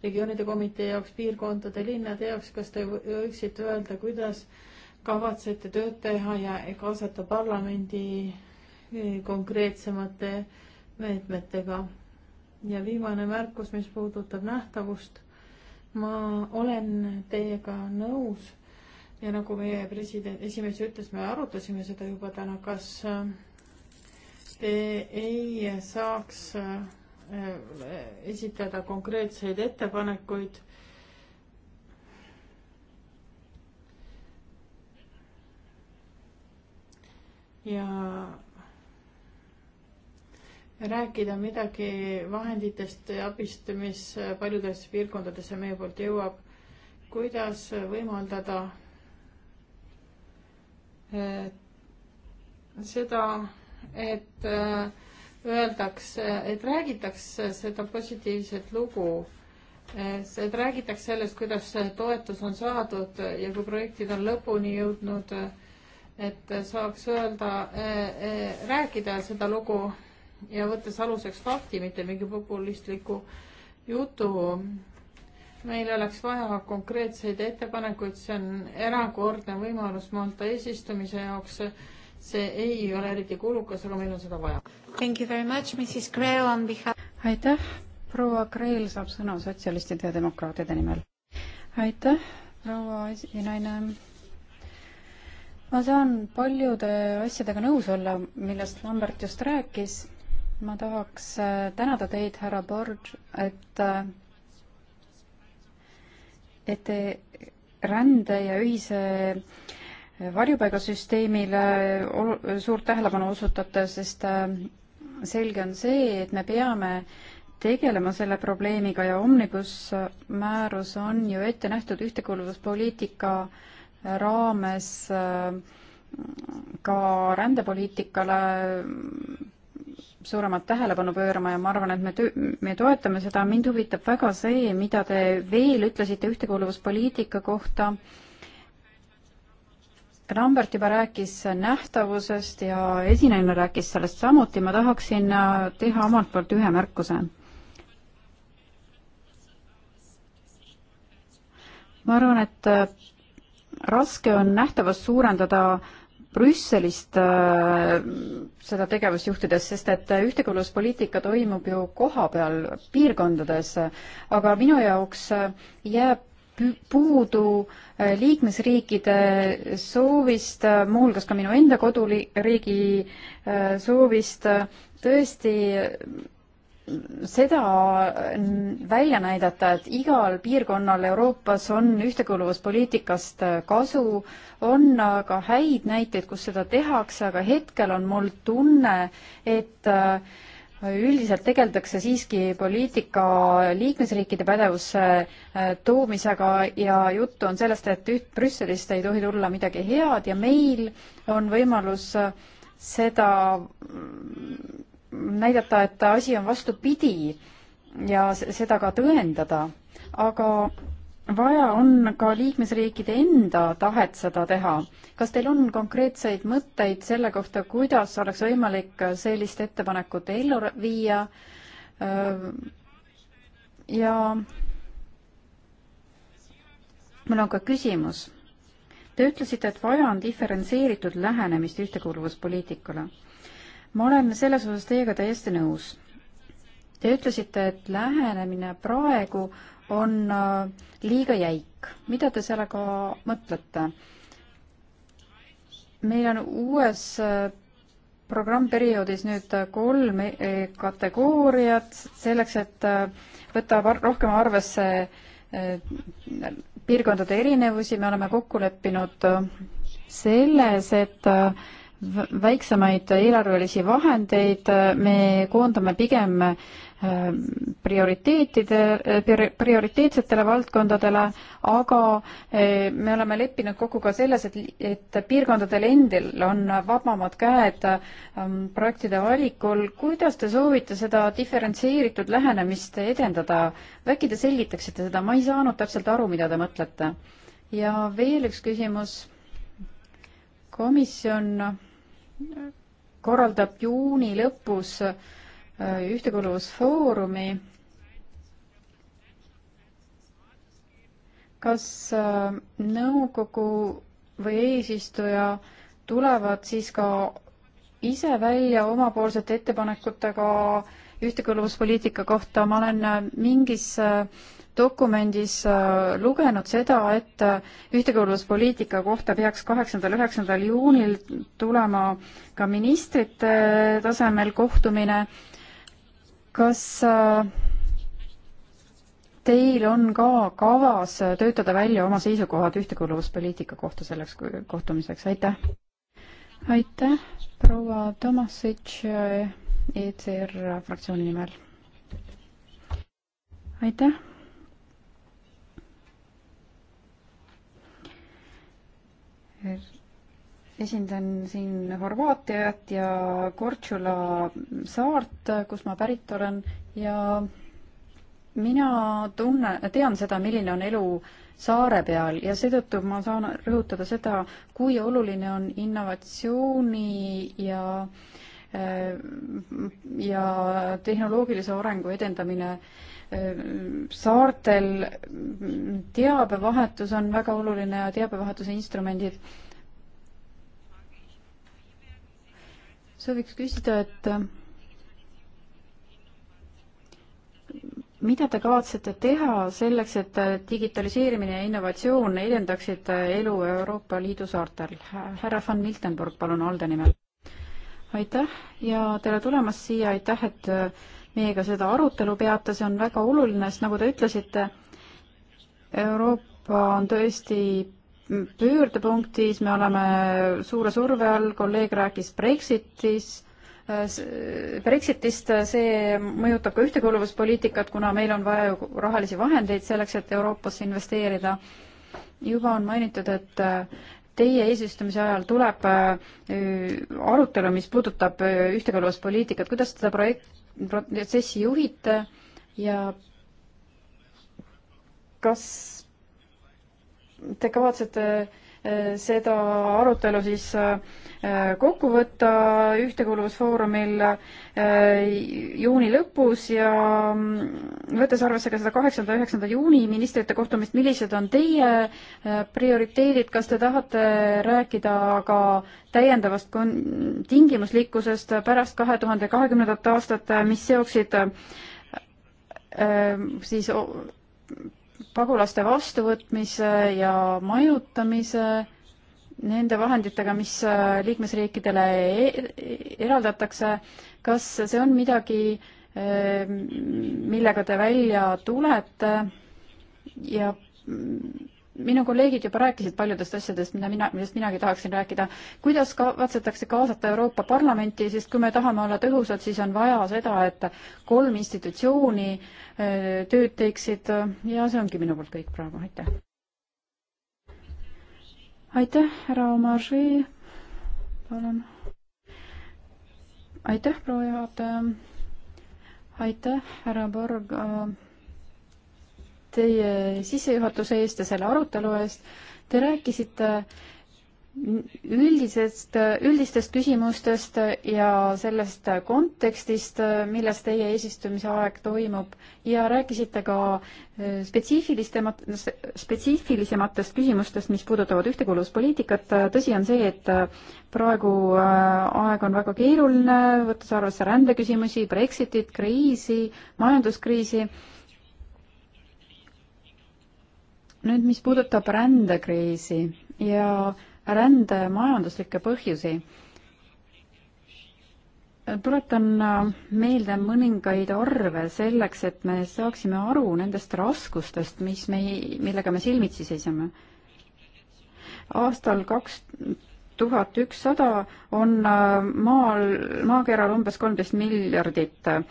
regioonide komitee jaoks, piirkondade, linnade jaoks, kas te võiksite öelda, kuidas kavatsete tööd teha ja kaasata parlamendi äh, konkreetsemate meetmetega? ja viimane märkus, mis puudutab nähtavust, ma olen teiega nõus ja nagu meie president, esimees ütles, me arutasime seda juba täna, kas äh, te ei saaks äh, esitada konkreetseid ettepanekuid ja rääkida midagi vahenditest ja abist, mis paljudesse piirkondadesse meie poolt jõuab, kuidas võimaldada Äh, seda, et äh, öeldakse, et räägitakse seda positiivset lugu, äh, et räägitakse sellest, kuidas toetus on saadud ja kui projektid on lõpuni jõudnud, et saaks öelda, rääkida seda lugu ja võttes aluseks fakti, mitte mingi populistliku jutu meil oleks vaja konkreetseid ettepanekuid, see on erakordne võimalus Malta eesistumise jaoks. see ei ole eriti kulukas, aga meil on seda vaja. aitäh, proua Kreel saab sõna sotsialistide ja demokraatide nimel. aitäh, proua esinaine ma saan paljude asjadega nõus olla, millest Lambert just rääkis. ma tahaks äh, tänada teid, härra Borg, et äh, et rände ja ühise varjupaigasüsteemile suurt tähelepanu osutate, sest äh, selge on see, et me peame tegelema selle probleemiga ja Omnibus määrus on ju ette nähtud ühtekuuluvuspoliitika raames äh, ka rändepoliitikale suuremat tähelepanu pöörama ja ma arvan, et me töö, me toetame seda, mind huvitab väga see, mida te veel ütlesite ühtekuuluvuspoliitika kohta. Lambert juba rääkis nähtavusest ja esineja rääkis sellest samuti, ma tahaksin teha omalt poolt ühe märkuse. ma arvan, et raske on nähtavust suurendada äh, Brüsselist äh, seda tegevust juhtides, sest et ühtekuuluvuspoliitika toimub ju kohapeal, piirkondades, aga minu jaoks äh, jääb puudu äh, liikmesriikide soovist, muuhulgas ka minu enda koduriigi soovist tõesti seda välja näidata, et igal piirkonnal Euroopas on ühtekuuluvuspoliitikast kasu, on ka häid näiteid, kus seda tehakse, aga hetkel on mul tunne, et äh, üldiselt tegeldakse siiski poliitika liikmesriikide pädevusse äh, toomisega ja juttu on sellest, et üht Brüsselist ei tohi tulla midagi head ja meil on võimalus äh, seda näidata, et asi on vastupidi ja seda ka tõendada, aga vaja on ka liikmesriikide enda tahet seda teha. kas teil on konkreetseid mõtteid selle kohta, kuidas oleks võimalik sellist ettepanekut ellu viia? ja mul on ka küsimus. Te ütlesite, et vaja on diferentseeritud lähenemist ühtekuuluvuspoliitikale ma olen selles osas teiega täiesti nõus. Te ütlesite, et lähenemine praegu on äh, liiga jäik. mida te sellega mõtlete? meil on uues äh, programmperioodis nüüd äh, kolm kategooriat selleks, et võtta rohkem arvesse piirkondade erinevusi, me oleme kokku leppinud selles, et väiksemaid eelarvelisi vahendeid, äh, me koondame pigem äh, prioriteetide, äh, prioriteetsetele valdkondadele, aga me oleme leppinud kokku ka selles, et, et piirkondadel endil on vabamad käed ähm, projektide valikul. kuidas te soovite seda diferentseeritud lähenemist edendada? äkki te selgitaksite seda, ma ei saanud täpselt aru, mida te mõtlete. ja veel üks küsimus. komisjon korraldab juuni lõpus äh, ühtekuuluvusfoorumi. kas äh, nõukogu või eesistuja tulevad siis ka ise välja omapoolsete ettepanekutega ühtekuuluvuspoliitika kohta, ma olen äh, mingis dokumendis äh, lugenud seda, et äh, ühtekuuluvuspoliitika kohta peaks kaheksandal, üheksandal juunil tulema ka ministrite tasemel kohtumine. kas äh, teil on ka kavas töötada välja oma seisukohad ühtekuuluvuspoliitika kohta selleks kohtumiseks, aitäh! aitäh, proua Tomasitš ECR fraktsiooni nimel! aitäh! esindan siin Horvaatiat ja Korčula saart, kust ma pärit olen ja mina tunne, tean seda, milline on elu saare peal ja seetõttu ma saan rõhutada seda, kui oluline on innovatsiooni ja äh, ja tehnoloogilise arengu edendamine saartel. teabevahetus on väga oluline ja teabevahetuse instrumendid. sooviks küsida, et mida te kavatsete teha selleks, et digitaliseerimine ja innovatsioon edendaksid elu Euroopa Liidu saartel? härra van Miltenburg, palun, ALDE nimel aitäh ja tere tulemast siia, aitäh, et äh, meiega seda arutelu peate, see on väga oluline, sest nagu te ütlesite, Euroopa on tõesti pöördepunktis, me oleme suure surve all, kolleeg rääkis Brexitis, äh, Brexitist, see mõjutab ka ühtekuuluvuspoliitikat, kuna meil on vaja ju rahalisi vahendeid selleks, et Euroopasse investeerida. juba on mainitud, et äh, teie eesistumise ajal tuleb äh, arutelu, mis puudutab äh, ühtekõlbuspoliitikat, kuidas seda projekt, protsessi juhite ja kas te kavatsete äh, seda arutelu siis äh, Äh, kokku võtta Ühtekuuluvusfoorumil äh, juuni lõpus ja mm, võttes arvesse ka seda kaheksanda, üheksanda juuni ministrite kohtumist, millised on teie äh, prioriteedid, kas te tahate rääkida ka täiendavast kon-, tingimuslikkusest pärast kahe tuhande kahekümnendat aastat, mis seoksid siis pagulaste vastuvõtmise ja majutamise nende vahenditega, mis äh, liikmesriikidele e, e, eraldatakse, kas see on midagi, äh, millega te välja tulete ja mm, minu kolleegid juba rääkisid paljudest asjadest, mida mina, millest minagi tahaksin rääkida. kuidas kavatsetakse kaasata Euroopa Parlamenti, sest kui me tahame olla tõhusad, siis on vaja seda, et kolm institutsiooni äh, tööd teeksid ja see ongi minu poolt kõik praegu, aitäh aitäh, härra Omarži, palun. aitäh, proua juhataja. aitäh, härra Borg, äh, teie sissejuhatuse eest ja selle arutelu eest. Te rääkisite äh, üldisest, üldistest küsimustest ja sellest kontekstist, milles teie eesistumise aeg toimub ja rääkisite ka äh, spetsiifilistemat-, spetsiifilisematest küsimustest, mis puudutavad ühtekuuluvuspoliitikat. tõsi on see, et äh, praegu äh, aeg on väga keeruline, võttes arvesse rändeküsimusi, Brexitit, kriisi, majanduskriisi. nüüd, mis puudutab rändekriisi ja rände majanduslikke põhjusi. tuletan meelde mõningaid arve selleks, et me saaksime aru nendest raskustest, mis me, millega me silmitsi seisame. aastal kaks tuhat ükssada on äh, maal, maakeral umbes kolmteist miljardit äh,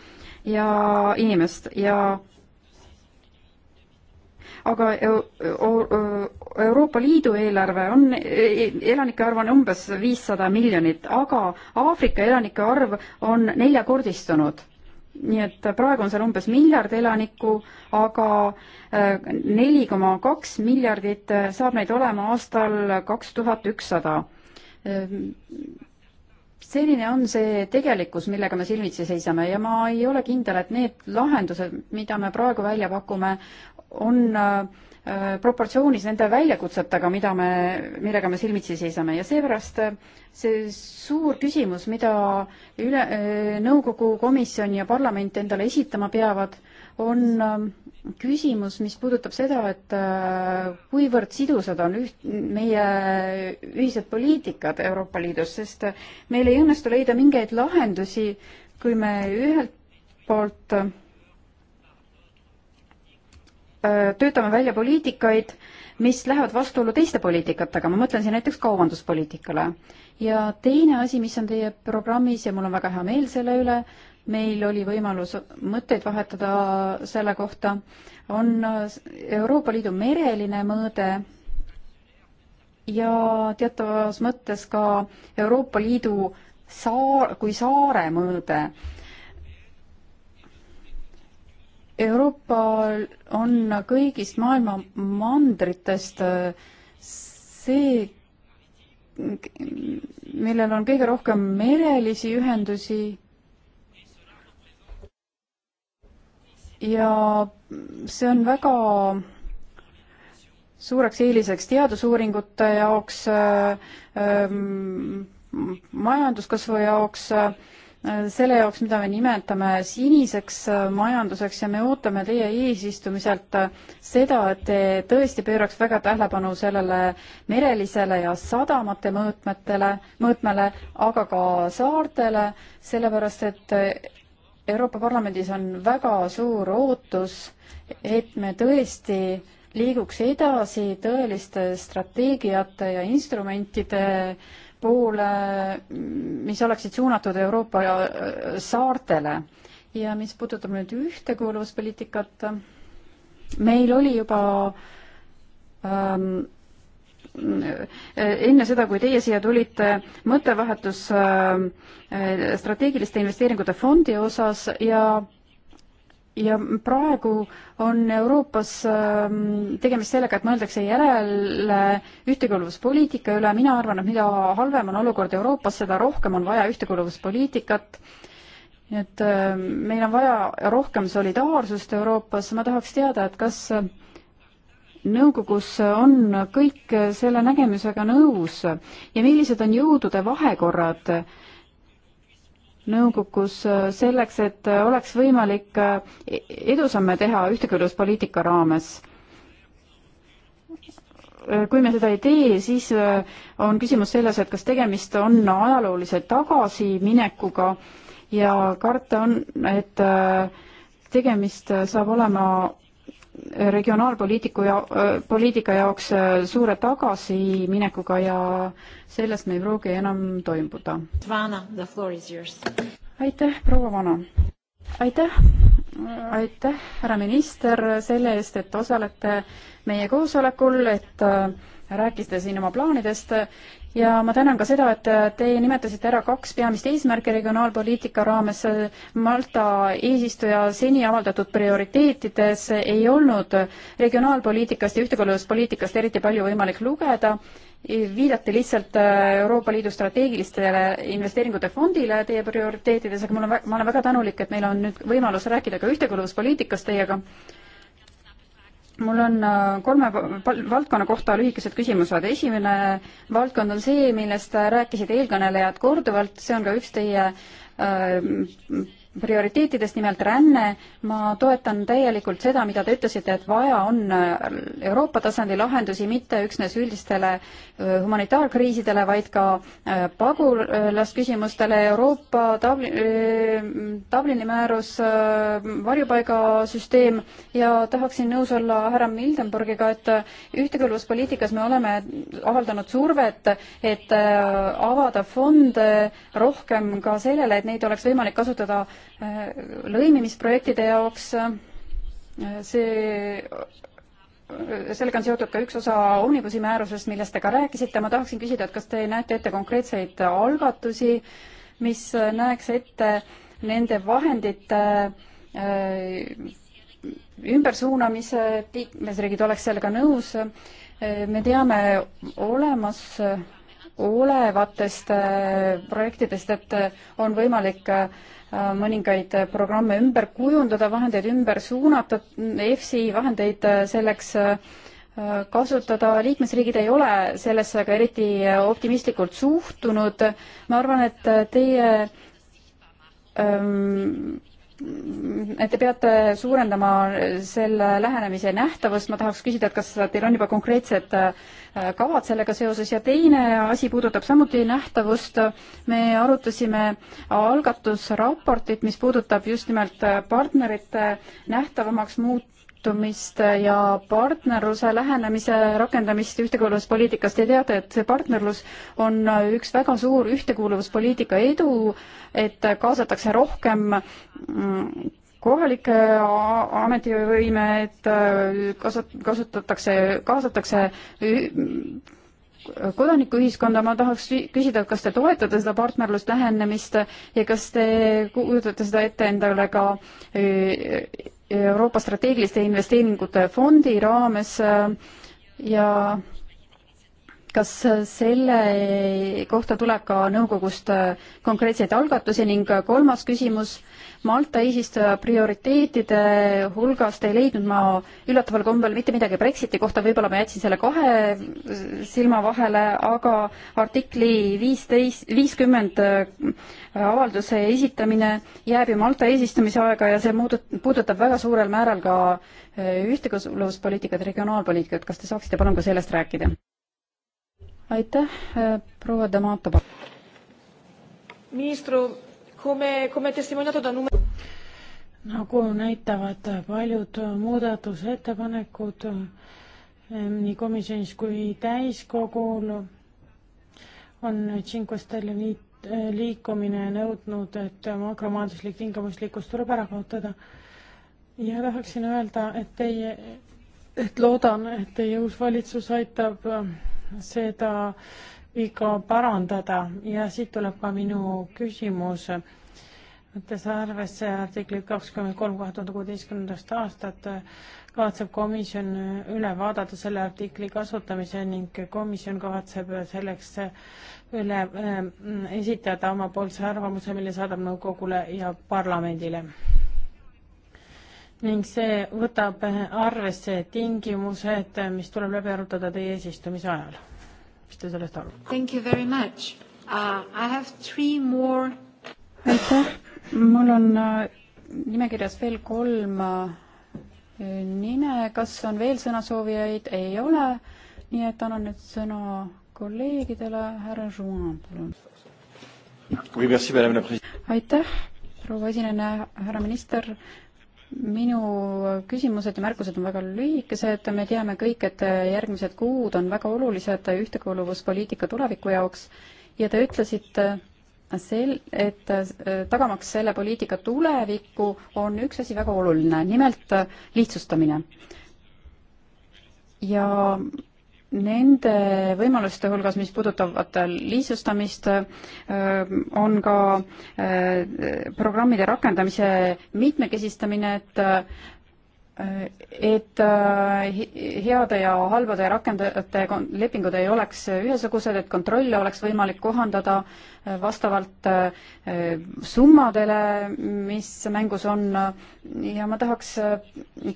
ja inimest ja aga Euroopa Liidu eelarve on, elanike arv on umbes viissada miljonit, aga Aafrika elanike arv on neljakordistunud nii et praegu on seal umbes miljard elanikku, aga eh, neli koma kaks miljardit eh, saab neid olema aastal kaks tuhat ükssada. Eh, selline on see tegelikkus, millega me silmitsi seisame ja ma ei ole kindel, et need lahendused, mida me praegu välja pakume, on äh, proportsioonis nende väljakutsetega, mida me, millega me silmitsi seisame ja seepärast äh, see suur küsimus, mida üle, äh, nõukogu komisjon ja parlament endale esitama peavad, on küsimus, mis puudutab seda, et kuivõrd sidusad on üht, meie ühised poliitikad Euroopa Liidus, sest meil ei õnnestu leida mingeid lahendusi, kui me ühelt poolt Äh, töötame välja poliitikaid, mis lähevad vastuollu teiste poliitikatega, ma mõtlen siin näiteks kaubanduspoliitikale. ja teine asi, mis on teie programmis ja mul on väga hea meel selle üle, meil oli võimalus mõtteid vahetada selle kohta, on Euroopa Liidu mereline mõõde ja teatavas mõttes ka Euroopa Liidu saar, kui saare mõõde Euroopal on kõigist maailma mandritest äh, see, millel on kõige rohkem merelisi ühendusi ja see on väga suureks eeliseks teadusuuringute jaoks äh, ähm,, majanduskasvu jaoks äh,, Äh, selle jaoks, mida me nimetame siniseks äh, majanduseks ja me ootame teie eesistumiselt äh, seda, et te tõesti pööraks väga tähelepanu sellele merelisele ja sadamate mõõtmetele, mõõtmele, aga ka saartele, sellepärast et Euroopa Parlamendis on väga suur ootus, et me tõesti liiguks edasi tõeliste strateegiate ja instrumentide äh, poole, mis oleksid suunatud Euroopa saartele. ja mis puudutab nüüd ühtekuuluvuspoliitikat, meil oli juba ähm, enne seda, kui teie siia tulite, mõttevahetus ähm, strateegiliste investeeringute fondi osas ja ja praegu on Euroopas ähm, tegemist sellega, et mõeldakse järele ühtekuuluvuspoliitika üle, mina arvan, et mida halvem on olukord Euroopas, seda rohkem on vaja ühtekuuluvuspoliitikat, nii et ähm, meil on vaja rohkem solidaarsust Euroopas, ma tahaks teada, et kas nõukogus on kõik selle nägemusega nõus ja millised on jõudude vahekorrad äh, nõukogus äh, selleks, et äh, oleks võimalik äh, edusamme teha ühtekülluspoliitika raames. kui me seda ei tee, siis on küsimus selles, et kas tegemist on ajaloolise tagasiminekuga ja karta on, et tegemist saab olema regionaalpoliitiku ja poliitika jaoks äh, suure tagasiminekuga ja sellest me ei pruugi enam toimuda. aitäh, proua Vana! aitäh, aitäh, härra minister, selle eest, et osalete meie koosolekul, et äh, rääkisite siin oma plaanidest ja ma tänan ka seda, et teie nimetasite ära kaks peamist eesmärki regionaalpoliitika raames. Malta eesistuja seni avaldatud prioriteetides ei olnud regionaalpoliitikast ja ühtekuuluvuspoliitikast eriti palju võimalik lugeda viidati lihtsalt Euroopa Liidu strateegilistele investeeringute fondile teie prioriteetides, aga mul on, ma olen väga tänulik, et meil on nüüd võimalus rääkida ka ühtekuuluvuspoliitikast teiega mul on äh, kolme valdkonna kohta lühikesed küsimused. esimene valdkond on see, millest rääkisid eelkõnelejad korduvalt, see on ka üks teie äh, prioriteetidest, nimelt ränne. ma toetan täielikult seda, mida te ütlesite, et vaja on äh, Euroopa tasandi lahendusi mitte üksnes üldistele äh, humanitaarkriisidele, vaid ka äh, pagulasküsimustele. Euroopa tabli, Dublini määrus, varjupaigasüsteem ja tahaksin nõus olla härra Mildenburgiga, et ühtekõlbuspoliitikas me oleme avaldanud survet, et avada fonde rohkem ka sellele, et neid oleks võimalik kasutada Äh, lõimimisprojektide jaoks. Äh, see, äh, sellega on seotud ka üks osa Omnibusi määrusest, millest te ka rääkisite. ma tahaksin küsida, et kas te näete ette konkreetseid algatusi, mis näeks ette nende vahendite ümbersuunamise, et liikmesriigid oleks sellega nõus. me teame olemas olevatest äh, projektidest, et äh, on võimalik äh, mõningaid programme ümber kujundada, vahendeid ümber suunata, EFSI vahendeid selleks kasutada, liikmesriigid ei ole sellesse ka eriti optimistlikult suhtunud, ma arvan, et teie ähm, et te peate suurendama selle lähenemise nähtavust, ma tahaks küsida, et kas teil on juba konkreetsed äh, kavad sellega seoses ja teine asi puudutab samuti nähtavust. me arutasime algatusraportit, mis puudutab just nimelt äh, partnerite nähtavamaks muut-, tippkohtumist ja partnerluse lähenemise rakendamist ühtekuuluvuspoliitikas. Te teate, et see partnerlus on üks väga suur ühtekuuluvuspoliitika edu, et kaasatakse rohkem mm, kohalike ametivõime, et äh, kasut-, kasutatakse, kaasatakse kodanikuühiskonda, ma tahaks küsida, kas te toetate seda partnerlust lähenemist ja kas te kujutate seda ette endale ka Euroopa strateegiliste investeeringute fondi raames äh, ja kas äh, selle äh, kohta tuleb ka nõukogust äh, konkreetseid algatusi ning kolmas küsimus, Malta eesistuja prioriteetide hulgast ei leidnud ma üllataval kombel mitte midagi Brexiti kohta, võib-olla ma jätsin selle kahe silma vahele, aga artikli viisteist, viiskümmend avalduse esitamine jääb ju Malta eesistumise aega ja see puudutab väga suurel määral ka ühtekuuluvuspoliitikat, regionaalpoliitikat, kas te saaksite palun ka sellest rääkida? aitäh, äh, proua Damato. ministru, come, come testimoniato da nume-. nagu näitavad paljud muudatusettepanekud äh, nii komisjonis kui täiskogul, on Cinque Stelle liit, liikumine nõudnud, et makromajanduslik tingimuslikkus tuleb ära kaotada. ja tahaksin öelda, et teie, et loodan, et teie uus valitsus aitab äh, seda viga parandada ja siit tuleb ka minu küsimus. võttes arvesse artiklit kakskümmend kolm kahe tuhande kuueteistkümnendast aastat, kavatseb komisjon üle vaadata selle artikli kasutamise ning komisjon kavatseb selleks üle äh, esitada omapoolse arvamuse, mille saadab nõukogule ja parlamendile ning see võtab arvesse tingimused, mis tuleb läbi arutada teie eesistumise ajal. mis te sellest arvate? Thank you very much uh,. I have three more. aitäh, mul on uh, nimekirjas veel kolm uh, nime, kas on veel sõnasoovijaid? ei ole, nii et annan nüüd sõna kolleegidele, härra Juan, palun. aitäh, proua esineja, härra minister minu küsimused ja märkused on väga lühikesed, me teame kõik, et järgmised kuud on väga olulised ühtekuuluvuspoliitika tuleviku jaoks ja te ütlesite, sel-, et äh, tagamaks selle poliitika tulevikku, on üks asi väga oluline, nimelt lihtsustamine. ja nende võimaluste hulgas, mis puudutavad lihtsustamist, äh, on ka äh, programmide rakendamise mitmekesistamine, et et äh, heade ja halbade rakendajate lepingud ei oleks ühesugused, et kontrolle oleks võimalik kohandada äh, vastavalt äh, summadele, mis mängus on. ja ma tahaks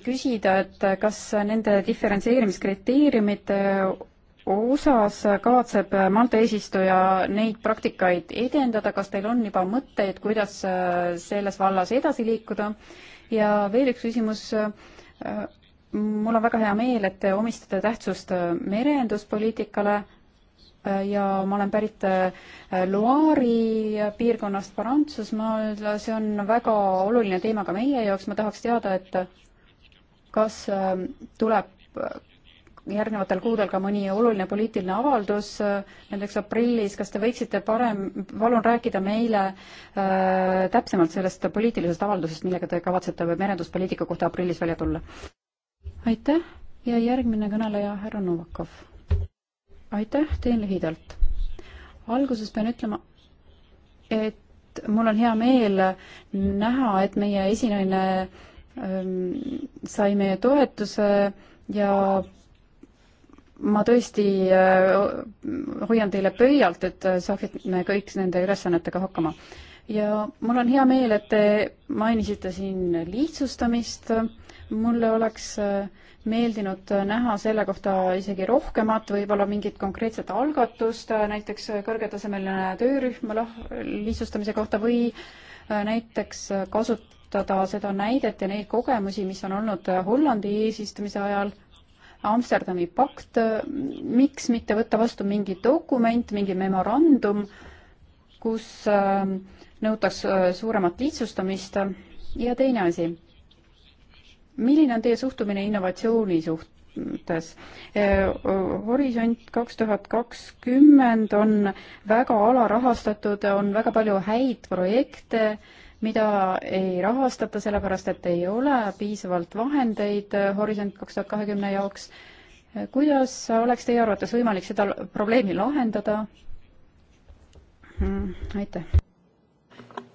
küsida, et kas nende diferentseerimiskriteeriumite osas kavatseb Malta eesistuja neid praktikaid edendada, kas teil on juba mõtteid, kuidas selles vallas edasi liikuda? ja veel üks küsimus. Äh, mul on väga hea meel, et te omistate tähtsust äh, merenduspoliitikale äh, ja ma olen pärit Loari piirkonnast Prantsusmaal, see on väga oluline teema ka meie jaoks, ma tahaks teada, et kas tuleb järgnevatel kuudel ka mõni oluline poliitiline avaldus, äh, näiteks aprillis, kas te võiksite parem, palun rääkida meile äh, täpsemalt sellest poliitilisest avaldusest, millega te kavatsete merenduspoliitika kohta aprillis välja tulla? aitäh ja järgmine kõneleja, härra Novakov. aitäh, teen lühidalt. alguses pean ütlema, et mul on hea meel näha, et meie esinaine ähm, sai meie toetuse ja ma tõesti äh, hoian teile pöialt, et äh, saaksime kõik nende ülesannetega hakkama. ja mul on hea meel, et te mainisite siin lihtsustamist. mulle oleks äh, meeldinud näha selle kohta isegi rohkemat, võib-olla mingit konkreetset algatust, näiteks kõrgetasemeline töörühm lihtsustamise kohta või näiteks kasutada seda näidet ja neid kogemusi, mis on olnud Hollandi eesistumise ajal Amsterdami pakt, miks mitte võtta vastu mingi dokument, mingi memorandum, kus ähm, nõutakse äh, suuremat lihtsustamist ja teine asi, milline on teie suhtumine innovatsiooni suhtes? Äh, Horisont kaks tuhat kakskümmend on väga alarahastatud, on väga palju häid projekte, mida ei rahastata, sellepärast et ei ole piisavalt vahendeid eh, Horisont kaks tuhat kahekümne jaoks. Eh, kuidas oleks teie arvates võimalik seda probleemi lahendada? Mm, aitäh.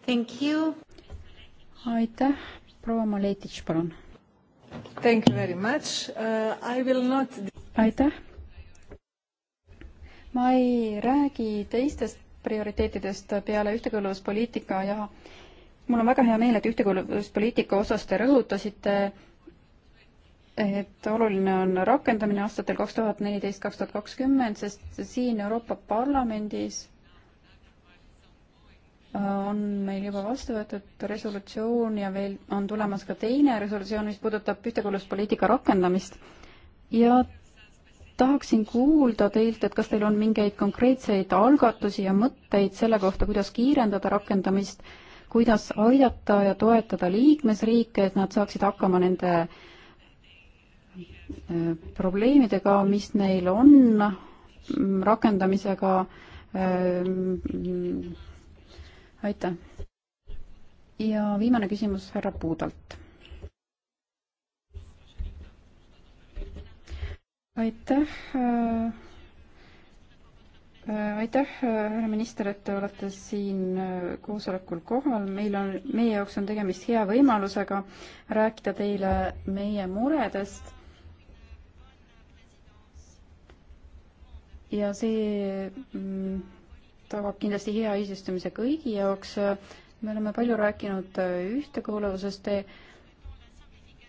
Thank you. aitäh, proua Maletitš, palun. Thank you very much uh,. I will not. aitäh. ma ei räägi teistest prioriteetidest peale ühtekõlluspoliitika ja uh, mul on väga hea meel, et ühtekuuluvuspoliitika osas te rõhutasite, et oluline on rakendamine aastatel kaks tuhat neliteist, kaks tuhat kakskümmend, sest siin Euroopa Parlamendis on meil juba vastu võetud resolutsioon ja veel on tulemas ka teine resolutsioon, mis puudutab ühtekuuluvuspoliitika rakendamist. ja tahaksin kuulda teilt, et kas teil on mingeid konkreetseid algatusi ja mõtteid selle kohta, kuidas kiirendada rakendamist kuidas aidata ja toetada liikmesriike, et nad saaksid hakkama nende äh, probleemidega, mis neil on mm, rakendamisega. Äh, aitäh. ja viimane küsimus härra Puudalt. aitäh äh, Äh, aitäh, äh, härra minister, et te olete siin äh, koosolekul kohal. meil on, meie jaoks on tegemist hea võimalusega rääkida teile meie muredest. ja see mm, tagab kindlasti hea eesistumise kõigi jaoks. me oleme palju rääkinud ühtekuuluvusest. Te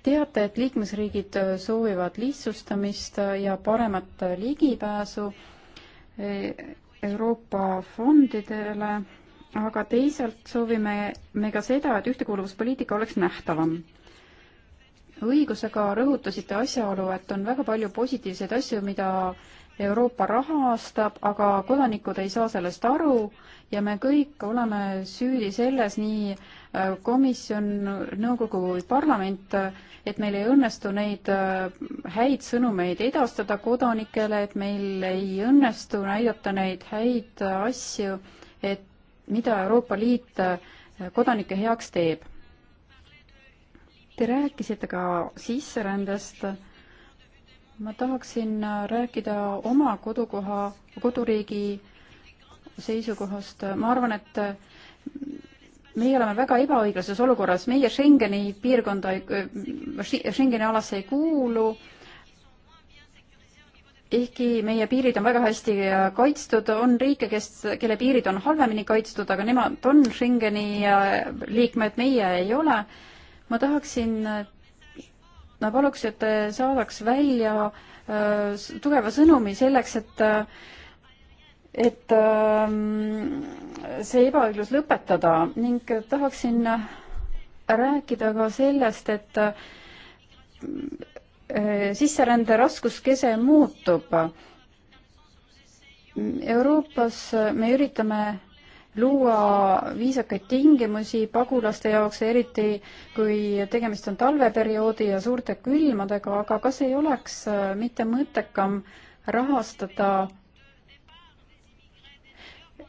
teate, et liikmesriigid soovivad lihtsustamist ja paremat ligipääsu Euroopa fondidele, aga teisalt soovime me ka seda, et ühtekuuluvuspoliitika oleks nähtavam. õigusega rõhutasite asjaolu, et on väga palju positiivseid asju, mida Euroopa rahastab, aga kodanikud ei saa sellest aru ja me kõik oleme süüdi selles, nii äh, komisjon, nõukogu kui parlament, et meil ei õnnestu neid äh, häid sõnumeid edastada kodanikele, et meil ei õnnestu näidata neid häid äh, asju, et mida Euroopa Liit kodanike heaks teeb. Te rääkisite ka sisserändest ma tahaksin äh, rääkida oma kodukoha, koduriigi seisukohast, ma arvan, et äh, meie oleme väga ebaõiglases olukorras, meie Schengeni piirkonda, äh, Schengeni alasse ei kuulu, ehkki meie piirid on väga hästi kaitstud, on riike, kes, kelle piirid on halvemini kaitstud, aga nemad on Schengeni liikmed, meie ei ole. ma tahaksin ma paluks, et äh, saadaks välja äh, tugeva sõnumi selleks, et äh, et ähm, see ebaõiglus lõpetada ning tahaksin rääkida ka sellest, et sisserände raskuskese muutub. Euroopas me üritame luua viisakaid tingimusi pagulaste jaoks, eriti kui tegemist on talveperioodi ja suurte külmadega, aga kas ei oleks äh, mitte mõttekam rahastada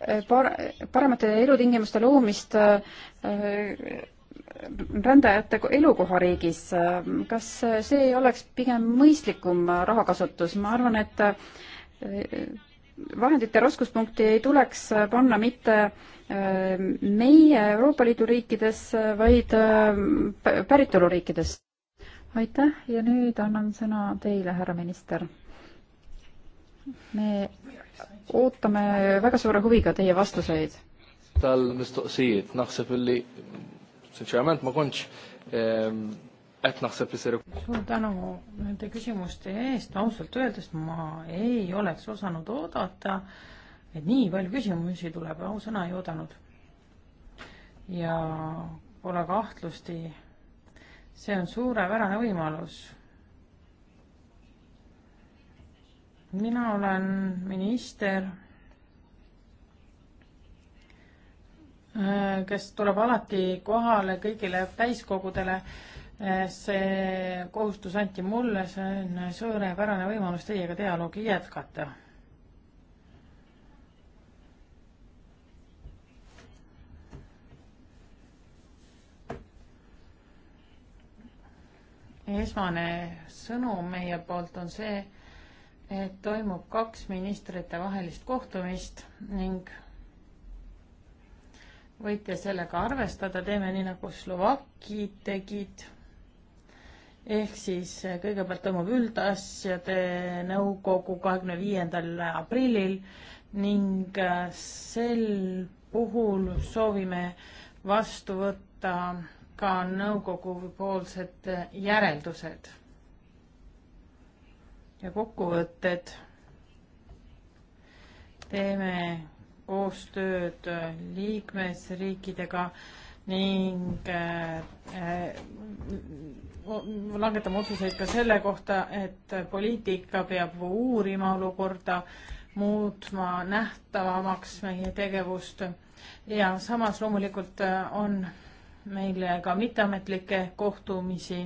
äh, par-, paremate elutingimuste loomist äh, rändajate elukohariigis, kas see ei oleks pigem mõistlikum rahakasutus, ma arvan, et vahendite raskuspunkti ei tuleks panna mitte äh, meie Euroopa Liidu riikides, vaid äh, päritoluriikides. aitäh ja nüüd annan sõna teile, härra minister. me ootame väga suure huviga teie vastuseid. tal mistoqsijiet, noh, see küll, sincerament ma konš ehm, Noh, suur tänu nende küsimuste eest, ausalt öeldes ma ei oleks osanud oodata, et nii palju küsimusi tuleb, ausõna ei oodanud. ja pole kahtlusti, see on suurepärane võimalus. mina olen minister äh, kes tuleb alati kohale kõigile täiskogudele Eh, see kohustus anti mulle, see on suurepärane võimalus teiega dialoogi jätkata. esmane sõnum meie poolt on see, et toimub kaks ministrite vahelist kohtumist ning võite sellega arvestada, teeme nii, nagu Slovakid tegid ehk siis eh, kõigepealt toimub üldasjade nõukogu kahekümne viiendal aprillil ning eh, sel puhul soovime vastu võtta ka nõukogu poolsed eh, järeldused ja kokkuvõtted. teeme koostööd liikmesriikidega ning äh, langetama otsuseid ka selle kohta, et poliitika peab uurima olukorda, muutma nähtavamaks meie tegevust ja samas loomulikult on meil ka mitteametlikke kohtumisi.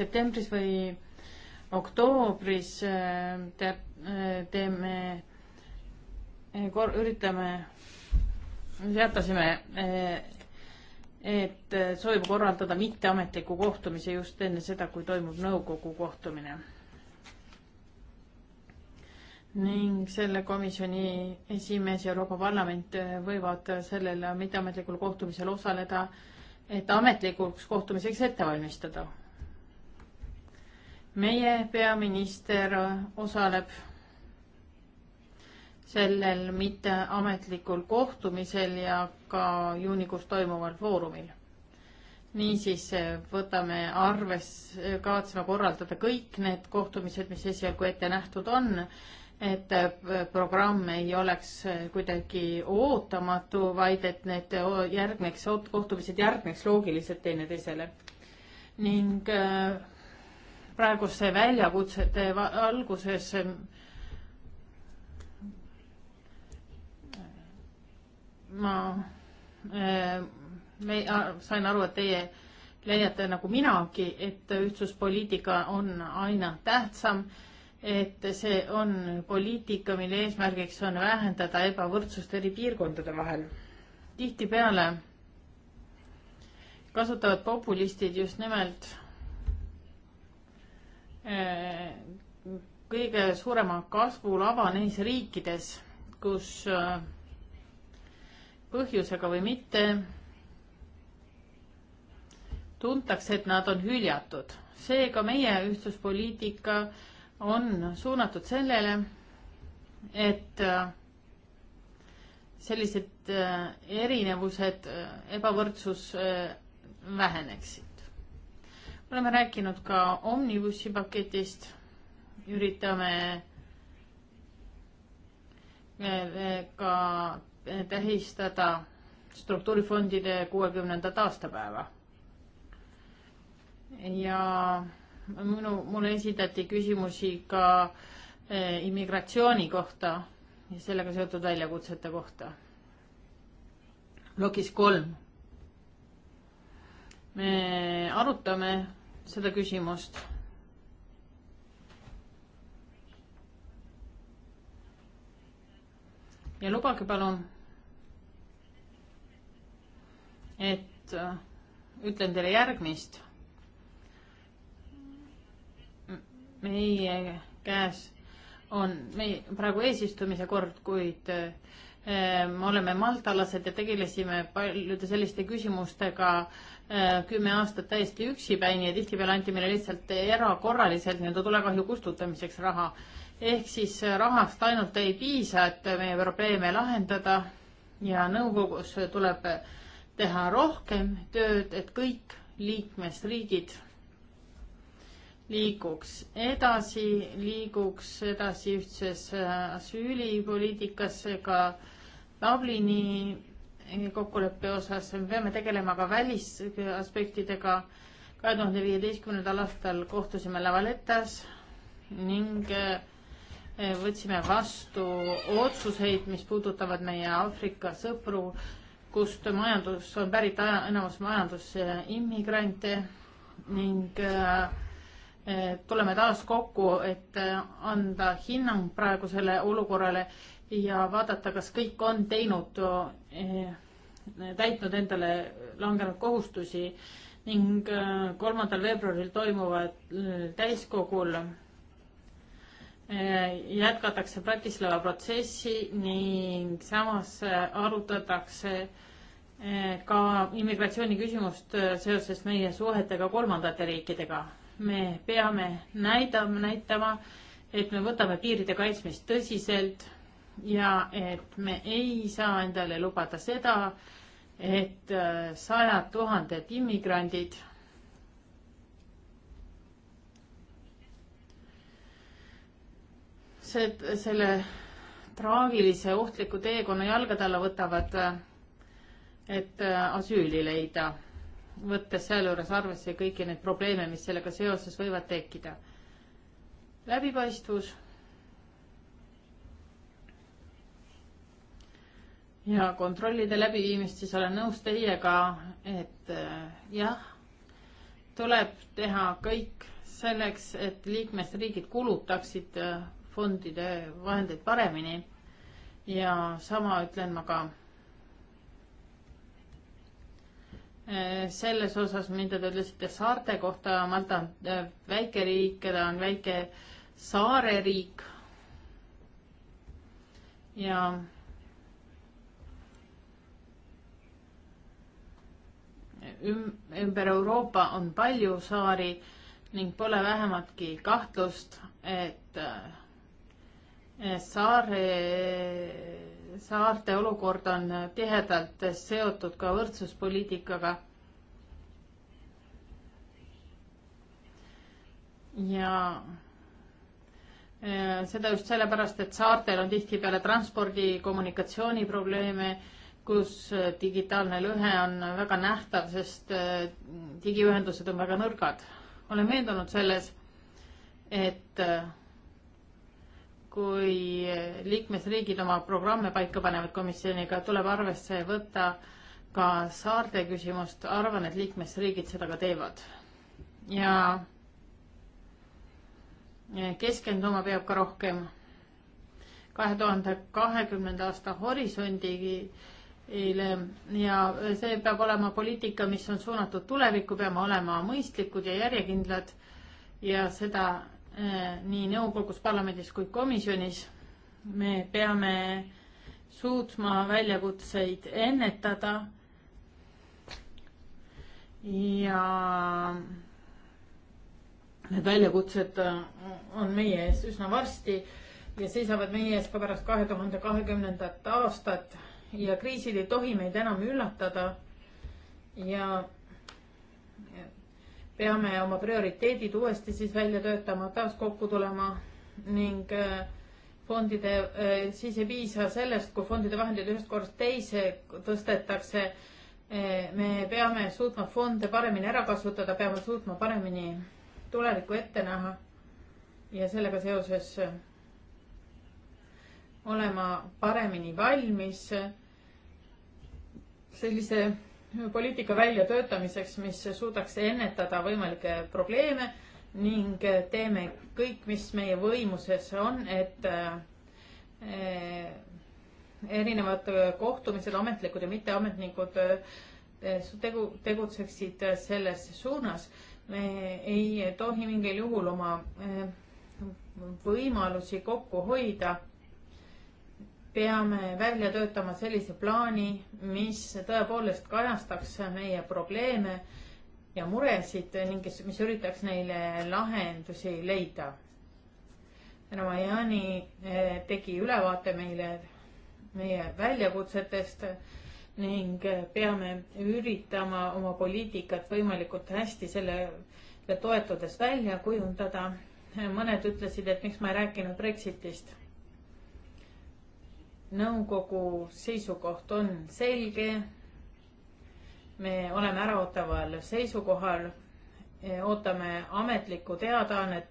septembris või oktoobris äh, teeb, äh, teeme, äh, üritame teatasime, eh, et soovib korraldada mitteametliku kohtumise just enne seda, kui toimub nõukogu kohtumine. ning selle komisjoni esimees ja Euroopa Parlament eh, võivad sellel mitteametlikul kohtumisel osaleda, et ametlikuks kohtumiseks ette valmistada. meie peaminister osaleb sellel mitteametlikul kohtumisel ja ka juunikuus toimuval foorumil. niisiis võtame arvesse, kavatseme korraldada kõik need kohtumised, mis esialgu ette nähtud on, et programm ei oleks kuidagi ootamatu, vaid et need järgneks, kohtumised järgneks loogiliselt teineteisele. ning äh, praeguse väljakutsete alguses ma äh, me, sain aru, et teie leiate nagu minagi, et ühtsuspoliitika on aina tähtsam, et see on poliitika, mille eesmärgiks on vähendada ebavõrdsust eri piirkondade vahel. tihtipeale kasutavad populistid just nimelt äh, kõige suurema kasvulava neis riikides, kus äh, põhjusega või mitte, tuntakse, et nad on hüljatud. seega meie ühtsuspoliitika on suunatud sellele, et sellised erinevused, ebavõrdsus väheneksid. oleme rääkinud ka omnibussi paketist, üritame ka tähistada struktuurifondide kuuekümnendat aastapäeva. ja minu, mulle esitati küsimusi ka eh, immigratsiooni kohta ja sellega seotud väljakutsete kohta. plokis kolm. me arutame seda küsimust. ja lubage palun et äh, ütlen teile järgmist. meie käes on meie praegu eesistumise kord, kuid äh, me oleme maltalased ja tegelesime paljude selliste küsimustega äh, kümme aastat täiesti üksipäini ja tihtipeale anti meile lihtsalt erakorraliselt nii-öelda tulekahju kustutamiseks raha. ehk siis rahast ainult ei piisa, et meie probleeme lahendada ja nõukogus tuleb äh, teha rohkem tööd, et kõik liikmesriigid liiguks edasi, liiguks edasi ühtses äh, asüülipoliitikassega Dublini äh, kokkuleppe osas, me peame tegelema ka välisaspektidega. kahe tuhande viieteistkümnendal aastal kohtusime Lavalettas ning äh, võtsime vastu otsuseid, mis puudutavad meie Aafrika sõpru kust majandus on pärit aja, enamus majandusimmigrante ning äh, tuleme taas kokku, et äh, anda hinnang praegusele olukorrale ja vaadata, kas kõik on teinud, äh, täitnud endale langenud kohustusi ning kolmandal veebruaril toimuval täiskogul Äh, jätkatakse Bratislava protsessi ning samas äh, arutatakse äh, ka immigratsiooniküsimust seoses meie suhetega kolmandate riikidega. me peame näidama, näitama, et me võtame piiride kaitsmist tõsiselt ja et me ei saa endale lubada seda, et sajad tuhanded immigrandid see, selle traagilise ohtliku teekonna jalgade alla võtavad, et äh, asüüli leida, võttes sealjuures arvesse kõiki neid probleeme, mis sellega seoses võivad tekkida. läbipaistvus. ja kontrollide läbiviimist, siis olen nõus teiega, et äh, jah, tuleb teha kõik selleks, et liikmesriigid kulutaksid äh, fondide vahendeid paremini ja sama ütlen ma ka eh, selles osas, mida te ütlesite saarte kohta, Malta on eh, väike riik, ta on väike saareriik. ja üm-, ümber Euroopa on palju saari ning pole vähematki kahtlust, et äh, saare, saarte olukord on tihedalt seotud ka võrdsuspoliitikaga. ja äh, seda just sellepärast, et saartel on tihtipeale transpordi, kommunikatsiooniprobleeme, kus äh, digitaalne lõhe on väga nähtav, sest äh, digiühendused on väga nõrgad. olen veendunud selles, et kui liikmesriigid oma programme paika panevad komisjoniga, tuleb arvesse võtta ka saarte küsimust, arvan, et liikmesriigid seda ka teevad. ja keskenduma peab ka rohkem kahe tuhande kahekümnenda aasta horisondile ja see peab olema poliitika, mis on suunatud tulevikku, peame olema mõistlikud ja järjekindlad ja seda Äh, nii nõukogus, parlamendis kui komisjonis. me peame suutma väljakutseid ennetada ja need väljakutsed äh, on meie ees üsna varsti ja seisavad meie ees ka pärast kahe tuhande kahekümnendat aastat ja kriisid ei tohi meid enam üllatada ja peame oma prioriteedid uuesti siis välja töötama, taas kokku tulema ning äh, fondide, äh, siis ei piisa sellest, kui fondide vahendid ühest korrast teise tõstetakse. Äh, me peame suutma fonde paremini ära kasutada, peame suutma paremini tulevikku ette näha ja sellega seoses olema paremini valmis sellise poliitika väljatöötamiseks, mis suudaks ennetada võimalikke probleeme ning teeme kõik, mis meie võimuses on, et eh, erinevad kohtumised, ametlikud ja mitteametnikud eh, tegu, tegutseksid selles suunas. me ei tohi mingil juhul oma eh, võimalusi kokku hoida peame välja töötama sellise plaani, mis tõepoolest kajastaks meie probleeme ja muresid ning kes, mis üritaks neile lahendusi leida. härra Majani eh, tegi ülevaate meile meie väljakutsetest ning eh, peame üritama oma poliitikat võimalikult hästi sellele toetudes välja kujundada. mõned ütlesid, et miks ma ei rääkinud Brexitist nõukogu seisukoht on selge. me oleme äraootaval seisukohal, e, ootame ametlikku teadaannet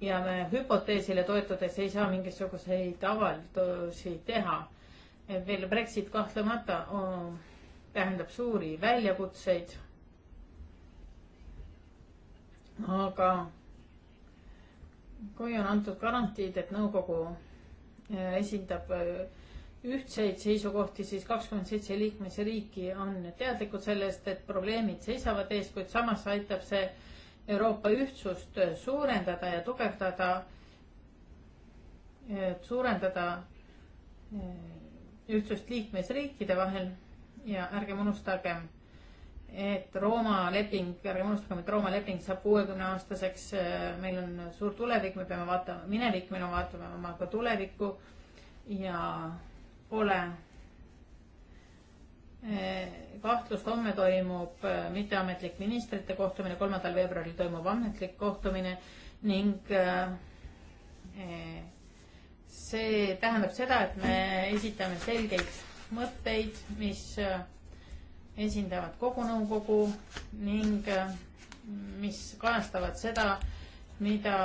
ja me hüpoteesile toetudes ei saa mingisuguseid avaldusi teha. E, veel Brexit kahtlemata on, tähendab suuri väljakutseid. aga kui on antud garantiid, et nõukogu Äh, esindab äh, ühtseid seisukohti, siis kakskümmend seitse liikmesriiki on teadlikud sellest, et probleemid seisavad ees, kuid samas aitab see Euroopa ühtsust äh, suurendada ja tugevdada, suurendada ühtsust liikmesriikide vahel ja ärgem unustagem, et Rooma leping, ärgem unustagem, et Rooma leping saab kuuekümne aastaseks, meil on suur tulevik, me peame vaatama minevik, me vaatame oma ka tulevikku ja pole eh, kahtlust, homme toimub eh, mitteametlik ministrite kohtumine, kolmandal veebruaril toimub ametlik kohtumine ning eh, see tähendab seda, et me esitame selgeid mõtteid, mis esindavad kogu nõukogu ning äh, mis kajastavad seda, mida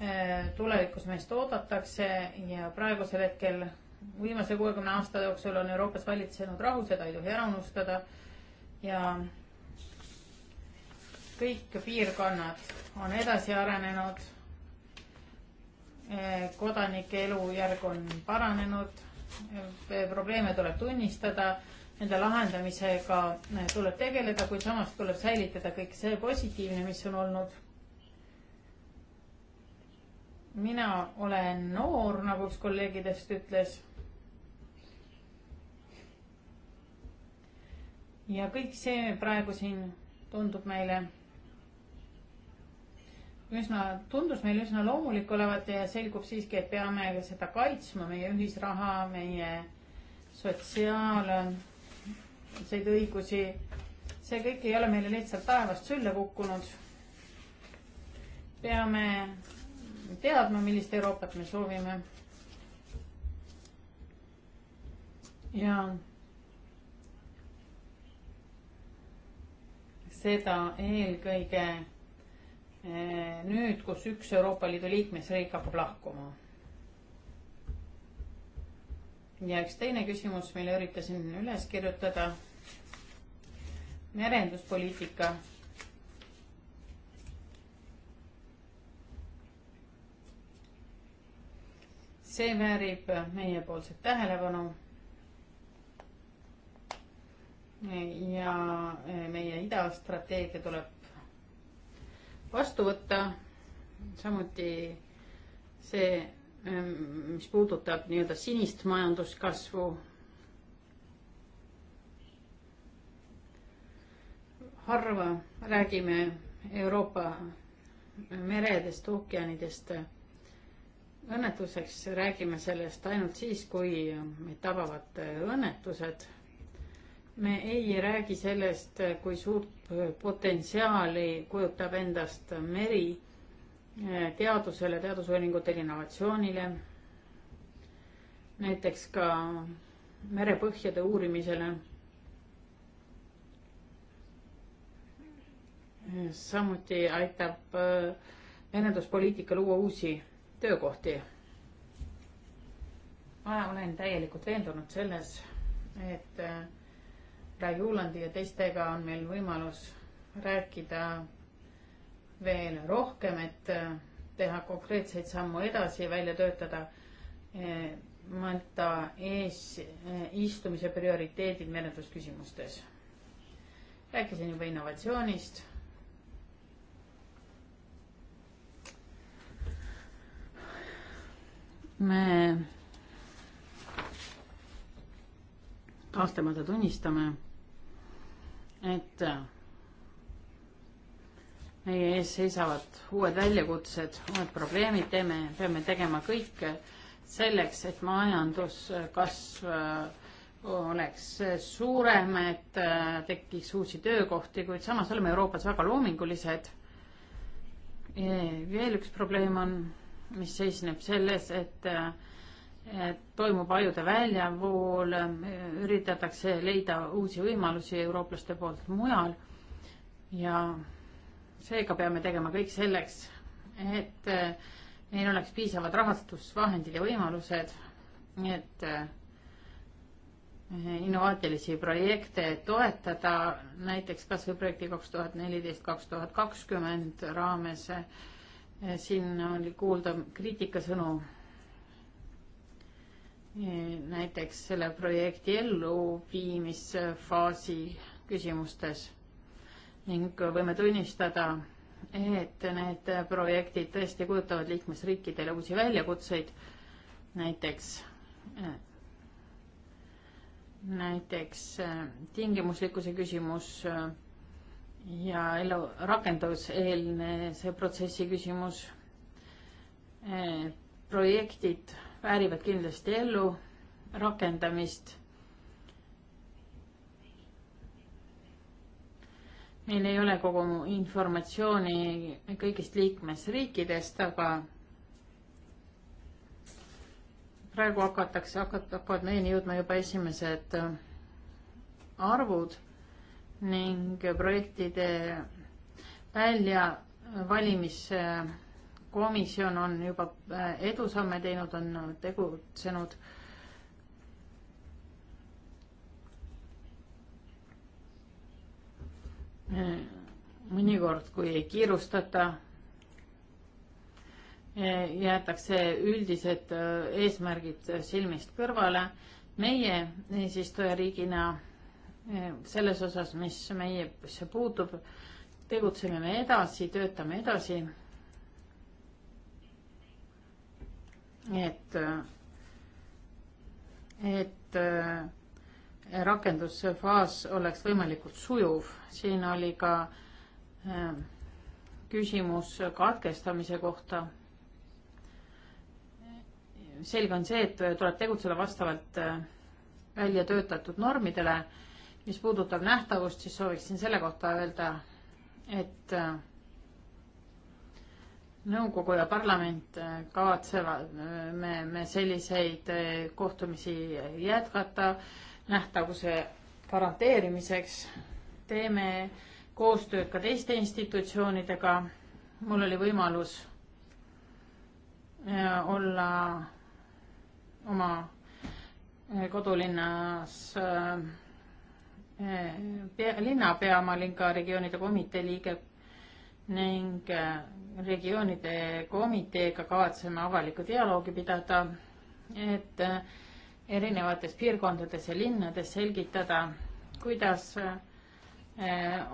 äh, tulevikus meist oodatakse ja praegusel hetkel viimase kuuekümne aasta jooksul on Euroopas valitsenud rahu, seda ei tohi ära unustada ja kõik piirkonnad on edasi arenenud, äh, kodanike elujärg on paranenud probleeme tuleb tunnistada, nende lahendamisega tuleb tegeleda, kuid samas tuleb säilitada kõik see positiivne, mis on olnud. mina olen noor, nagu üks kolleegidest ütles. ja kõik see praegu siin tundub meile üsna, tundus meile üsna loomulik olevat ja selgub siiski, et peame seda kaitsma, meie ühisraha, meie sotsiaalseid õigusi. see kõik ei ole meile lihtsalt taevast sülle kukkunud. peame teadma, millist Euroopat me soovime. ja seda eelkõige Eh, nüüd, kus üks Euroopa Liidu liikmesriik hakkab lahkuma. ja üks teine küsimus, mille üritasin üles kirjutada. merenduspoliitika. see väärib meiepoolset tähelepanu. ja meie idastrateegia tuleb vastu võtta. samuti see, ähm, mis puudutab nii-öelda sinist majanduskasvu. harva räägime Euroopa meredest, ookeanidest. õnnetuseks räägime sellest ainult siis, kui meid tabavad õnnetused me ei räägi sellest, kui suurt potentsiaali kujutab endast meri eh, teadusele, teadusuuringutele, innovatsioonile, näiteks ka merepõhjade uurimisele. samuti aitab eh, merenduspoliitika luua uusi töökohti. ma olen täielikult veendunud selles, et äh, Rai Uulandi ja teistega on meil võimalus rääkida veel rohkem, et äh, teha konkreetseid sammu edasi ja välja töötada äh, Malta eesistumise äh, prioriteedid merendusküsimustes. rääkisin juba innovatsioonist. me taastemata tunnistame et meie ees seisavad uued väljakutsed, uued probleemid, teeme, peame tegema kõike selleks, et majanduskasv äh, oleks suurem, et äh, tekiks uusi töökohti, kuid samas oleme Euroopas väga loomingulised. veel üks probleem on, mis seisneb selles, et äh, toimub ajude väljavool, üritatakse leida uusi võimalusi eurooplaste poolt mujal ja seega peame tegema kõik selleks, et eh, meil oleks piisavad rahastusvahendid ja võimalused, et eh, innovaatilisi projekte toetada, näiteks kas või projekti kaks tuhat neliteist, kaks tuhat kakskümmend raames. Eh, siin oli kuulda kriitikasõnu näiteks selle projekti elluviimisfaasi küsimustes ning võime tunnistada, et need projektid tõesti kujutavad liikmesriikidele uusi väljakutseid, näiteks, näiteks äh, tingimuslikkuse küsimus äh, ja elu, rakenduseelne see protsessi küsimus, äh, projektid väärivad kindlasti ellu rakendamist. meil ei ole kogu informatsiooni kõigist liikmesriikidest, aga praegu hakatakse, hakkavad, hakkavad meieni jõudma juba esimesed arvud ning projektide väljavalimise äh, komisjon on juba äh, edusamme teinud, on tegutsenud. Äh, mõnikord, kui ei kiirustata, äh, jäetakse üldised eesmärgid silmist kõrvale. meie eesistujariigina selles osas, mis meisse puutub, tegutseme me edasi, töötame edasi et, et äh, rakendusfaas oleks võimalikult sujuv. siin oli ka äh, küsimus katkestamise kohta. selge on see, et tuleb tegutseda vastavalt äh, välja töötatud normidele. mis puudutab nähtavust, siis sooviksin selle kohta öelda, et nõukogu ja parlament äh, kavatsevad äh, me, me selliseid äh, kohtumisi jätkata nähtavuse garanteerimiseks. teeme koostööd ka teiste institutsioonidega. mul oli võimalus olla oma kodulinnas linnapea, ma olin ka regioonide komitee liige ning äh, regioonide komiteega kavatseme avalikku dialoogi pidada, et äh, erinevates piirkondades ja linnades selgitada, kuidas äh,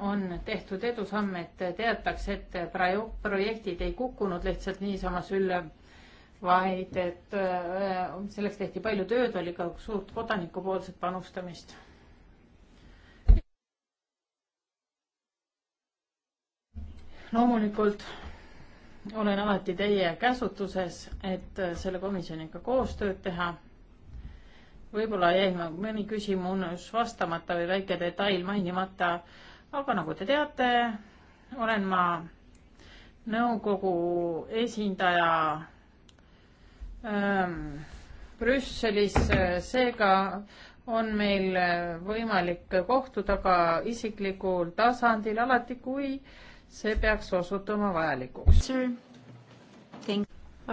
on tehtud edusamme, et teatakse, et praegu projektid ei kukkunud lihtsalt niisama sülle, vaid et selleks tehti palju tööd, oli ka suurt kodanikupoolset panustamist. loomulikult olen alati teie käsutuses, et selle komisjoniga koostööd teha. võib-olla jäi mõni küsimus vastamata või väike detail mainimata, aga nagu te teate, olen ma nõukogu esindaja ähm, Brüsselis, seega on meil võimalik kohtuda ka isiklikul tasandil alati, kui äh, see peaks osutuma vajalikuks.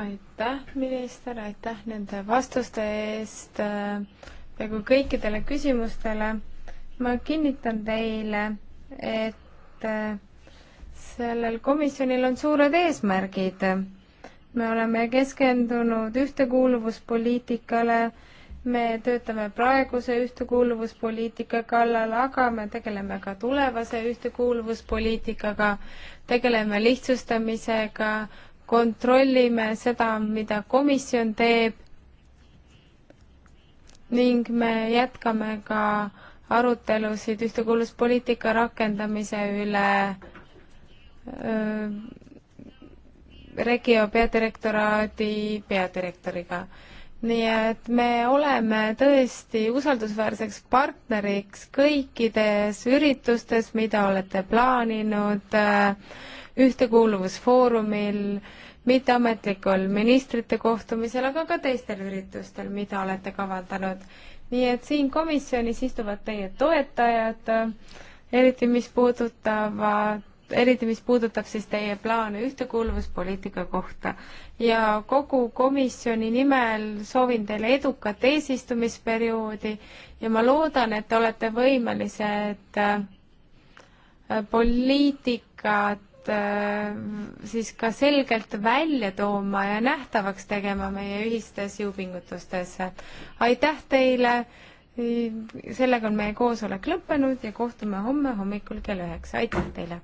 aitäh, minister, aitäh nende vastuste eest äh, peaaegu kõikidele küsimustele. ma kinnitan teile, et äh, sellel komisjonil on suured eesmärgid. me oleme keskendunud ühtekuuluvuspoliitikale me töötame praeguse ühtekuuluvuspoliitika kallal, aga me tegeleme ka tulevase ühtekuuluvuspoliitikaga, tegeleme lihtsustamisega, kontrollime seda, mida komisjon teeb ning me jätkame ka arutelusid ühtekuuluvuspoliitika rakendamise üle öö, Regio peadirektoraadi peadirektoriga nii et me oleme tõesti usaldusväärseks partneriks kõikides üritustes, mida olete plaaninud äh, ühtekuuluvusfoorumil, mitteametlikul ministrite kohtumisel, aga ka teistel üritustel, mida olete kavandanud. nii et siin komisjonis istuvad teie toetajad, äh, eriti mis puudutavad eriti mis puudutab siis teie plaane ühtekuuluvuspoliitika kohta. ja kogu komisjoni nimel soovin teile edukat eesistumisperioodi ja ma loodan, et te olete võimelised äh, poliitikat äh, siis ka selgelt välja tooma ja nähtavaks tegema meie ühistes jõupingutustes. aitäh teile, sellega on meie koosolek lõppenud ja kohtume homme hommikul kell üheksa, aitäh teile!